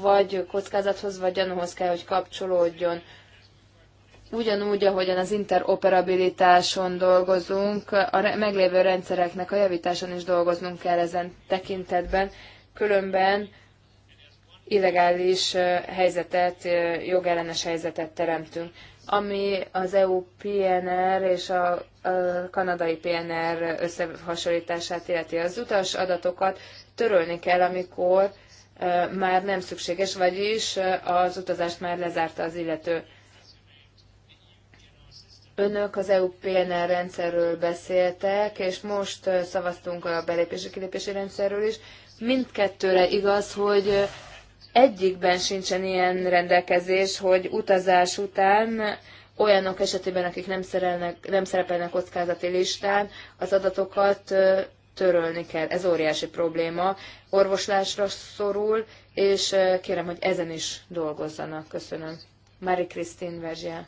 vagy kockázathoz, vagy gyanúhoz kell, hogy kapcsolódjon. Ugyanúgy, ahogyan az interoperabilitáson dolgozunk, a meglévő rendszereknek a javításon is dolgoznunk kell ezen tekintetben, különben illegális helyzetet, jogellenes helyzetet teremtünk ami az EU PNR és a, a kanadai PNR összehasonlítását illeti. Az utas adatokat törölni kell, amikor már nem szükséges, vagyis az utazást már lezárta az illető. Önök az EU PNR rendszerről beszéltek, és most szavaztunk a belépési-kilépési rendszerről is. Mindkettőre igaz, hogy egyikben sincsen ilyen rendelkezés, hogy utazás után olyanok esetében, akik nem, szerelnek, nem szerepelnek kockázati listán, az adatokat törölni kell. Ez óriási probléma. Orvoslásra szorul, és kérem, hogy ezen is dolgozzanak. Köszönöm. Marie Christine Verzsia.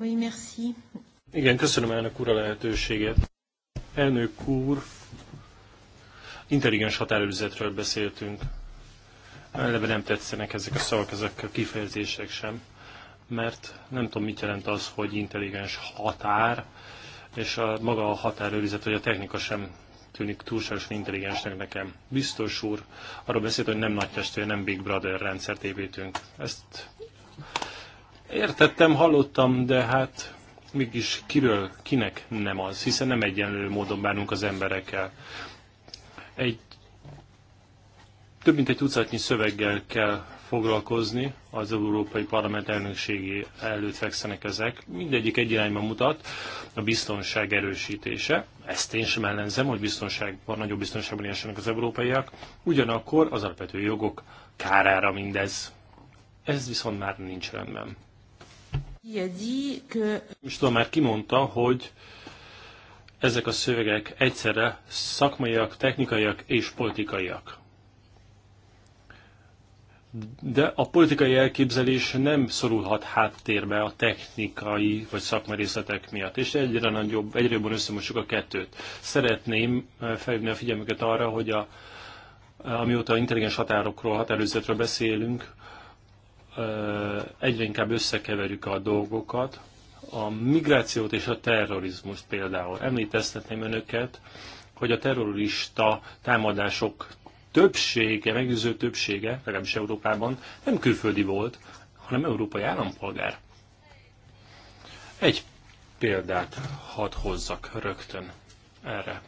Oui, merci. Igen, köszönöm elnök úr a lehetőséget. Elnök úr, intelligens határőrzetről beszéltünk. Eleve nem tetszenek ezek a szavak, ezek a kifejezések sem, mert nem tudom, mit jelent az, hogy intelligens határ, és a maga a határőrizet, vagy a technika sem tűnik túlságosan intelligensnek nekem. Biztos úr, arról beszélt, hogy nem nagy testvér, nem Big Brother rendszert építünk. Ezt értettem, hallottam, de hát mégis kiről, kinek nem az, hiszen nem egyenlő módon bánunk az emberekkel egy több mint egy tucatnyi szöveggel kell foglalkozni, az Európai Parlament elnökségi előtt fekszenek ezek. Mindegyik egy irányba mutat, a biztonság erősítése. Ezt én sem ellenzem, hogy biztonságban, nagyobb biztonságban élsenek az európaiak. Ugyanakkor az alapvető jogok kárára mindez. Ez viszont már nincs rendben. Most tudom, már kimondta, hogy ezek a szövegek egyszerre szakmaiak, technikaiak és politikaiak. De a politikai elképzelés nem szorulhat háttérbe a technikai vagy szakmai részletek miatt, és egyre nagyobb, egyre jobban összemosuk a kettőt. Szeretném eh, felhívni a figyelmüket arra, hogy a, eh, amióta intelligens határokról, határőzetről beszélünk, eh, egyre inkább összekeverjük a dolgokat, a migrációt és a terrorizmust például. Említeztetném önöket, hogy a terrorista támadások többsége, meggyőző többsége, legalábbis Európában nem külföldi volt, hanem európai állampolgár. Egy példát hadd hozzak rögtön erre.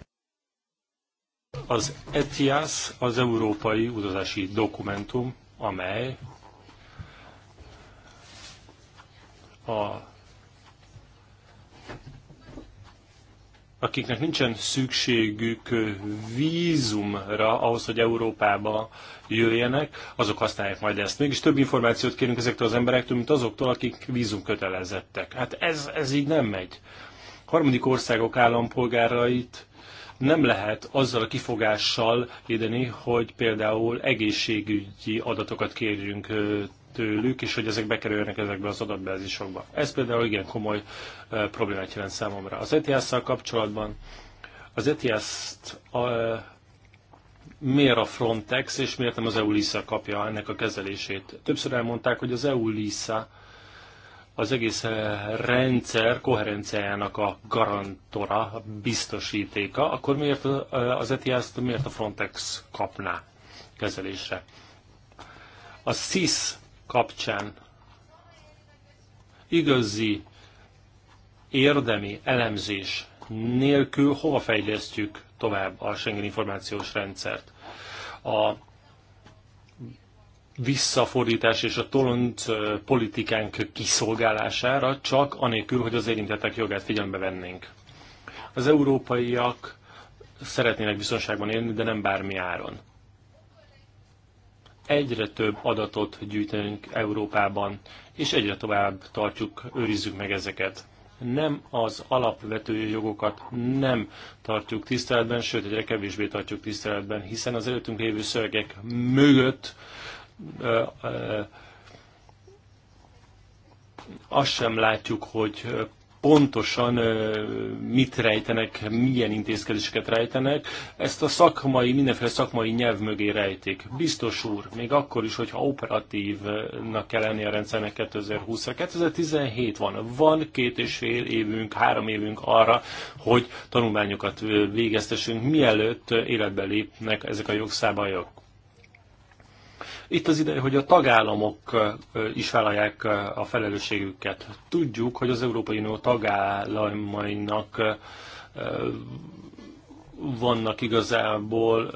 Az ETIAS az Európai Utazási Dokumentum, amely a akiknek nincsen szükségük vízumra ahhoz, hogy Európába jöjjenek, azok használják majd ezt. Mégis több információt kérünk ezektől az emberektől, mint azoktól, akik vízum kötelezettek. Hát ez, ez így nem megy. Harmadik országok állampolgárait nem lehet azzal a kifogással védeni, hogy például egészségügyi adatokat kérjünk tőlük, és hogy ezek bekerüljenek ezekbe az adatbázisokba. Ez például igen komoly problémát jelent számomra. Az ETS-szal kapcsolatban az ETS-t miért a Frontex, és miért nem az EU-LISA kapja ennek a kezelését. Többször elmondták, hogy az EU-LISA az egész rendszer koherenciájának a garantora, a biztosítéka, akkor miért az etias miért a Frontex kapná kezelésre? A SIS kapcsán igazi érdemi elemzés nélkül hova fejlesztjük tovább a Schengen információs rendszert? A visszafordítás és a tolont politikánk kiszolgálására csak anélkül, hogy az érintettek jogát figyelembe vennénk. Az európaiak szeretnének biztonságban élni, de nem bármi áron egyre több adatot gyűjtenünk Európában, és egyre tovább tartjuk, őrizzük meg ezeket. Nem az alapvető jogokat nem tartjuk tiszteletben, sőt, egyre kevésbé tartjuk tiszteletben, hiszen az előttünk lévő szövegek mögött ö, ö, azt sem látjuk, hogy pontosan mit rejtenek, milyen intézkedéseket rejtenek, ezt a szakmai, mindenféle szakmai nyelv mögé rejtik. Biztos úr, még akkor is, hogyha operatívnak kell lenni a rendszernek 2020-ra. 2017 van, van két és fél évünk, három évünk arra, hogy tanulmányokat végeztessünk, mielőtt életbe lépnek ezek a jogszabályok. Itt az ideje, hogy a tagállamok is vállalják a felelősségüket. Tudjuk, hogy az Európai Unió tagállamainak vannak igazából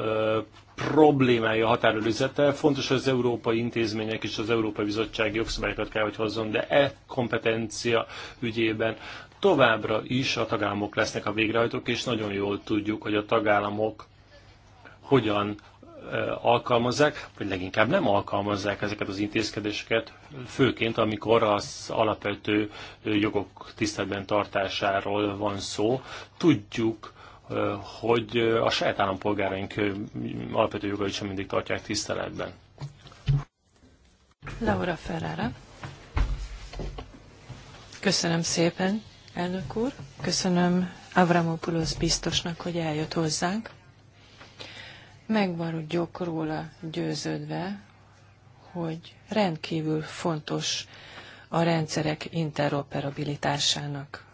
problémája a határőrizete. Fontos, hogy az európai intézmények és az Európai Bizottság jogszabályokat kell, hogy hozzon, de e kompetencia ügyében továbbra is a tagállamok lesznek a végrehajtók, és nagyon jól tudjuk, hogy a tagállamok hogyan alkalmazzák, vagy leginkább nem alkalmazzák ezeket az intézkedéseket, főként amikor az alapvető jogok tiszteletben tartásáról van szó. Tudjuk, hogy a saját állampolgáraink alapvető jogait sem mindig tartják tiszteletben. Laura Ferrara. Köszönöm szépen, elnök úr. Köszönöm Avramopoulos biztosnak, hogy eljött hozzánk meg róla győződve, hogy rendkívül fontos a rendszerek interoperabilitásának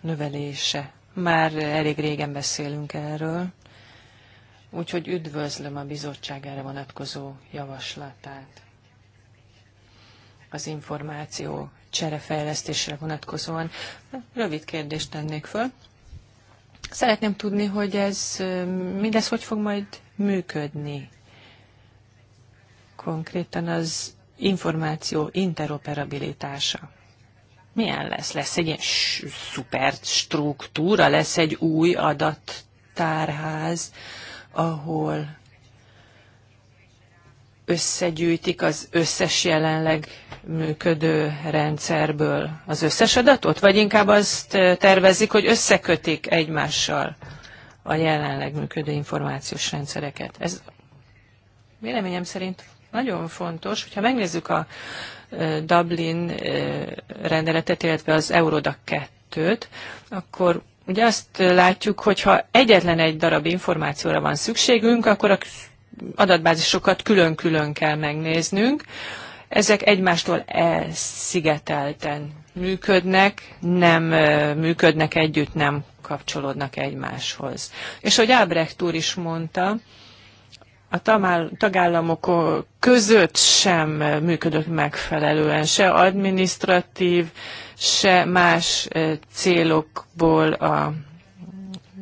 növelése. Már elég régen beszélünk erről, úgyhogy üdvözlöm a bizottság erre vonatkozó javaslatát. Az információ cserefejlesztésre vonatkozóan rövid kérdést tennék föl. Szeretném tudni, hogy ez mindez hogy fog majd működni. Konkrétan az információ interoperabilitása. Milyen lesz? Lesz egy ilyen szuper struktúra, lesz egy új adattárház, ahol összegyűjtik az összes jelenleg működő rendszerből az összes adatot, vagy inkább azt tervezik, hogy összekötik egymással a jelenleg működő információs rendszereket. Ez véleményem szerint nagyon fontos, hogyha megnézzük a Dublin rendeletet, illetve az Eurodac 2-t, akkor ugye azt látjuk, hogyha egyetlen egy darab információra van szükségünk, akkor a adatbázisokat külön-külön kell megnéznünk. Ezek egymástól elszigetelten működnek, nem működnek együtt, nem kapcsolódnak egymáshoz. És hogy Ábrecht úr is mondta, a tagállamok között sem működött megfelelően, se administratív, se más eh, célokból a,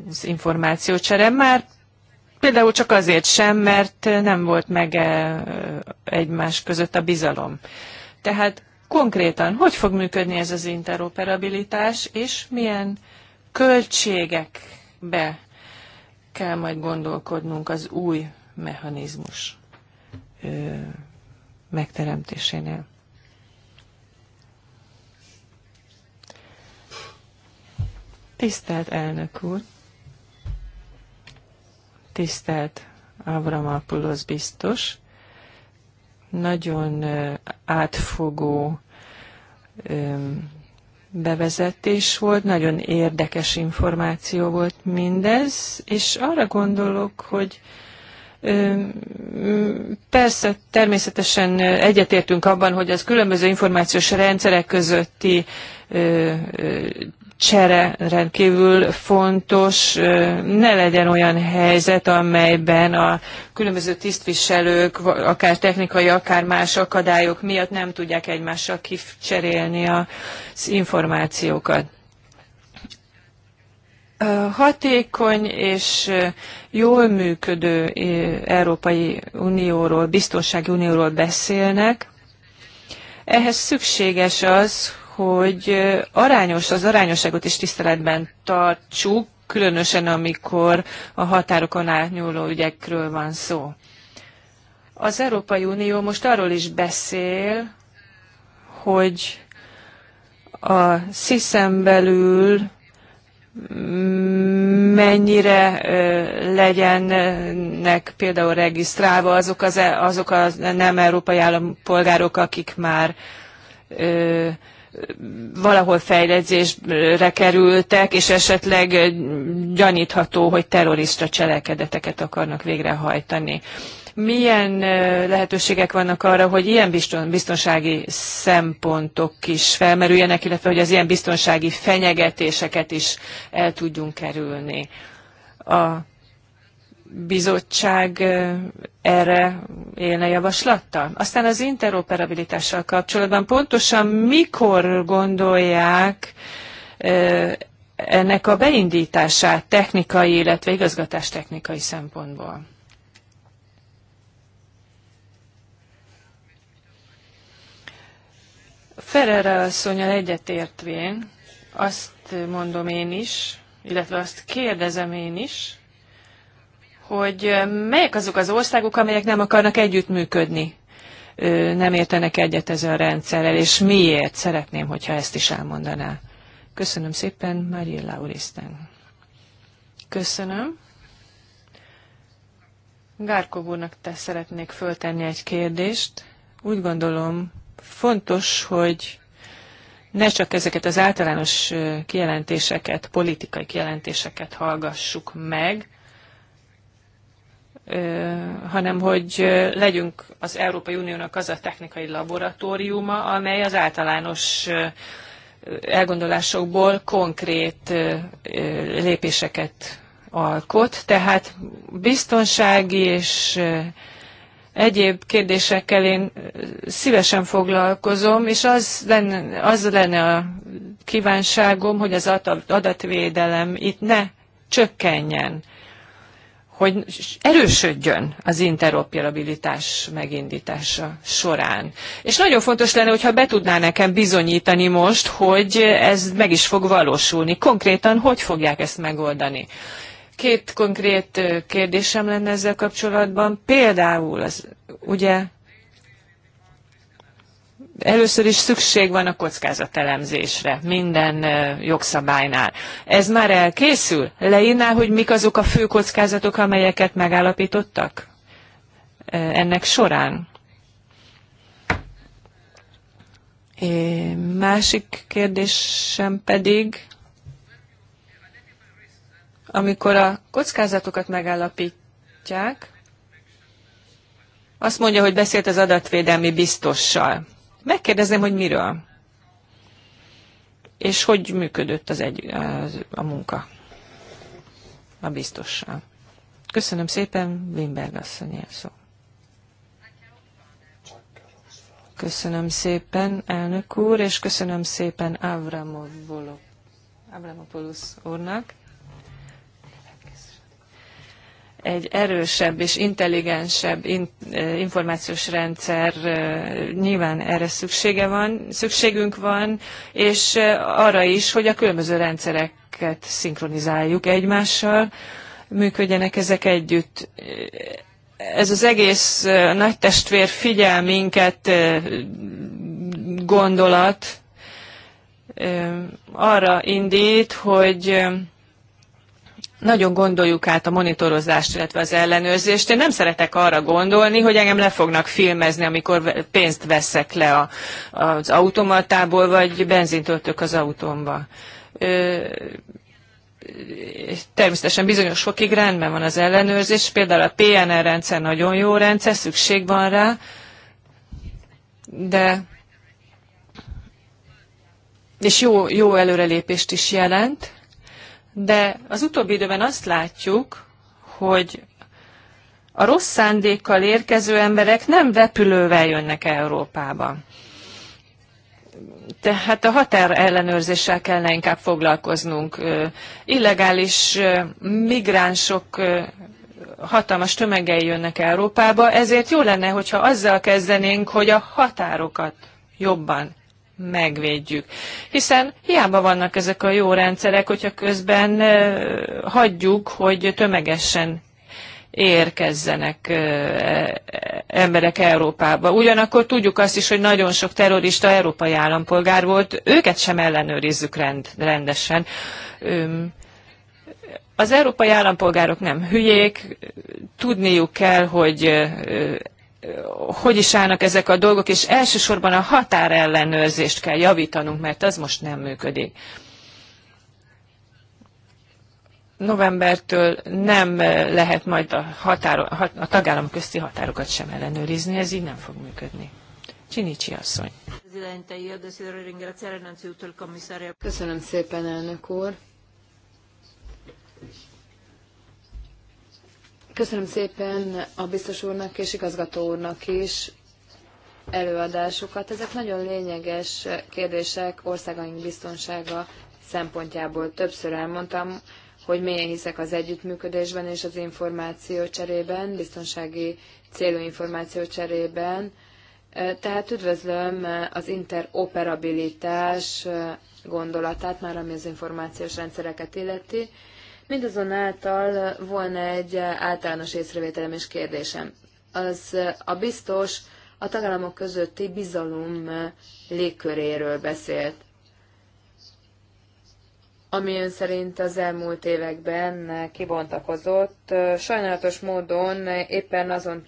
az információcsere. Már például csak azért sem, mert nem volt meg eh, egymás között a bizalom. Tehát konkrétan, hogy fog működni ez az interoperabilitás, és milyen költségekbe kell majd gondolkodnunk az új mechanizmus ö, megteremtésénél. Tisztelt elnök úr! Tisztelt Avramapulos biztos! Nagyon átfogó ö, bevezetés volt, nagyon érdekes információ volt mindez, és arra gondolok, hogy Persze, természetesen egyetértünk abban, hogy az különböző információs rendszerek közötti csere rendkívül fontos. Ne legyen olyan helyzet, amelyben a különböző tisztviselők, akár technikai, akár más akadályok miatt nem tudják egymással kicserélni az információkat hatékony és jól működő Európai Unióról, Biztonsági Unióról beszélnek. Ehhez szükséges az, hogy arányos, az arányosságot is tiszteletben tartsuk, különösen amikor a határokon átnyúló ügyekről van szó. Az Európai Unió most arról is beszél, hogy a sziszen belül mennyire legyenek például regisztrálva azok, az, e, azok a nem európai állampolgárok, akik már valahol fejlesztésre kerültek, és esetleg gyanítható, hogy terrorista cselekedeteket akarnak végrehajtani. Milyen lehetőségek vannak arra, hogy ilyen biztonsági szempontok is felmerüljenek, illetve hogy az ilyen biztonsági fenyegetéseket is el tudjunk kerülni? A bizottság erre élne javaslattal? Aztán az interoperabilitással kapcsolatban pontosan mikor gondolják ennek a beindítását technikai, illetve igazgatás technikai szempontból? Ferrera asszonyal egyetértvén azt mondom én is, illetve azt kérdezem én is, hogy melyek azok az országok, amelyek nem akarnak együttműködni, nem értenek egyet ezzel a rendszerrel, és miért szeretném, hogyha ezt is elmondaná. Köszönöm szépen, Mária Lauristen. Köszönöm. Gárkov úrnak te szeretnék föltenni egy kérdést. Úgy gondolom, fontos, hogy ne csak ezeket az általános kijelentéseket, politikai kijelentéseket hallgassuk meg, hanem hogy legyünk az Európai Uniónak az a technikai laboratóriuma, amely az általános elgondolásokból konkrét lépéseket alkot. Tehát biztonsági és egyéb kérdésekkel én szívesen foglalkozom, és az lenne, az lenne a kívánságom, hogy az adatvédelem itt ne csökkenjen hogy erősödjön az interoperabilitás megindítása során. És nagyon fontos lenne, hogyha be tudná nekem bizonyítani most, hogy ez meg is fog valósulni. Konkrétan hogy fogják ezt megoldani? Két konkrét kérdésem lenne ezzel kapcsolatban. Például, az, ugye Először is szükség van a kockázatelemzésre minden jogszabálynál. Ez már elkészül? Leírná, hogy mik azok a fő kockázatok, amelyeket megállapítottak ennek során? Másik kérdésem pedig, amikor a kockázatokat megállapítják, azt mondja, hogy beszélt az adatvédelmi biztossal. Megkérdezem, hogy miről? És hogy működött az egy, az, a munka a biztossal. Köszönöm szépen, Wimberg asszony szó. Köszönöm szépen, elnök úr, és köszönöm szépen Avramopoulos úrnak egy erősebb és intelligensebb eh, információs rendszer eh, nyilván erre szüksége van, szükségünk van, és eh, arra is, hogy a különböző rendszereket szinkronizáljuk egymással, működjenek ezek együtt. Ez az egész nagy testvér figyel minket gondolat arra indít, hogy nagyon gondoljuk át a monitorozást, illetve az ellenőrzést. Én nem szeretek arra gondolni, hogy engem le fognak filmezni, amikor pénzt veszek le a, az automatából, vagy benzint öltök az autómba. Ö, természetesen bizonyos fokig rendben van az ellenőrzés, például a PNR rendszer nagyon jó rendszer, szükség van rá, de és jó, jó előrelépést is jelent, de az utóbbi időben azt látjuk, hogy a rossz szándékkal érkező emberek nem repülővel jönnek Európába. Tehát a határellenőrzéssel kellene inkább foglalkoznunk. Illegális migránsok hatalmas tömegei jönnek Európába, ezért jó lenne, hogyha azzal kezdenénk, hogy a határokat jobban megvédjük. Hiszen hiába vannak ezek a jó rendszerek, hogyha közben hagyjuk, hogy tömegesen érkezzenek e, emberek Európába. Ugyanakkor tudjuk azt is, hogy nagyon sok terrorista európai állampolgár volt, őket sem ellenőrizzük rend, rendesen. Az európai állampolgárok nem hülyék, tudniuk kell, hogy hogy is állnak ezek a dolgok, és elsősorban a határellenőrzést kell javítanunk, mert az most nem működik novembertől nem lehet majd a, határo, a tagállam közti határokat sem ellenőrizni, ez így nem fog működni. Csinicsi asszony. Köszönöm szépen, elnök úr. Köszönöm szépen a biztos úrnak és igazgató úrnak is előadásukat. Ezek nagyon lényeges kérdések országaink biztonsága szempontjából. Többször elmondtam, hogy mélyen hiszek az együttműködésben és az információ cserében, biztonsági célú információ cserében. Tehát üdvözlöm az interoperabilitás gondolatát, már ami az információs rendszereket illeti. Mindazonáltal volna egy általános észrevételem és kérdésem. Az a biztos a tagállamok közötti bizalom légköréről beszélt, ami ön szerint az elmúlt években kibontakozott. Sajnálatos módon éppen azon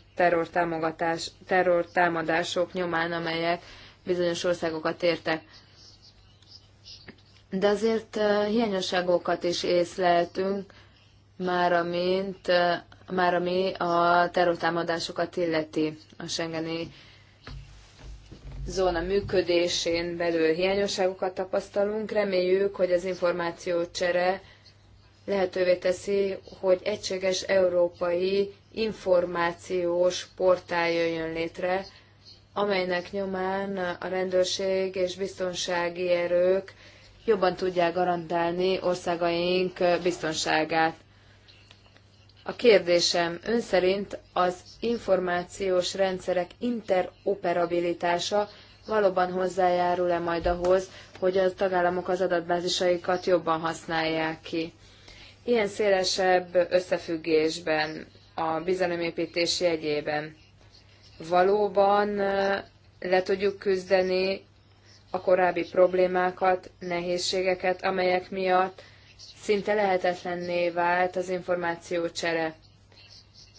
terrortámadások nyomán, amelyek bizonyos országokat értek de azért hiányosságokat is észleltünk, már amint, már ami a terrortámadásokat illeti a Schengeni zóna működésén belül hiányosságokat tapasztalunk. Reméljük, hogy az információcsere lehetővé teszi, hogy egységes európai információs portál jöjjön létre, amelynek nyomán a rendőrség és biztonsági erők jobban tudják garantálni országaink biztonságát. A kérdésem ön szerint az információs rendszerek interoperabilitása valóban hozzájárul-e majd ahhoz, hogy a tagállamok az adatbázisaikat jobban használják ki? Ilyen szélesebb összefüggésben, a bizalomépítés jegyében valóban eh, le tudjuk küzdeni a korábbi problémákat, nehézségeket, amelyek miatt szinte lehetetlenné vált az információcsere.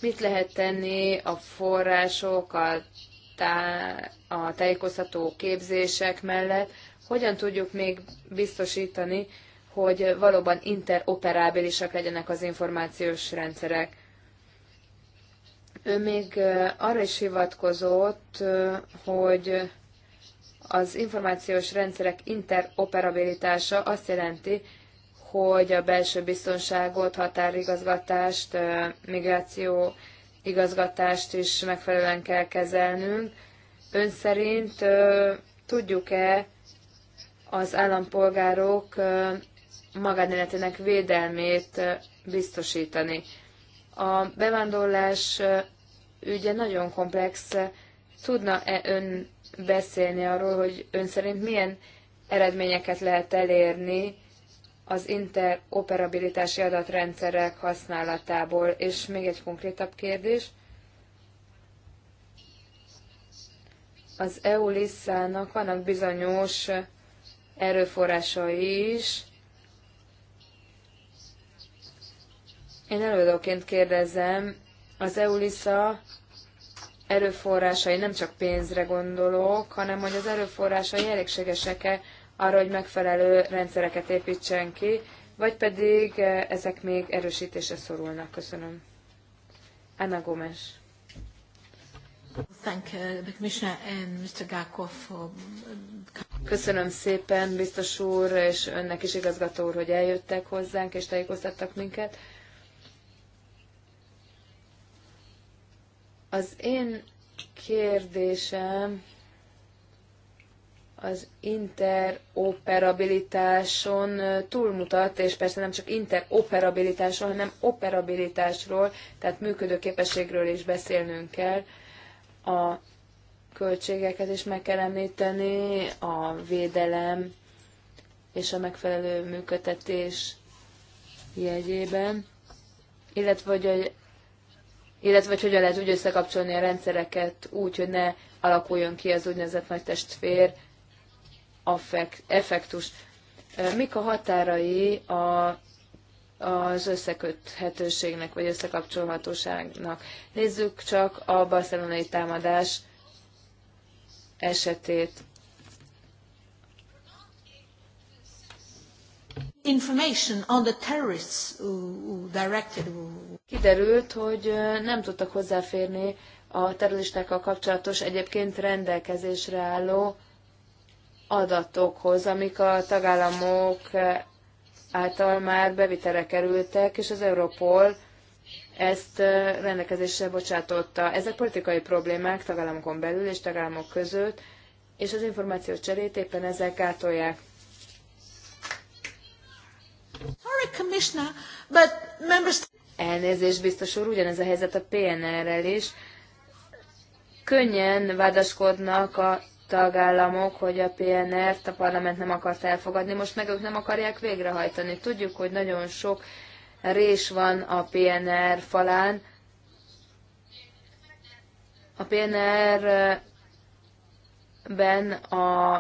Mit lehet tenni a források, a, tá- a tájékoztató képzések mellett? Hogyan tudjuk még biztosítani, hogy valóban interoperábilisak legyenek az információs rendszerek? Ő még arra is hivatkozott, hogy az információs rendszerek interoperabilitása azt jelenti, hogy a belső biztonságot, határigazgatást, migráció igazgatást is megfelelően kell kezelnünk. Ön szerint tudjuk-e az állampolgárok magánéletének védelmét biztosítani? A bevándorlás ügye nagyon komplex. Tudna-e ön beszélni arról, hogy ön szerint milyen eredményeket lehet elérni az interoperabilitási adatrendszerek használatából. És még egy konkrétabb kérdés. Az eu nak vannak bizonyos erőforrásai is. Én előadóként kérdezem, az e LISZA erőforrásai, nem csak pénzre gondolok, hanem hogy az erőforrásai elégségesek-e arra, hogy megfelelő rendszereket építsen ki, vagy pedig eh, ezek még erősítése szorulnak. Köszönöm. Anna Gómez. Uh, Köszönöm szépen, biztos úr, és önnek is igazgató úr, hogy eljöttek hozzánk és tájékoztattak minket. Az én kérdésem az interoperabilitáson túlmutat, és persze nem csak interoperabilitásról, hanem operabilitásról, tehát működőképességről is beszélnünk kell. A költségeket is meg kell említeni, a védelem és a megfelelő működtetés jegyében, illetve hogy illetve hogy hogyan lehet úgy összekapcsolni a rendszereket úgy, hogy ne alakuljon ki az úgynevezett nagy testfér effektus. Mik a határai a, az összeköthetőségnek, vagy összekapcsolhatóságnak? Nézzük csak a barcelonai támadás esetét. information on the terrorists who directed. Kiderült, hogy nem tudtak hozzáférni a terroristákkal kapcsolatos egyébként rendelkezésre álló adatokhoz, amik a tagállamok által már bevitere kerültek, és az Europol ezt rendelkezésre bocsátotta. Ezek politikai problémák tagállamokon belül és tagállamok között, és az információ cserét éppen ezek gátolják. Sorry, Elnézést, biztos úr, ugyanez a helyzet a PNR-rel is. Könnyen vádaskodnak a tagállamok, hogy a PNR-t a parlament nem akart elfogadni, most meg ők nem akarják végrehajtani. Tudjuk, hogy nagyon sok rés van a PNR falán. A PNR-ben a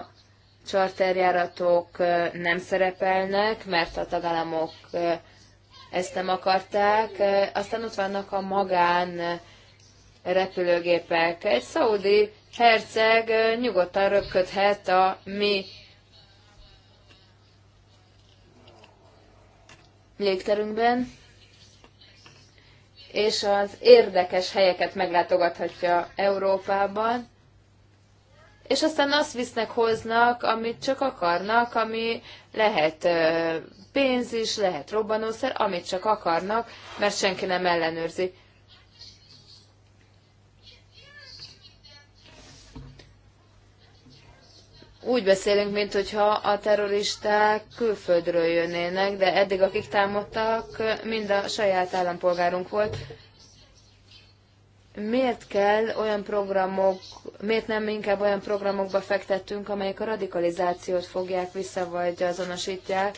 charterjáratok nem szerepelnek, mert a tagállamok ezt nem akarták. Aztán ott vannak a magán repülőgépek. Egy szaudi herceg nyugodtan röpködhet a mi légterünkben, és az érdekes helyeket meglátogathatja Európában és aztán azt visznek, hoznak, amit csak akarnak, ami lehet pénz is, lehet robbanószer, amit csak akarnak, mert senki nem ellenőrzi. Úgy beszélünk, mint hogyha a terroristák külföldről jönnének, de eddig akik támadtak, mind a saját állampolgárunk volt, miért kell olyan programok, miért nem inkább olyan programokba fektettünk, amelyek a radikalizációt fogják vissza, vagy azonosítják.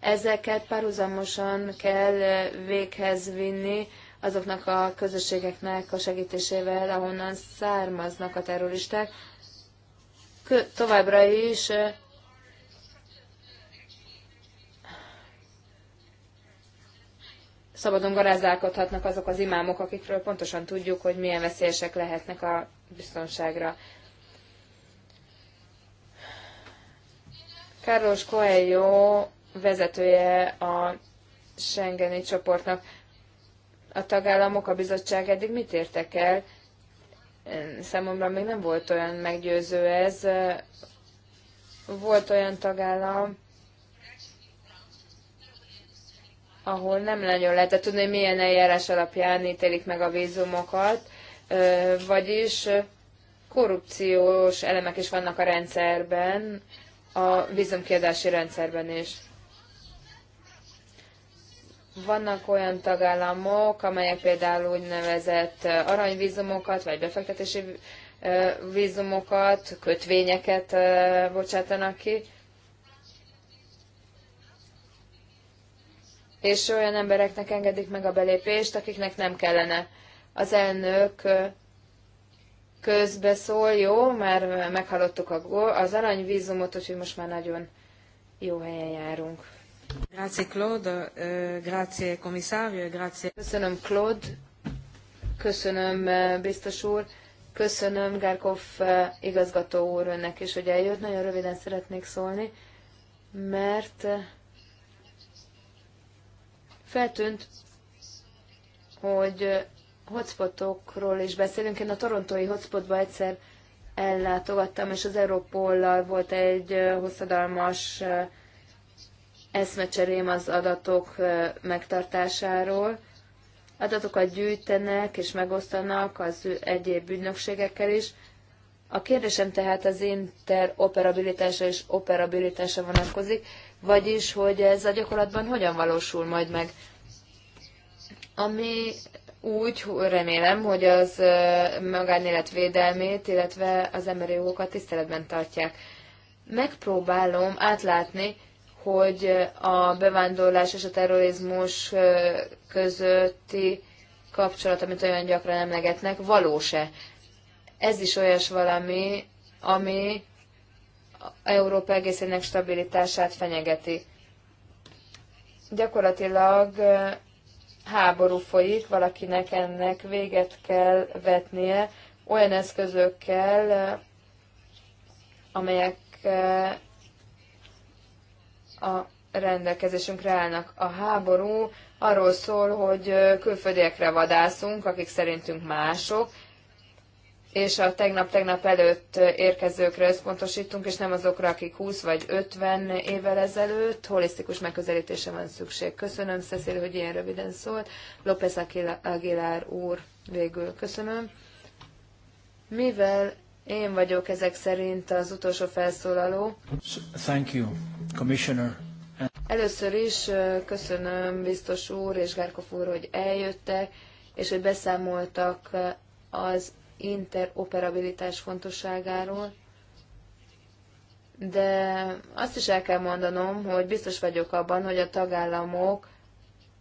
Ezeket párhuzamosan kell véghez vinni azoknak a közösségeknek a segítésével, ahonnan származnak a terroristák. Továbbra is szabadon garázdálkodhatnak azok az imámok, akikről pontosan tudjuk, hogy milyen veszélyesek lehetnek a biztonságra. Carlos Coelho vezetője a Schengeni csoportnak. A tagállamok, a bizottság eddig mit értek el? Számomra még nem volt olyan meggyőző ez. Volt olyan tagállam, ahol nem nagyon lehetett tudni, hogy milyen eljárás alapján ítélik meg a vízumokat, vagyis korrupciós elemek is vannak a rendszerben, a vízumkiadási rendszerben is. Vannak olyan tagállamok, amelyek például úgynevezett aranyvízumokat, vagy befektetési vízumokat, kötvényeket bocsátanak ki, és olyan embereknek engedik meg a belépést, akiknek nem kellene. Az elnök közbeszól, jó, mert meghallottuk az aranyvízumot, úgyhogy most már nagyon jó helyen járunk. Grazie Claude, grazie commissario, grazie. Köszönöm Claude, köszönöm biztos úr, köszönöm Gárkov igazgató úr önnek is, hogy eljött. Nagyon röviden szeretnék szólni, mert Feltűnt, hogy hotspotokról is beszélünk. Én a torontói hotspotba egyszer ellátogattam, és az Európollal volt egy hosszadalmas eszmecserém az adatok megtartásáról. Adatokat gyűjtenek és megosztanak az egyéb ügynökségekkel is. A kérdésem tehát az interoperabilitása és operabilitásra vonatkozik vagyis hogy ez a gyakorlatban hogyan valósul majd meg. Ami úgy remélem, hogy az magánélet védelmét, illetve az emberi jogokat tiszteletben tartják. Megpróbálom átlátni, hogy a bevándorlás és a terrorizmus közötti kapcsolat, amit olyan gyakran emlegetnek, valós-e. Ez is olyas valami, ami Európa egészének stabilitását fenyegeti. Gyakorlatilag háború folyik, valakinek ennek véget kell vetnie olyan eszközökkel, amelyek a rendelkezésünkre állnak. A háború arról szól, hogy külföldiekre vadászunk, akik szerintünk mások, és a tegnap-tegnap előtt érkezőkre összpontosítunk, és nem azokra, akik 20 vagy 50 évvel ezelőtt. Holisztikus megközelítése van szükség. Köszönöm, Cecil, hogy ilyen röviden szólt. López Aguilar úr, végül köszönöm. Mivel én vagyok ezek szerint az utolsó felszólaló. Thank you, Commissioner. Először is köszönöm biztos úr és Gárkov úr, hogy eljöttek, és hogy beszámoltak az interoperabilitás fontosságáról, de azt is el kell mondanom, hogy biztos vagyok abban, hogy a tagállamok,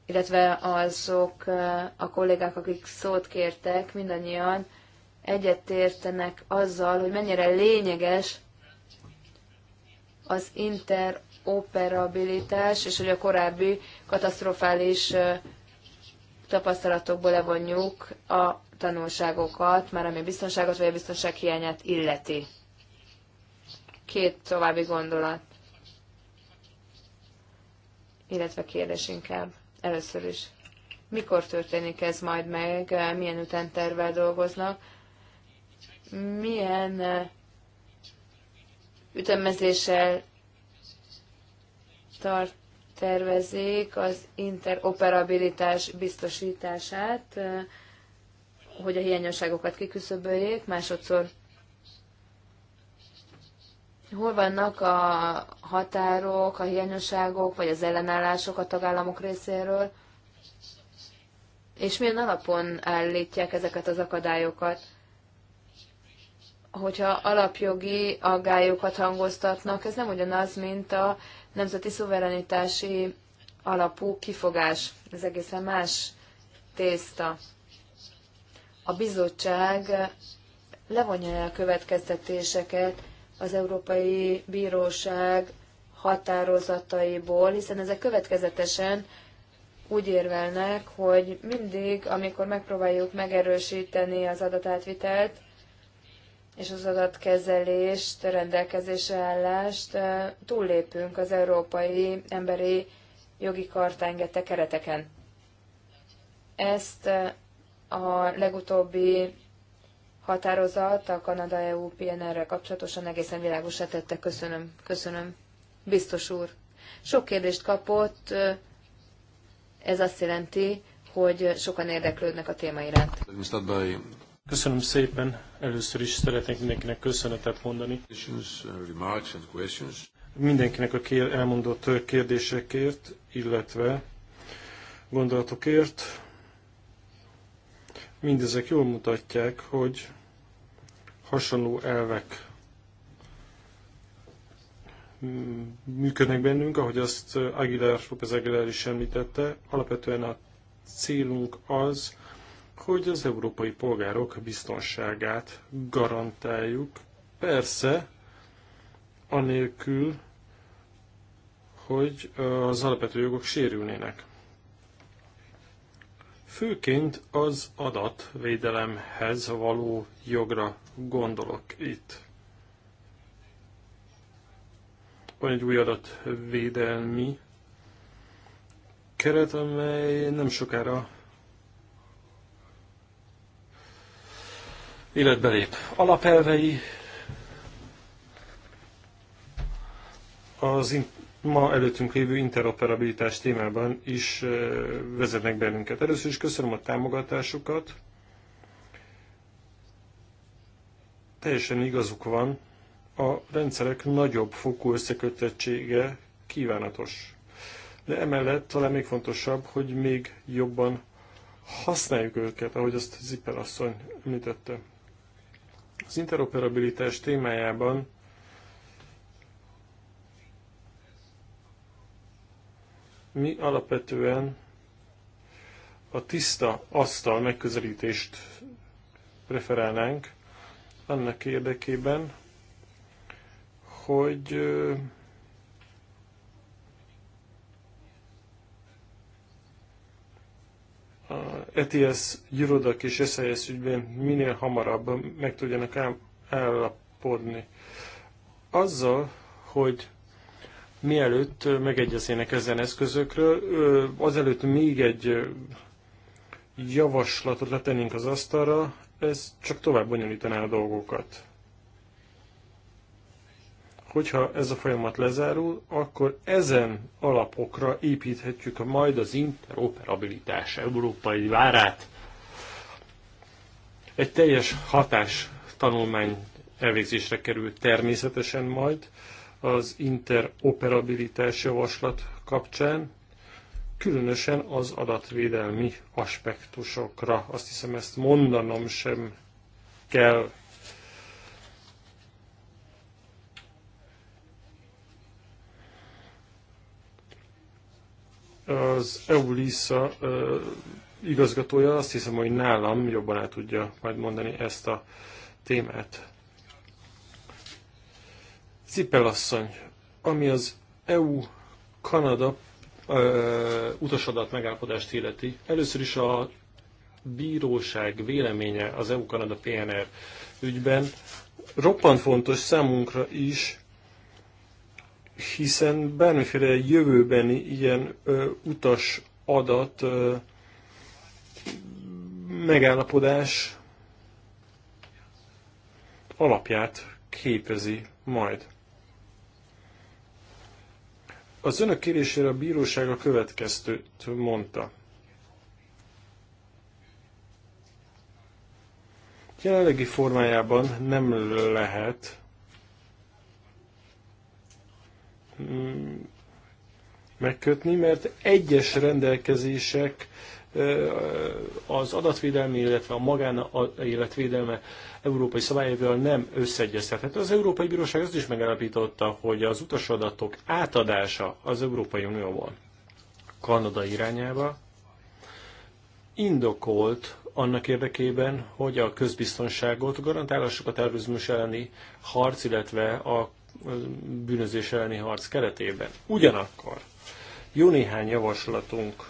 illetve azok a kollégák, akik szót kértek, mindannyian egyetértenek azzal, hogy mennyire lényeges az interoperabilitás, és hogy a korábbi katasztrofális tapasztalatokból levonjuk a tanulságokat, már ami a biztonságot vagy a biztonság hiányát illeti. Két további gondolat, illetve kérdés inkább először is. Mikor történik ez majd meg, milyen ütentervel dolgoznak, milyen eh, ütemezéssel tart tervezik az interoperabilitás biztosítását, hogy a hiányosságokat kiküszöböljék, másodszor hol vannak a határok, a hiányosságok, vagy az ellenállások a tagállamok részéről, és milyen alapon állítják ezeket az akadályokat? Hogyha alapjogi aggályokat hangoztatnak, ez nem ugyanaz, mint a nemzeti szuverenitási alapú kifogás. Ez egészen más tészta. A bizottság levonja el a következtetéseket az Európai Bíróság határozataiból, hiszen ezek következetesen úgy érvelnek, hogy mindig, amikor megpróbáljuk megerősíteni az adatátvitelt, és az adatkezelést, rendelkezésre állást túllépünk az Európai Emberi Jogi Kartángette kereteken. Ezt a legutóbbi határozat a Kanada-EU PNR-rel kapcsolatosan egészen világosra tette. Köszönöm, köszönöm. Biztos úr. Sok kérdést kapott, ez azt jelenti, hogy sokan érdeklődnek a téma iránt. Köszönöm szépen. Először is szeretnék mindenkinek köszönetet mondani. Uh, mindenkinek a kér, elmondott uh, kérdésekért, illetve gondolatokért. Mindezek jól mutatják, hogy hasonló elvek mm, működnek bennünk, ahogy azt uh, Aguilar, López Aguilar is említette. Alapvetően a célunk az, hogy az európai polgárok biztonságát garantáljuk. Persze, anélkül, hogy az alapvető jogok sérülnének. Főként az adatvédelemhez való jogra gondolok itt. Van egy új adatvédelmi keret, amely nem sokára életbe lép. Alapelvei az ma előttünk lévő interoperabilitás témában is eh, vezetnek bennünket. Először is köszönöm a támogatásukat. Teljesen igazuk van, a rendszerek nagyobb fokú összekötettsége kívánatos. De emellett talán még fontosabb, hogy még jobban használjuk őket, ahogy azt Zipper asszony említette. Az interoperabilitás témájában mi alapvetően a tiszta asztal megközelítést preferálnánk annak érdekében, hogy ETS, Eurodac és SIS ügyben minél hamarabb meg tudjanak állapodni. Azzal, hogy mielőtt megegyezének ezen eszközökről, azelőtt még egy javaslatot letennénk az asztalra, ez csak tovább bonyolítaná a dolgokat hogyha ez a folyamat lezárul, akkor ezen alapokra építhetjük majd az interoperabilitás európai várát. Egy teljes hatás tanulmány elvégzésre kerül természetesen majd az interoperabilitás javaslat kapcsán, különösen az adatvédelmi aspektusokra. Azt hiszem ezt mondanom sem kell az EU-LISA igazgatója azt hiszem, hogy nálam jobban el tudja majd mondani ezt a témát. Cipelasszony, ami az EU-Kanada utasadat megállapodást illeti. Először is a bíróság véleménye az EU-Kanada PNR ügyben roppant fontos számunkra is, hiszen bármiféle jövőbeni ilyen ö, utas adat ö, megállapodás alapját képezi majd. Az önök kérésére a bíróság a következtőt mondta. Jelenlegi formájában nem lehet Mm, megkötni, mert egyes rendelkezések az adatvédelmi, illetve a magán életvédelme európai szabályával nem összeegyeztethető. Az Európai Bíróság azt is megállapította, hogy az utasadatok átadása az Európai Unióban Kanada irányába indokolt annak érdekében, hogy a közbiztonságot garantálassuk a terrorizmus elleni harc, illetve a bűnözés elleni harc keretében. Ugyanakkor jó néhány javaslatunk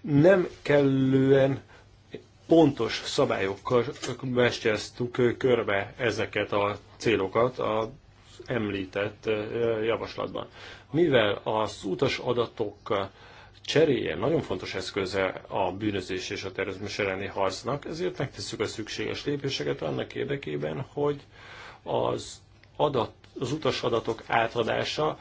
nem kellően pontos szabályokkal mesterztük körbe ezeket a célokat az említett eh, javaslatban. Mivel az utas adatok cseréje nagyon fontos eszköze a bűnözés és a terrorizmus elleni harcnak, ezért megtesszük a szükséges lépéseket annak érdekében, hogy az, adat, az utas adatok átadása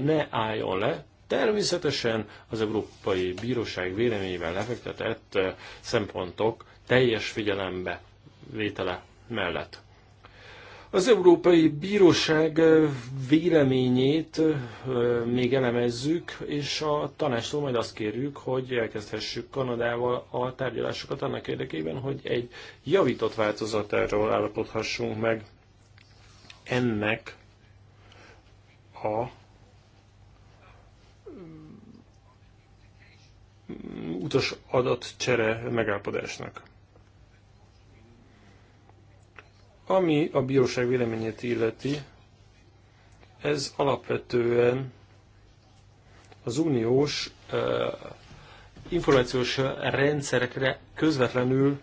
ne álljon le, Természetesen az Európai Bíróság véleményében lefektetett szempontok teljes figyelembe vétele mellett. Az Európai Bíróság véleményét még elemezzük, és a tanástól majd azt kérjük, hogy elkezdhessük Kanadával a tárgyalásokat annak érdekében, hogy egy javított változatáról állapodhassunk meg ennek a utas adatcsere megállapodásnak. Ami a bíróság véleményét illeti, ez alapvetően az uniós információs rendszerekre közvetlenül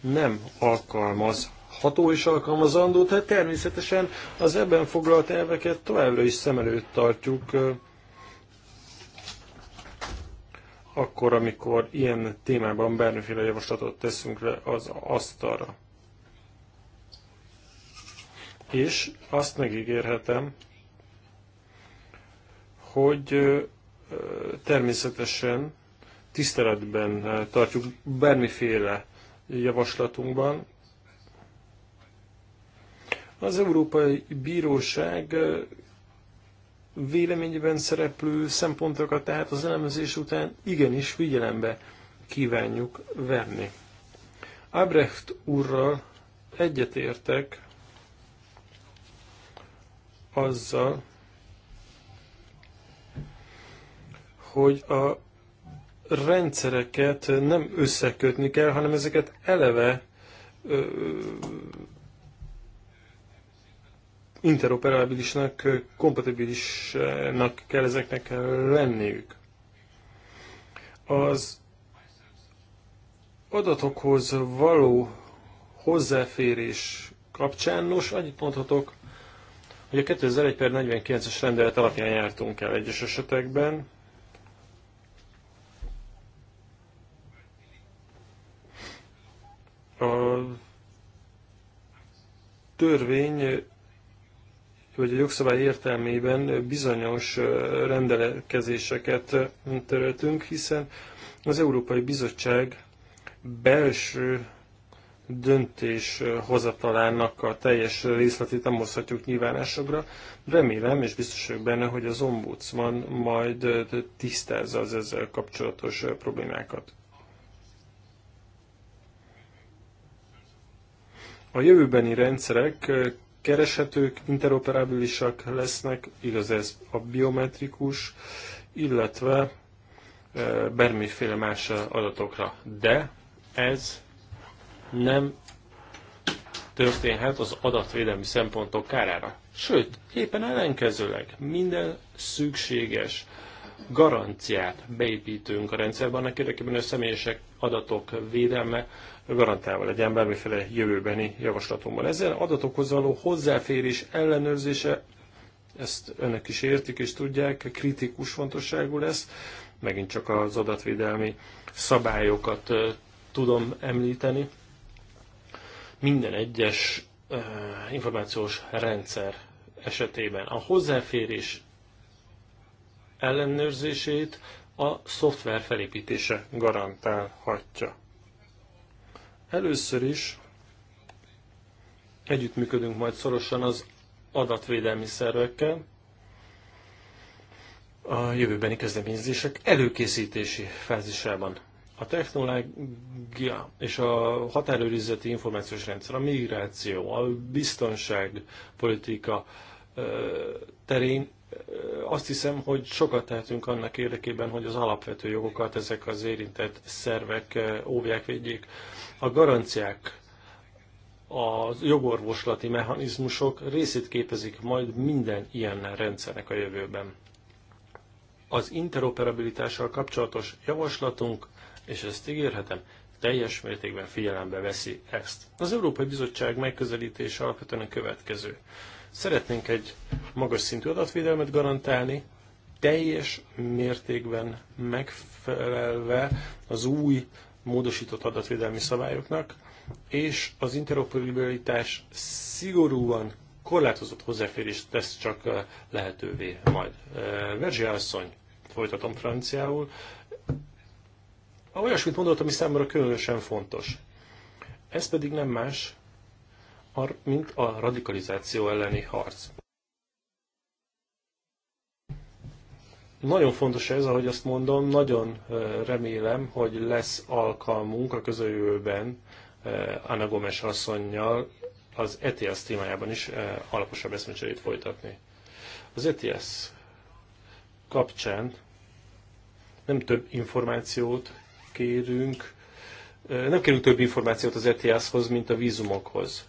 nem alkalmazható és alkalmazandó, tehát természetesen az ebben foglalt elveket továbbra is szem előtt tartjuk, akkor, amikor ilyen témában bármiféle javaslatot teszünk le az asztalra és azt megígérhetem, hogy természetesen tiszteletben tartjuk bármiféle javaslatunkban. Az Európai Bíróság véleményben szereplő szempontokat tehát az elemzés után igenis figyelembe kívánjuk venni. Abrecht úrral egyetértek azzal, hogy a rendszereket nem összekötni kell, hanem ezeket eleve ö, interoperabilisnak, kompatibilisnak kell ezeknek lenniük. Az adatokhoz való hozzáférés kapcsán, nos, annyit mondhatok, hogy a 2001 per 49-es rendelet alapján jártunk el egyes esetekben, a törvény vagy a jogszabály értelmében bizonyos rendelkezéseket töröltünk, hiszen az Európai Bizottság belső döntés hozatalának a teljes részletét nem hozhatjuk nyilvánosságra. Remélem, és biztos vagyok benne, hogy az ombudsman majd tisztázza az ezzel kapcsolatos problémákat. A jövőbeni rendszerek kereshetők, interoperábilisak lesznek, igaz ez a biometrikus, illetve bármiféle más adatokra. De ez nem történhet az adatvédelmi szempontok kárára. Sőt, éppen ellenkezőleg minden szükséges garanciát beépítünk a rendszerbe, annak érdekében, hogy a személyesek adatok védelme garantálva legyen bármiféle jövőbeni javaslatomban. Ezzel adatokhoz való hozzáférés ellenőrzése, ezt önök is értik és tudják, kritikus fontosságú lesz. Megint csak az adatvédelmi szabályokat tudom említeni minden egyes információs rendszer esetében. A hozzáférés ellenőrzését a szoftver felépítése garantálhatja. Először is együttműködünk majd szorosan az adatvédelmi szervekkel, a jövőbeni kezdeményezések előkészítési fázisában. A technológia és a határőrizeti információs rendszer, a migráció, a biztonságpolitika terén azt hiszem, hogy sokat tehetünk annak érdekében, hogy az alapvető jogokat ezek az érintett szervek óvják, védjék. A garanciák, a jogorvoslati mechanizmusok részét képezik majd minden ilyen rendszernek a jövőben. Az interoperabilitással kapcsolatos javaslatunk és ezt ígérhetem, teljes mértékben figyelembe veszi ezt. Az Európai Bizottság megközelítése alapvetően a következő. Szeretnénk egy magas szintű adatvédelmet garantálni, teljes mértékben megfelelve az új módosított adatvédelmi szabályoknak, és az interoperabilitás szigorúan korlátozott hozzáférést tesz csak lehetővé majd. Verzsi asszony, folytatom franciául, olyasmit mondott, ami számomra különösen fontos. Ez pedig nem más, mint a radikalizáció elleni harc. Nagyon fontos ez, ahogy azt mondom, nagyon remélem, hogy lesz alkalmunk a közeljövőben Anna Gomes asszonynal az ETS témájában is alaposabb eszmecserét folytatni. Az ETS kapcsán nem több információt kérünk, nem kérünk több információt az ETIAS-hoz, mint a vízumokhoz.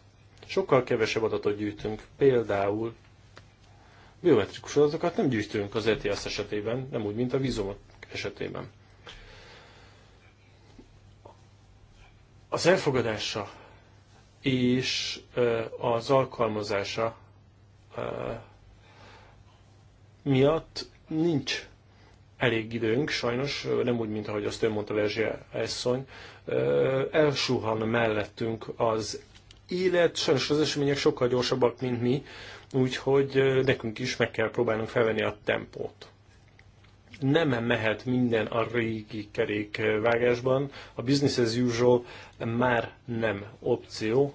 Sokkal kevesebb adatot gyűjtünk. Például biometrikus adatokat nem gyűjtünk az ETIAS esetében, nem úgy, mint a vízumok esetében. Az elfogadása és az alkalmazása miatt nincs elég időnk, sajnos, nem úgy, mint ahogy azt ön mondta Verzsia Eszony, elsuhan mellettünk az élet, sajnos az események sokkal gyorsabbak, mint mi, úgyhogy nekünk is meg kell próbálnunk felvenni a tempót. Nem mehet minden a régi kerékvágásban, a business as usual már nem opció,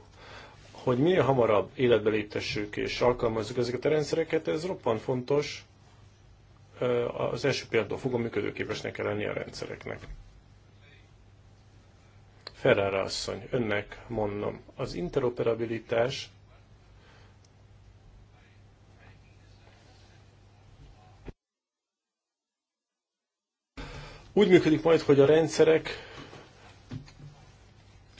hogy minél hamarabb életbe léptessük és alkalmazzuk ezeket a rendszereket, ez roppant fontos, az első például fogom működőképesnek kell lenni a rendszereknek. Ferrara asszony, önnek mondom, az interoperabilitás úgy működik majd, hogy a rendszerek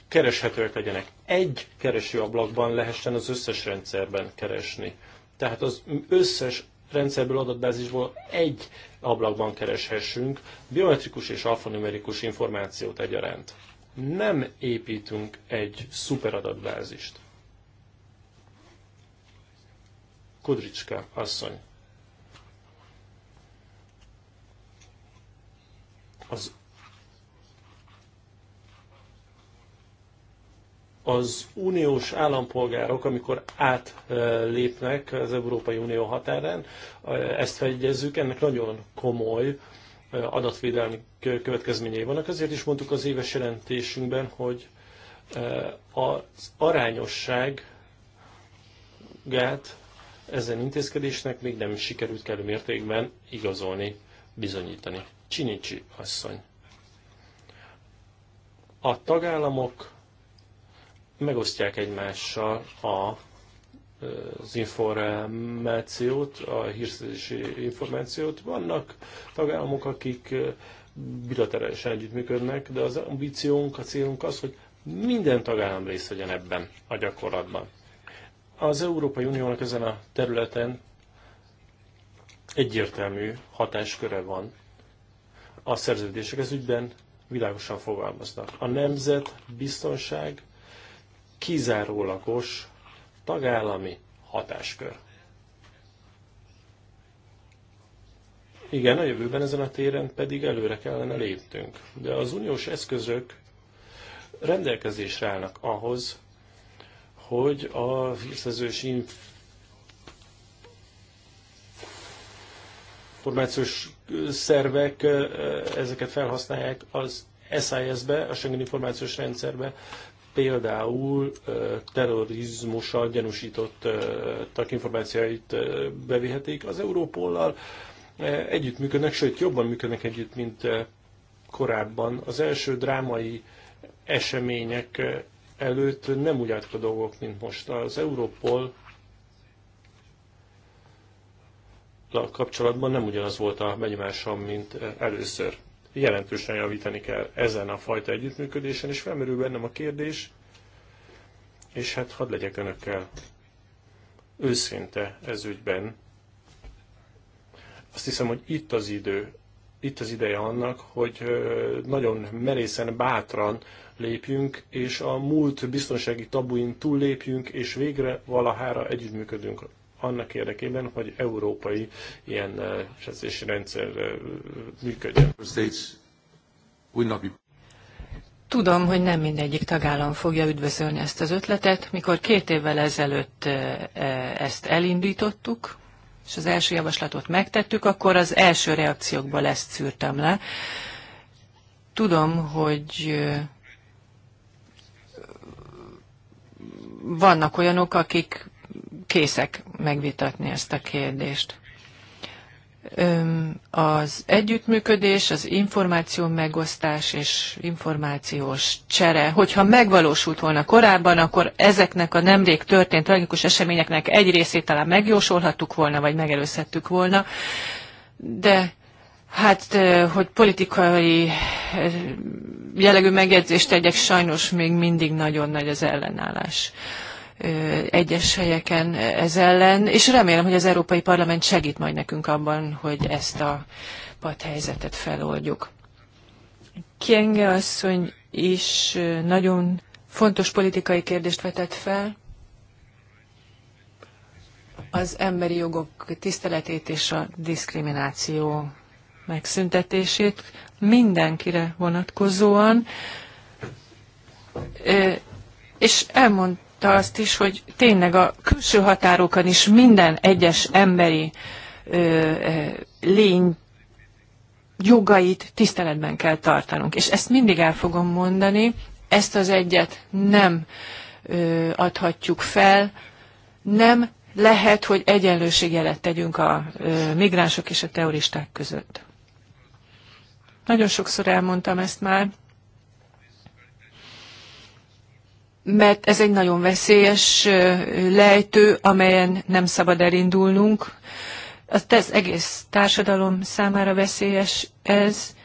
kereshetőek legyenek. Egy keresőablakban lehessen az összes rendszerben keresni. Tehát az összes rendszerből, adatbázisból egy ablakban kereshessünk biometrikus és alfanumerikus információt egyaránt. Nem építünk egy szuperadatbázist. Kudricska asszony. Az az uniós állampolgárok, amikor átlépnek az Európai Unió határán, eh, ezt fegyezzük, ennek nagyon komoly eh, adatvédelmi következményei vannak. Ezért is mondtuk az éves jelentésünkben, hogy eh, az gát ezen intézkedésnek még nem sikerült kellő mértékben igazolni, bizonyítani. Csinicsi asszony. A tagállamok megosztják egymással a az információt, a hírszerzési információt. Vannak tagállamok, akik bilaterálisan együttműködnek, de az ambíciónk, a célunk az, hogy minden tagállam részt vegyen ebben a gyakorlatban. Az Európai Uniónak ezen a területen egyértelmű hatásköre van. A szerződések ez ügyben világosan fogalmaznak. A nemzet, biztonság, kizárólagos tagállami hatáskör. Igen, a jövőben ezen a téren pedig előre kellene léptünk, de az uniós eszközök rendelkezésre állnak ahhoz, hogy a hírszerzős információs szervek eh, ezeket felhasználják az SIS-be, a Schengen információs rendszerbe például terrorizmussal gyanúsított információit bevihetik az Európollal, együttműködnek, sőt jobban működnek együtt, mint korábban. Az első drámai események előtt nem úgy álltak a dolgok, mint most. Az Európol kapcsolatban nem ugyanaz volt a benyomásom, mint először jelentősen javítani kell ezen a fajta együttműködésen, és felmerül bennem a kérdés, és hát hadd legyek önökkel őszinte ez ügyben. Azt hiszem, hogy itt az idő, itt az ideje annak, hogy nagyon merészen, bátran lépjünk, és a múlt biztonsági tabuin túllépjünk, és végre valahára együttműködünk annak érdekében, hogy európai ilyen fizetési eh, rendszer eh, működjön. Tudom, hogy nem mindegyik tagállam fogja üdvözölni ezt az ötletet. Mikor két évvel ezelőtt eh, ezt elindítottuk, és az első javaslatot megtettük, akkor az első reakciókból ezt szűrtem le. Tudom, hogy vannak olyanok, akik készek megvitatni ezt a kérdést. Az együttműködés, az információ megosztás és információs csere, hogyha megvalósult volna korábban, akkor ezeknek a nemrég történt tragikus eseményeknek egy részét talán megjósolhattuk volna, vagy megelőzhettük volna, de Hát, hogy politikai jellegű megjegyzést tegyek, sajnos még mindig nagyon nagy az ellenállás egyes helyeken ez ellen, és remélem, hogy az Európai Parlament segít majd nekünk abban, hogy ezt a padhelyzetet feloldjuk. Kienge asszony is nagyon fontos politikai kérdést vetett fel, az emberi jogok tiszteletét és a diszkrimináció megszüntetését mindenkire vonatkozóan. És elmond, megmutatta azt is, hogy tényleg a külső határokon is minden egyes emberi ö, ö, lény jogait tiszteletben kell tartanunk. És ezt mindig el fogom mondani, ezt az egyet nem ö, adhatjuk fel, nem lehet, hogy egyenlőségjelet tegyünk a ö, migránsok és a terroristák között. Nagyon sokszor elmondtam ezt már, mert ez egy nagyon veszélyes lejtő, amelyen nem szabad elindulnunk. Az egész társadalom számára veszélyes ez,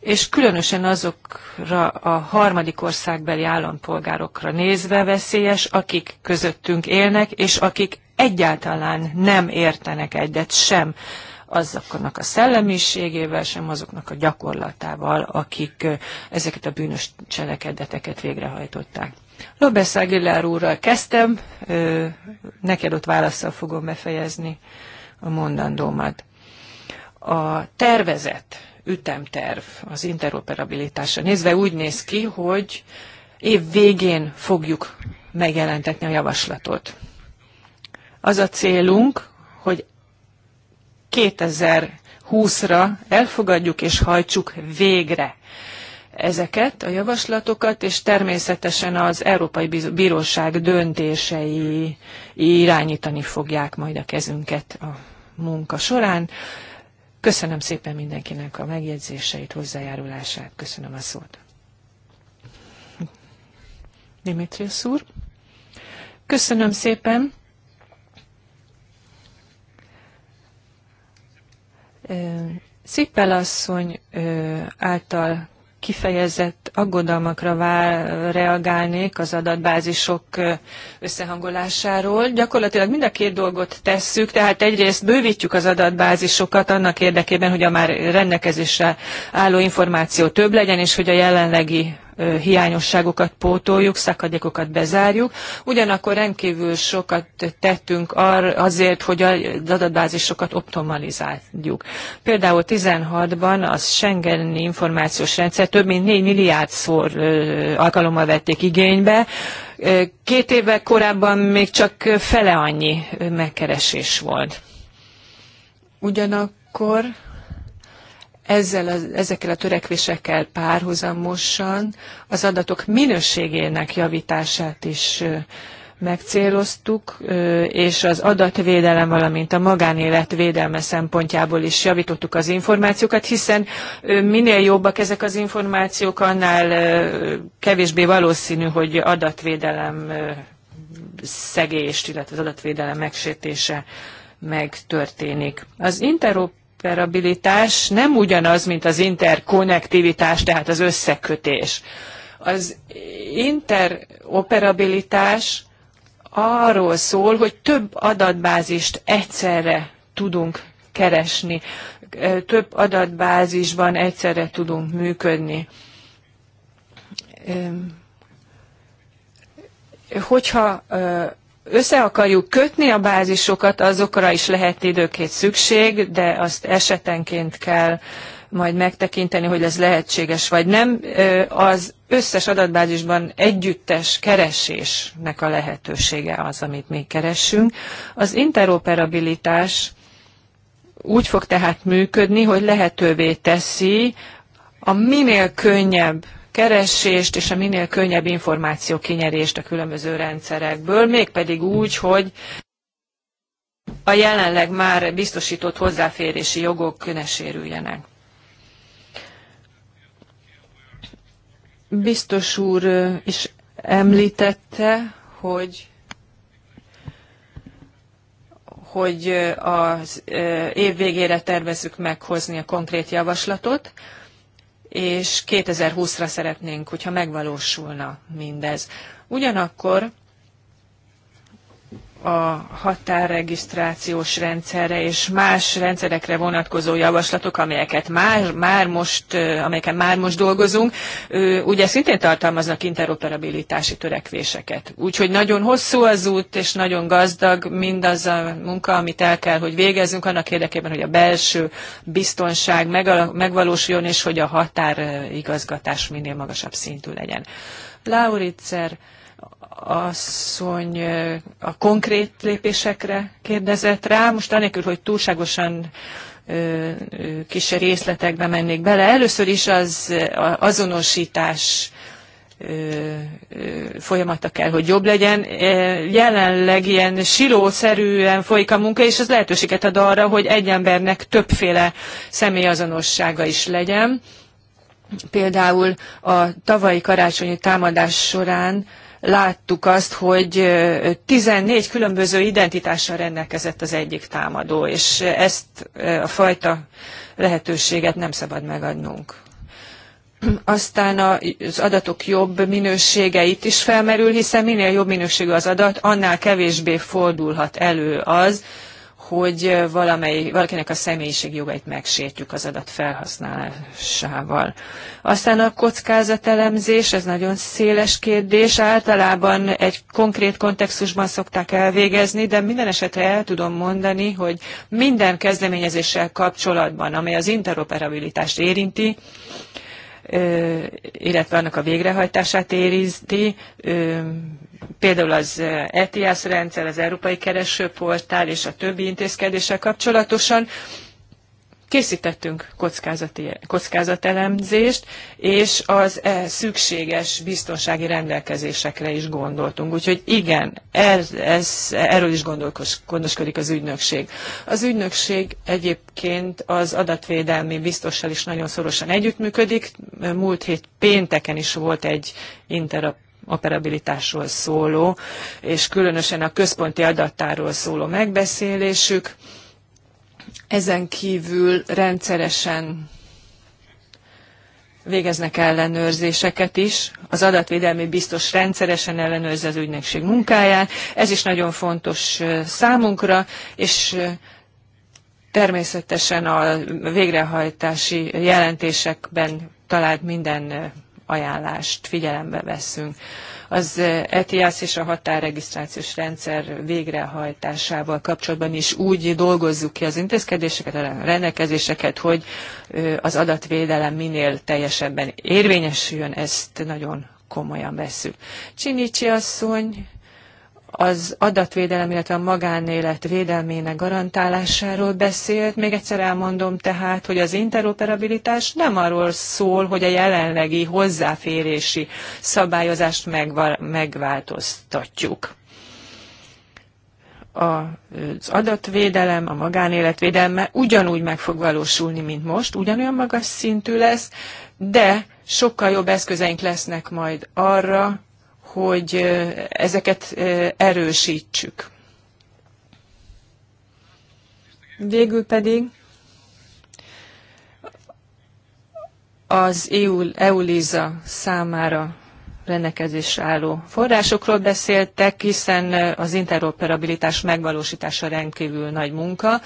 és különösen azokra a harmadik országbeli állampolgárokra nézve veszélyes, akik közöttünk élnek, és akik egyáltalán nem értenek egyet sem azoknak a szellemiségével, sem azoknak a gyakorlatával, akik ezeket a bűnös cselekedeteket végrehajtották. López Aguilar úrral kezdtem, Neked ott válaszsal fogom befejezni a mondandómat. A tervezett ütemterv az interoperabilitásra nézve úgy néz ki, hogy év végén fogjuk megjelentetni a javaslatot. Az a célunk, hogy 2020-ra elfogadjuk és hajtsuk végre ezeket a javaslatokat, és természetesen az Európai Bíróság döntései irányítani fogják majd a kezünket a munka során. Köszönöm szépen mindenkinek a megjegyzéseit, hozzájárulását. Köszönöm a szót. Dimitrius úr. Köszönöm szépen. Szippel asszony által kifejezett aggodalmakra vál, reagálnék az adatbázisok összehangolásáról. Gyakorlatilag mind a két dolgot tesszük, tehát egyrészt bővítjük az adatbázisokat annak érdekében, hogy a már rendelkezésre álló információ több legyen, és hogy a jelenlegi hiányosságokat pótoljuk, szakadékokat bezárjuk. Ugyanakkor rendkívül sokat tettünk azért, hogy az adatbázisokat optimalizáljuk. Például 16-ban az Schengen információs rendszer több mint 4 szor alkalommal vették igénybe, Két éve korábban még csak fele annyi megkeresés volt. Ugyanakkor ezzel a, ezekkel a törekvésekkel párhuzamosan az adatok minőségének javítását is megcéloztuk, és az adatvédelem, valamint a magánélet védelme szempontjából is javítottuk az információkat, hiszen minél jobbak ezek az információk, annál kevésbé valószínű, hogy adatvédelem szegést, illetve az adatvédelem megsértése megtörténik. Az interop interoperabilitás nem ugyanaz, mint az interkonnektivitás, tehát az összekötés. Az interoperabilitás arról szól, hogy több adatbázist egyszerre tudunk keresni, több adatbázisban egyszerre tudunk működni hogyha össze akarjuk kötni a bázisokat, azokra is lehet időként szükség, de azt esetenként kell majd megtekinteni, hogy ez lehetséges vagy nem. Az összes adatbázisban együttes keresésnek a lehetősége az, amit mi keresünk. Az interoperabilitás úgy fog tehát működni, hogy lehetővé teszi a minél könnyebb keresést és a minél könnyebb információ kinyerést a különböző rendszerekből, mégpedig úgy, hogy a jelenleg már biztosított hozzáférési jogok ne sérüljenek. Biztos úr is említette, hogy hogy az év végére tervezzük meghozni a konkrét javaslatot és 2020-ra szeretnénk, hogyha megvalósulna mindez. Ugyanakkor a határregisztrációs rendszerre és más rendszerekre vonatkozó javaslatok, amelyeket már, már most, amelyeken már most dolgozunk, ugye szintén tartalmaznak interoperabilitási törekvéseket. Úgyhogy nagyon hosszú az út, és nagyon gazdag mindaz a munka, amit el kell, hogy végezzünk, annak érdekében, hogy a belső biztonság megvalósuljon, és hogy a határigazgatás minél magasabb szintű legyen. Lauritzer asszony a konkrét lépésekre kérdezett rá. Most anélkül, hogy túlságosan kis részletekbe mennék bele. Először is az azonosítás folyamata kell, hogy jobb legyen. Jelenleg ilyen silószerűen folyik a munka, és ez lehetőséget ad arra, hogy egy embernek többféle személyazonossága is legyen. Például a tavalyi karácsonyi támadás során láttuk azt, hogy 14 különböző identitással rendelkezett az egyik támadó, és ezt a fajta lehetőséget nem szabad megadnunk. Aztán az adatok jobb minősége itt is felmerül, hiszen minél jobb minőségű az adat, annál kevésbé fordulhat elő az, hogy valamely, valakinek a személyiség jogait megsértjük az adat felhasználásával. Aztán a kockázatelemzés, ez nagyon széles kérdés, általában egy konkrét kontextusban szokták elvégezni, de minden esetre el tudom mondani, hogy minden kezdeményezéssel kapcsolatban, amely az interoperabilitást érinti, illetve annak a végrehajtását érizti. Például az ETIAS rendszer, az Európai Keresőportál és a többi intézkedéssel kapcsolatosan Készítettünk kockázati, kockázatelemzést, és az e szükséges biztonsági rendelkezésekre is gondoltunk. Úgyhogy igen, ez, ez, erről is gondoskodik az ügynökség. Az ügynökség egyébként az adatvédelmi biztossal is nagyon szorosan együttműködik. Múlt hét pénteken is volt egy interap operabilitásról szóló, és különösen a központi adattáról szóló megbeszélésük ezen kívül rendszeresen végeznek ellenőrzéseket is. Az adatvédelmi biztos rendszeresen ellenőrzi az ügynökség munkáját. Ez is nagyon fontos számunkra, és természetesen a végrehajtási jelentésekben talált minden ajánlást figyelembe veszünk. Az ETIAS és a határregisztrációs rendszer végrehajtásával kapcsolatban is úgy dolgozzuk ki az intézkedéseket, a rendelkezéseket, hogy az adatvédelem minél teljesebben érvényesüljön, ezt nagyon komolyan veszük. Csinicsi asszony, az adatvédelem, illetve a magánélet védelmének garantálásáról beszélt. Még egyszer elmondom tehát, hogy az interoperabilitás nem arról szól, hogy a jelenlegi hozzáférési szabályozást megváltoztatjuk az adatvédelem, a magánélet védelme ugyanúgy meg fog valósulni, mint most, ugyanolyan magas szintű lesz, de sokkal jobb eszközeink lesznek majd arra, hogy ezeket erősítsük. Végül pedig az EU, EULISA számára rendelkezésre álló forrásokról beszéltek, hiszen az interoperabilitás megvalósítása rendkívül nagy munka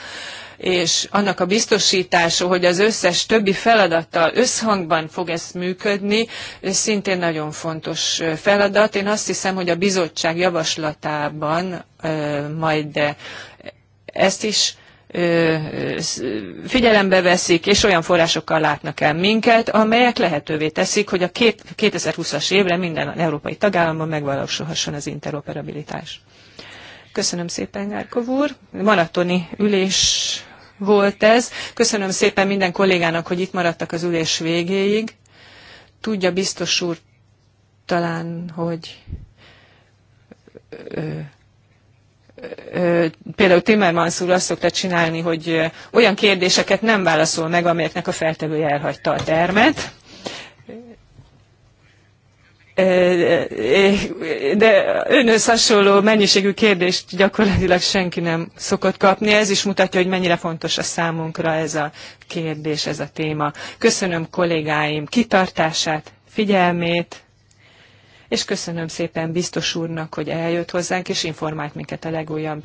és annak a biztosítása, hogy az összes többi feladattal összhangban fog ez működni, szintén nagyon fontos feladat. Én azt hiszem, hogy a bizottság javaslatában majd ezt is figyelembe veszik, és olyan forrásokkal látnak el minket, amelyek lehetővé teszik, hogy a 2020-as évre minden európai tagállamban megvalósulhasson az interoperabilitás. Köszönöm szépen, Gárkov úr. Maratoni ülés volt ez. Köszönöm szépen minden kollégának, hogy itt maradtak az ülés végéig. Tudja biztos úr talán, hogy ö, ö, például Timmermans úr azt szokta csinálni, hogy olyan kérdéseket nem válaszol meg, amelyeknek a feltevője elhagyta a termet de önhöz hasonló mennyiségű kérdést gyakorlatilag senki nem szokott kapni. Ez is mutatja, hogy mennyire fontos a számunkra ez a kérdés, ez a téma. Köszönöm kollégáim kitartását, figyelmét, és köszönöm szépen biztos úrnak, hogy eljött hozzánk, és informált minket a legújabb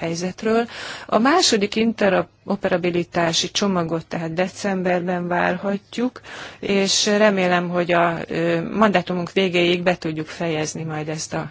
helyzetről. A második interoperabilitási csomagot tehát decemberben várhatjuk, és remélem, hogy a mandátumunk végéig be tudjuk fejezni majd ezt a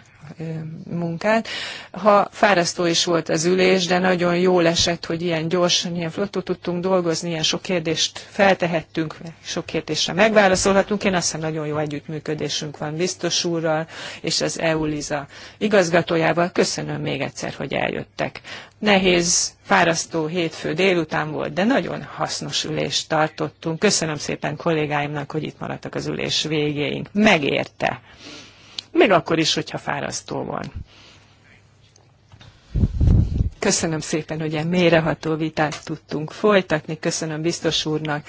munkát. Ha fárasztó is volt az ülés, de nagyon jó esett, hogy ilyen gyorsan, ilyen flottó tudtunk dolgozni, ilyen sok kérdést feltehettünk, sok kérdésre megválaszolhatunk. Én azt hiszem nagyon jó együttműködésünk van biztos úrral és az EULIZA igazgatójával. Köszönöm még egyszer, hogy eljöttek. Nehéz, fárasztó hétfő délután volt, de nagyon hasznos ülést tartottunk. Köszönöm szépen kollégáimnak, hogy itt maradtak az ülés végéig. Megérte még akkor is, hogyha fárasztó van. Köszönöm szépen, hogy ilyen mélyreható vitát tudtunk folytatni. Köszönöm biztos úrnak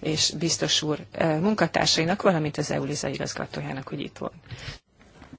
és biztos úr eh, munkatársainak, valamint az EULIZA igazgatójának, hogy itt volt.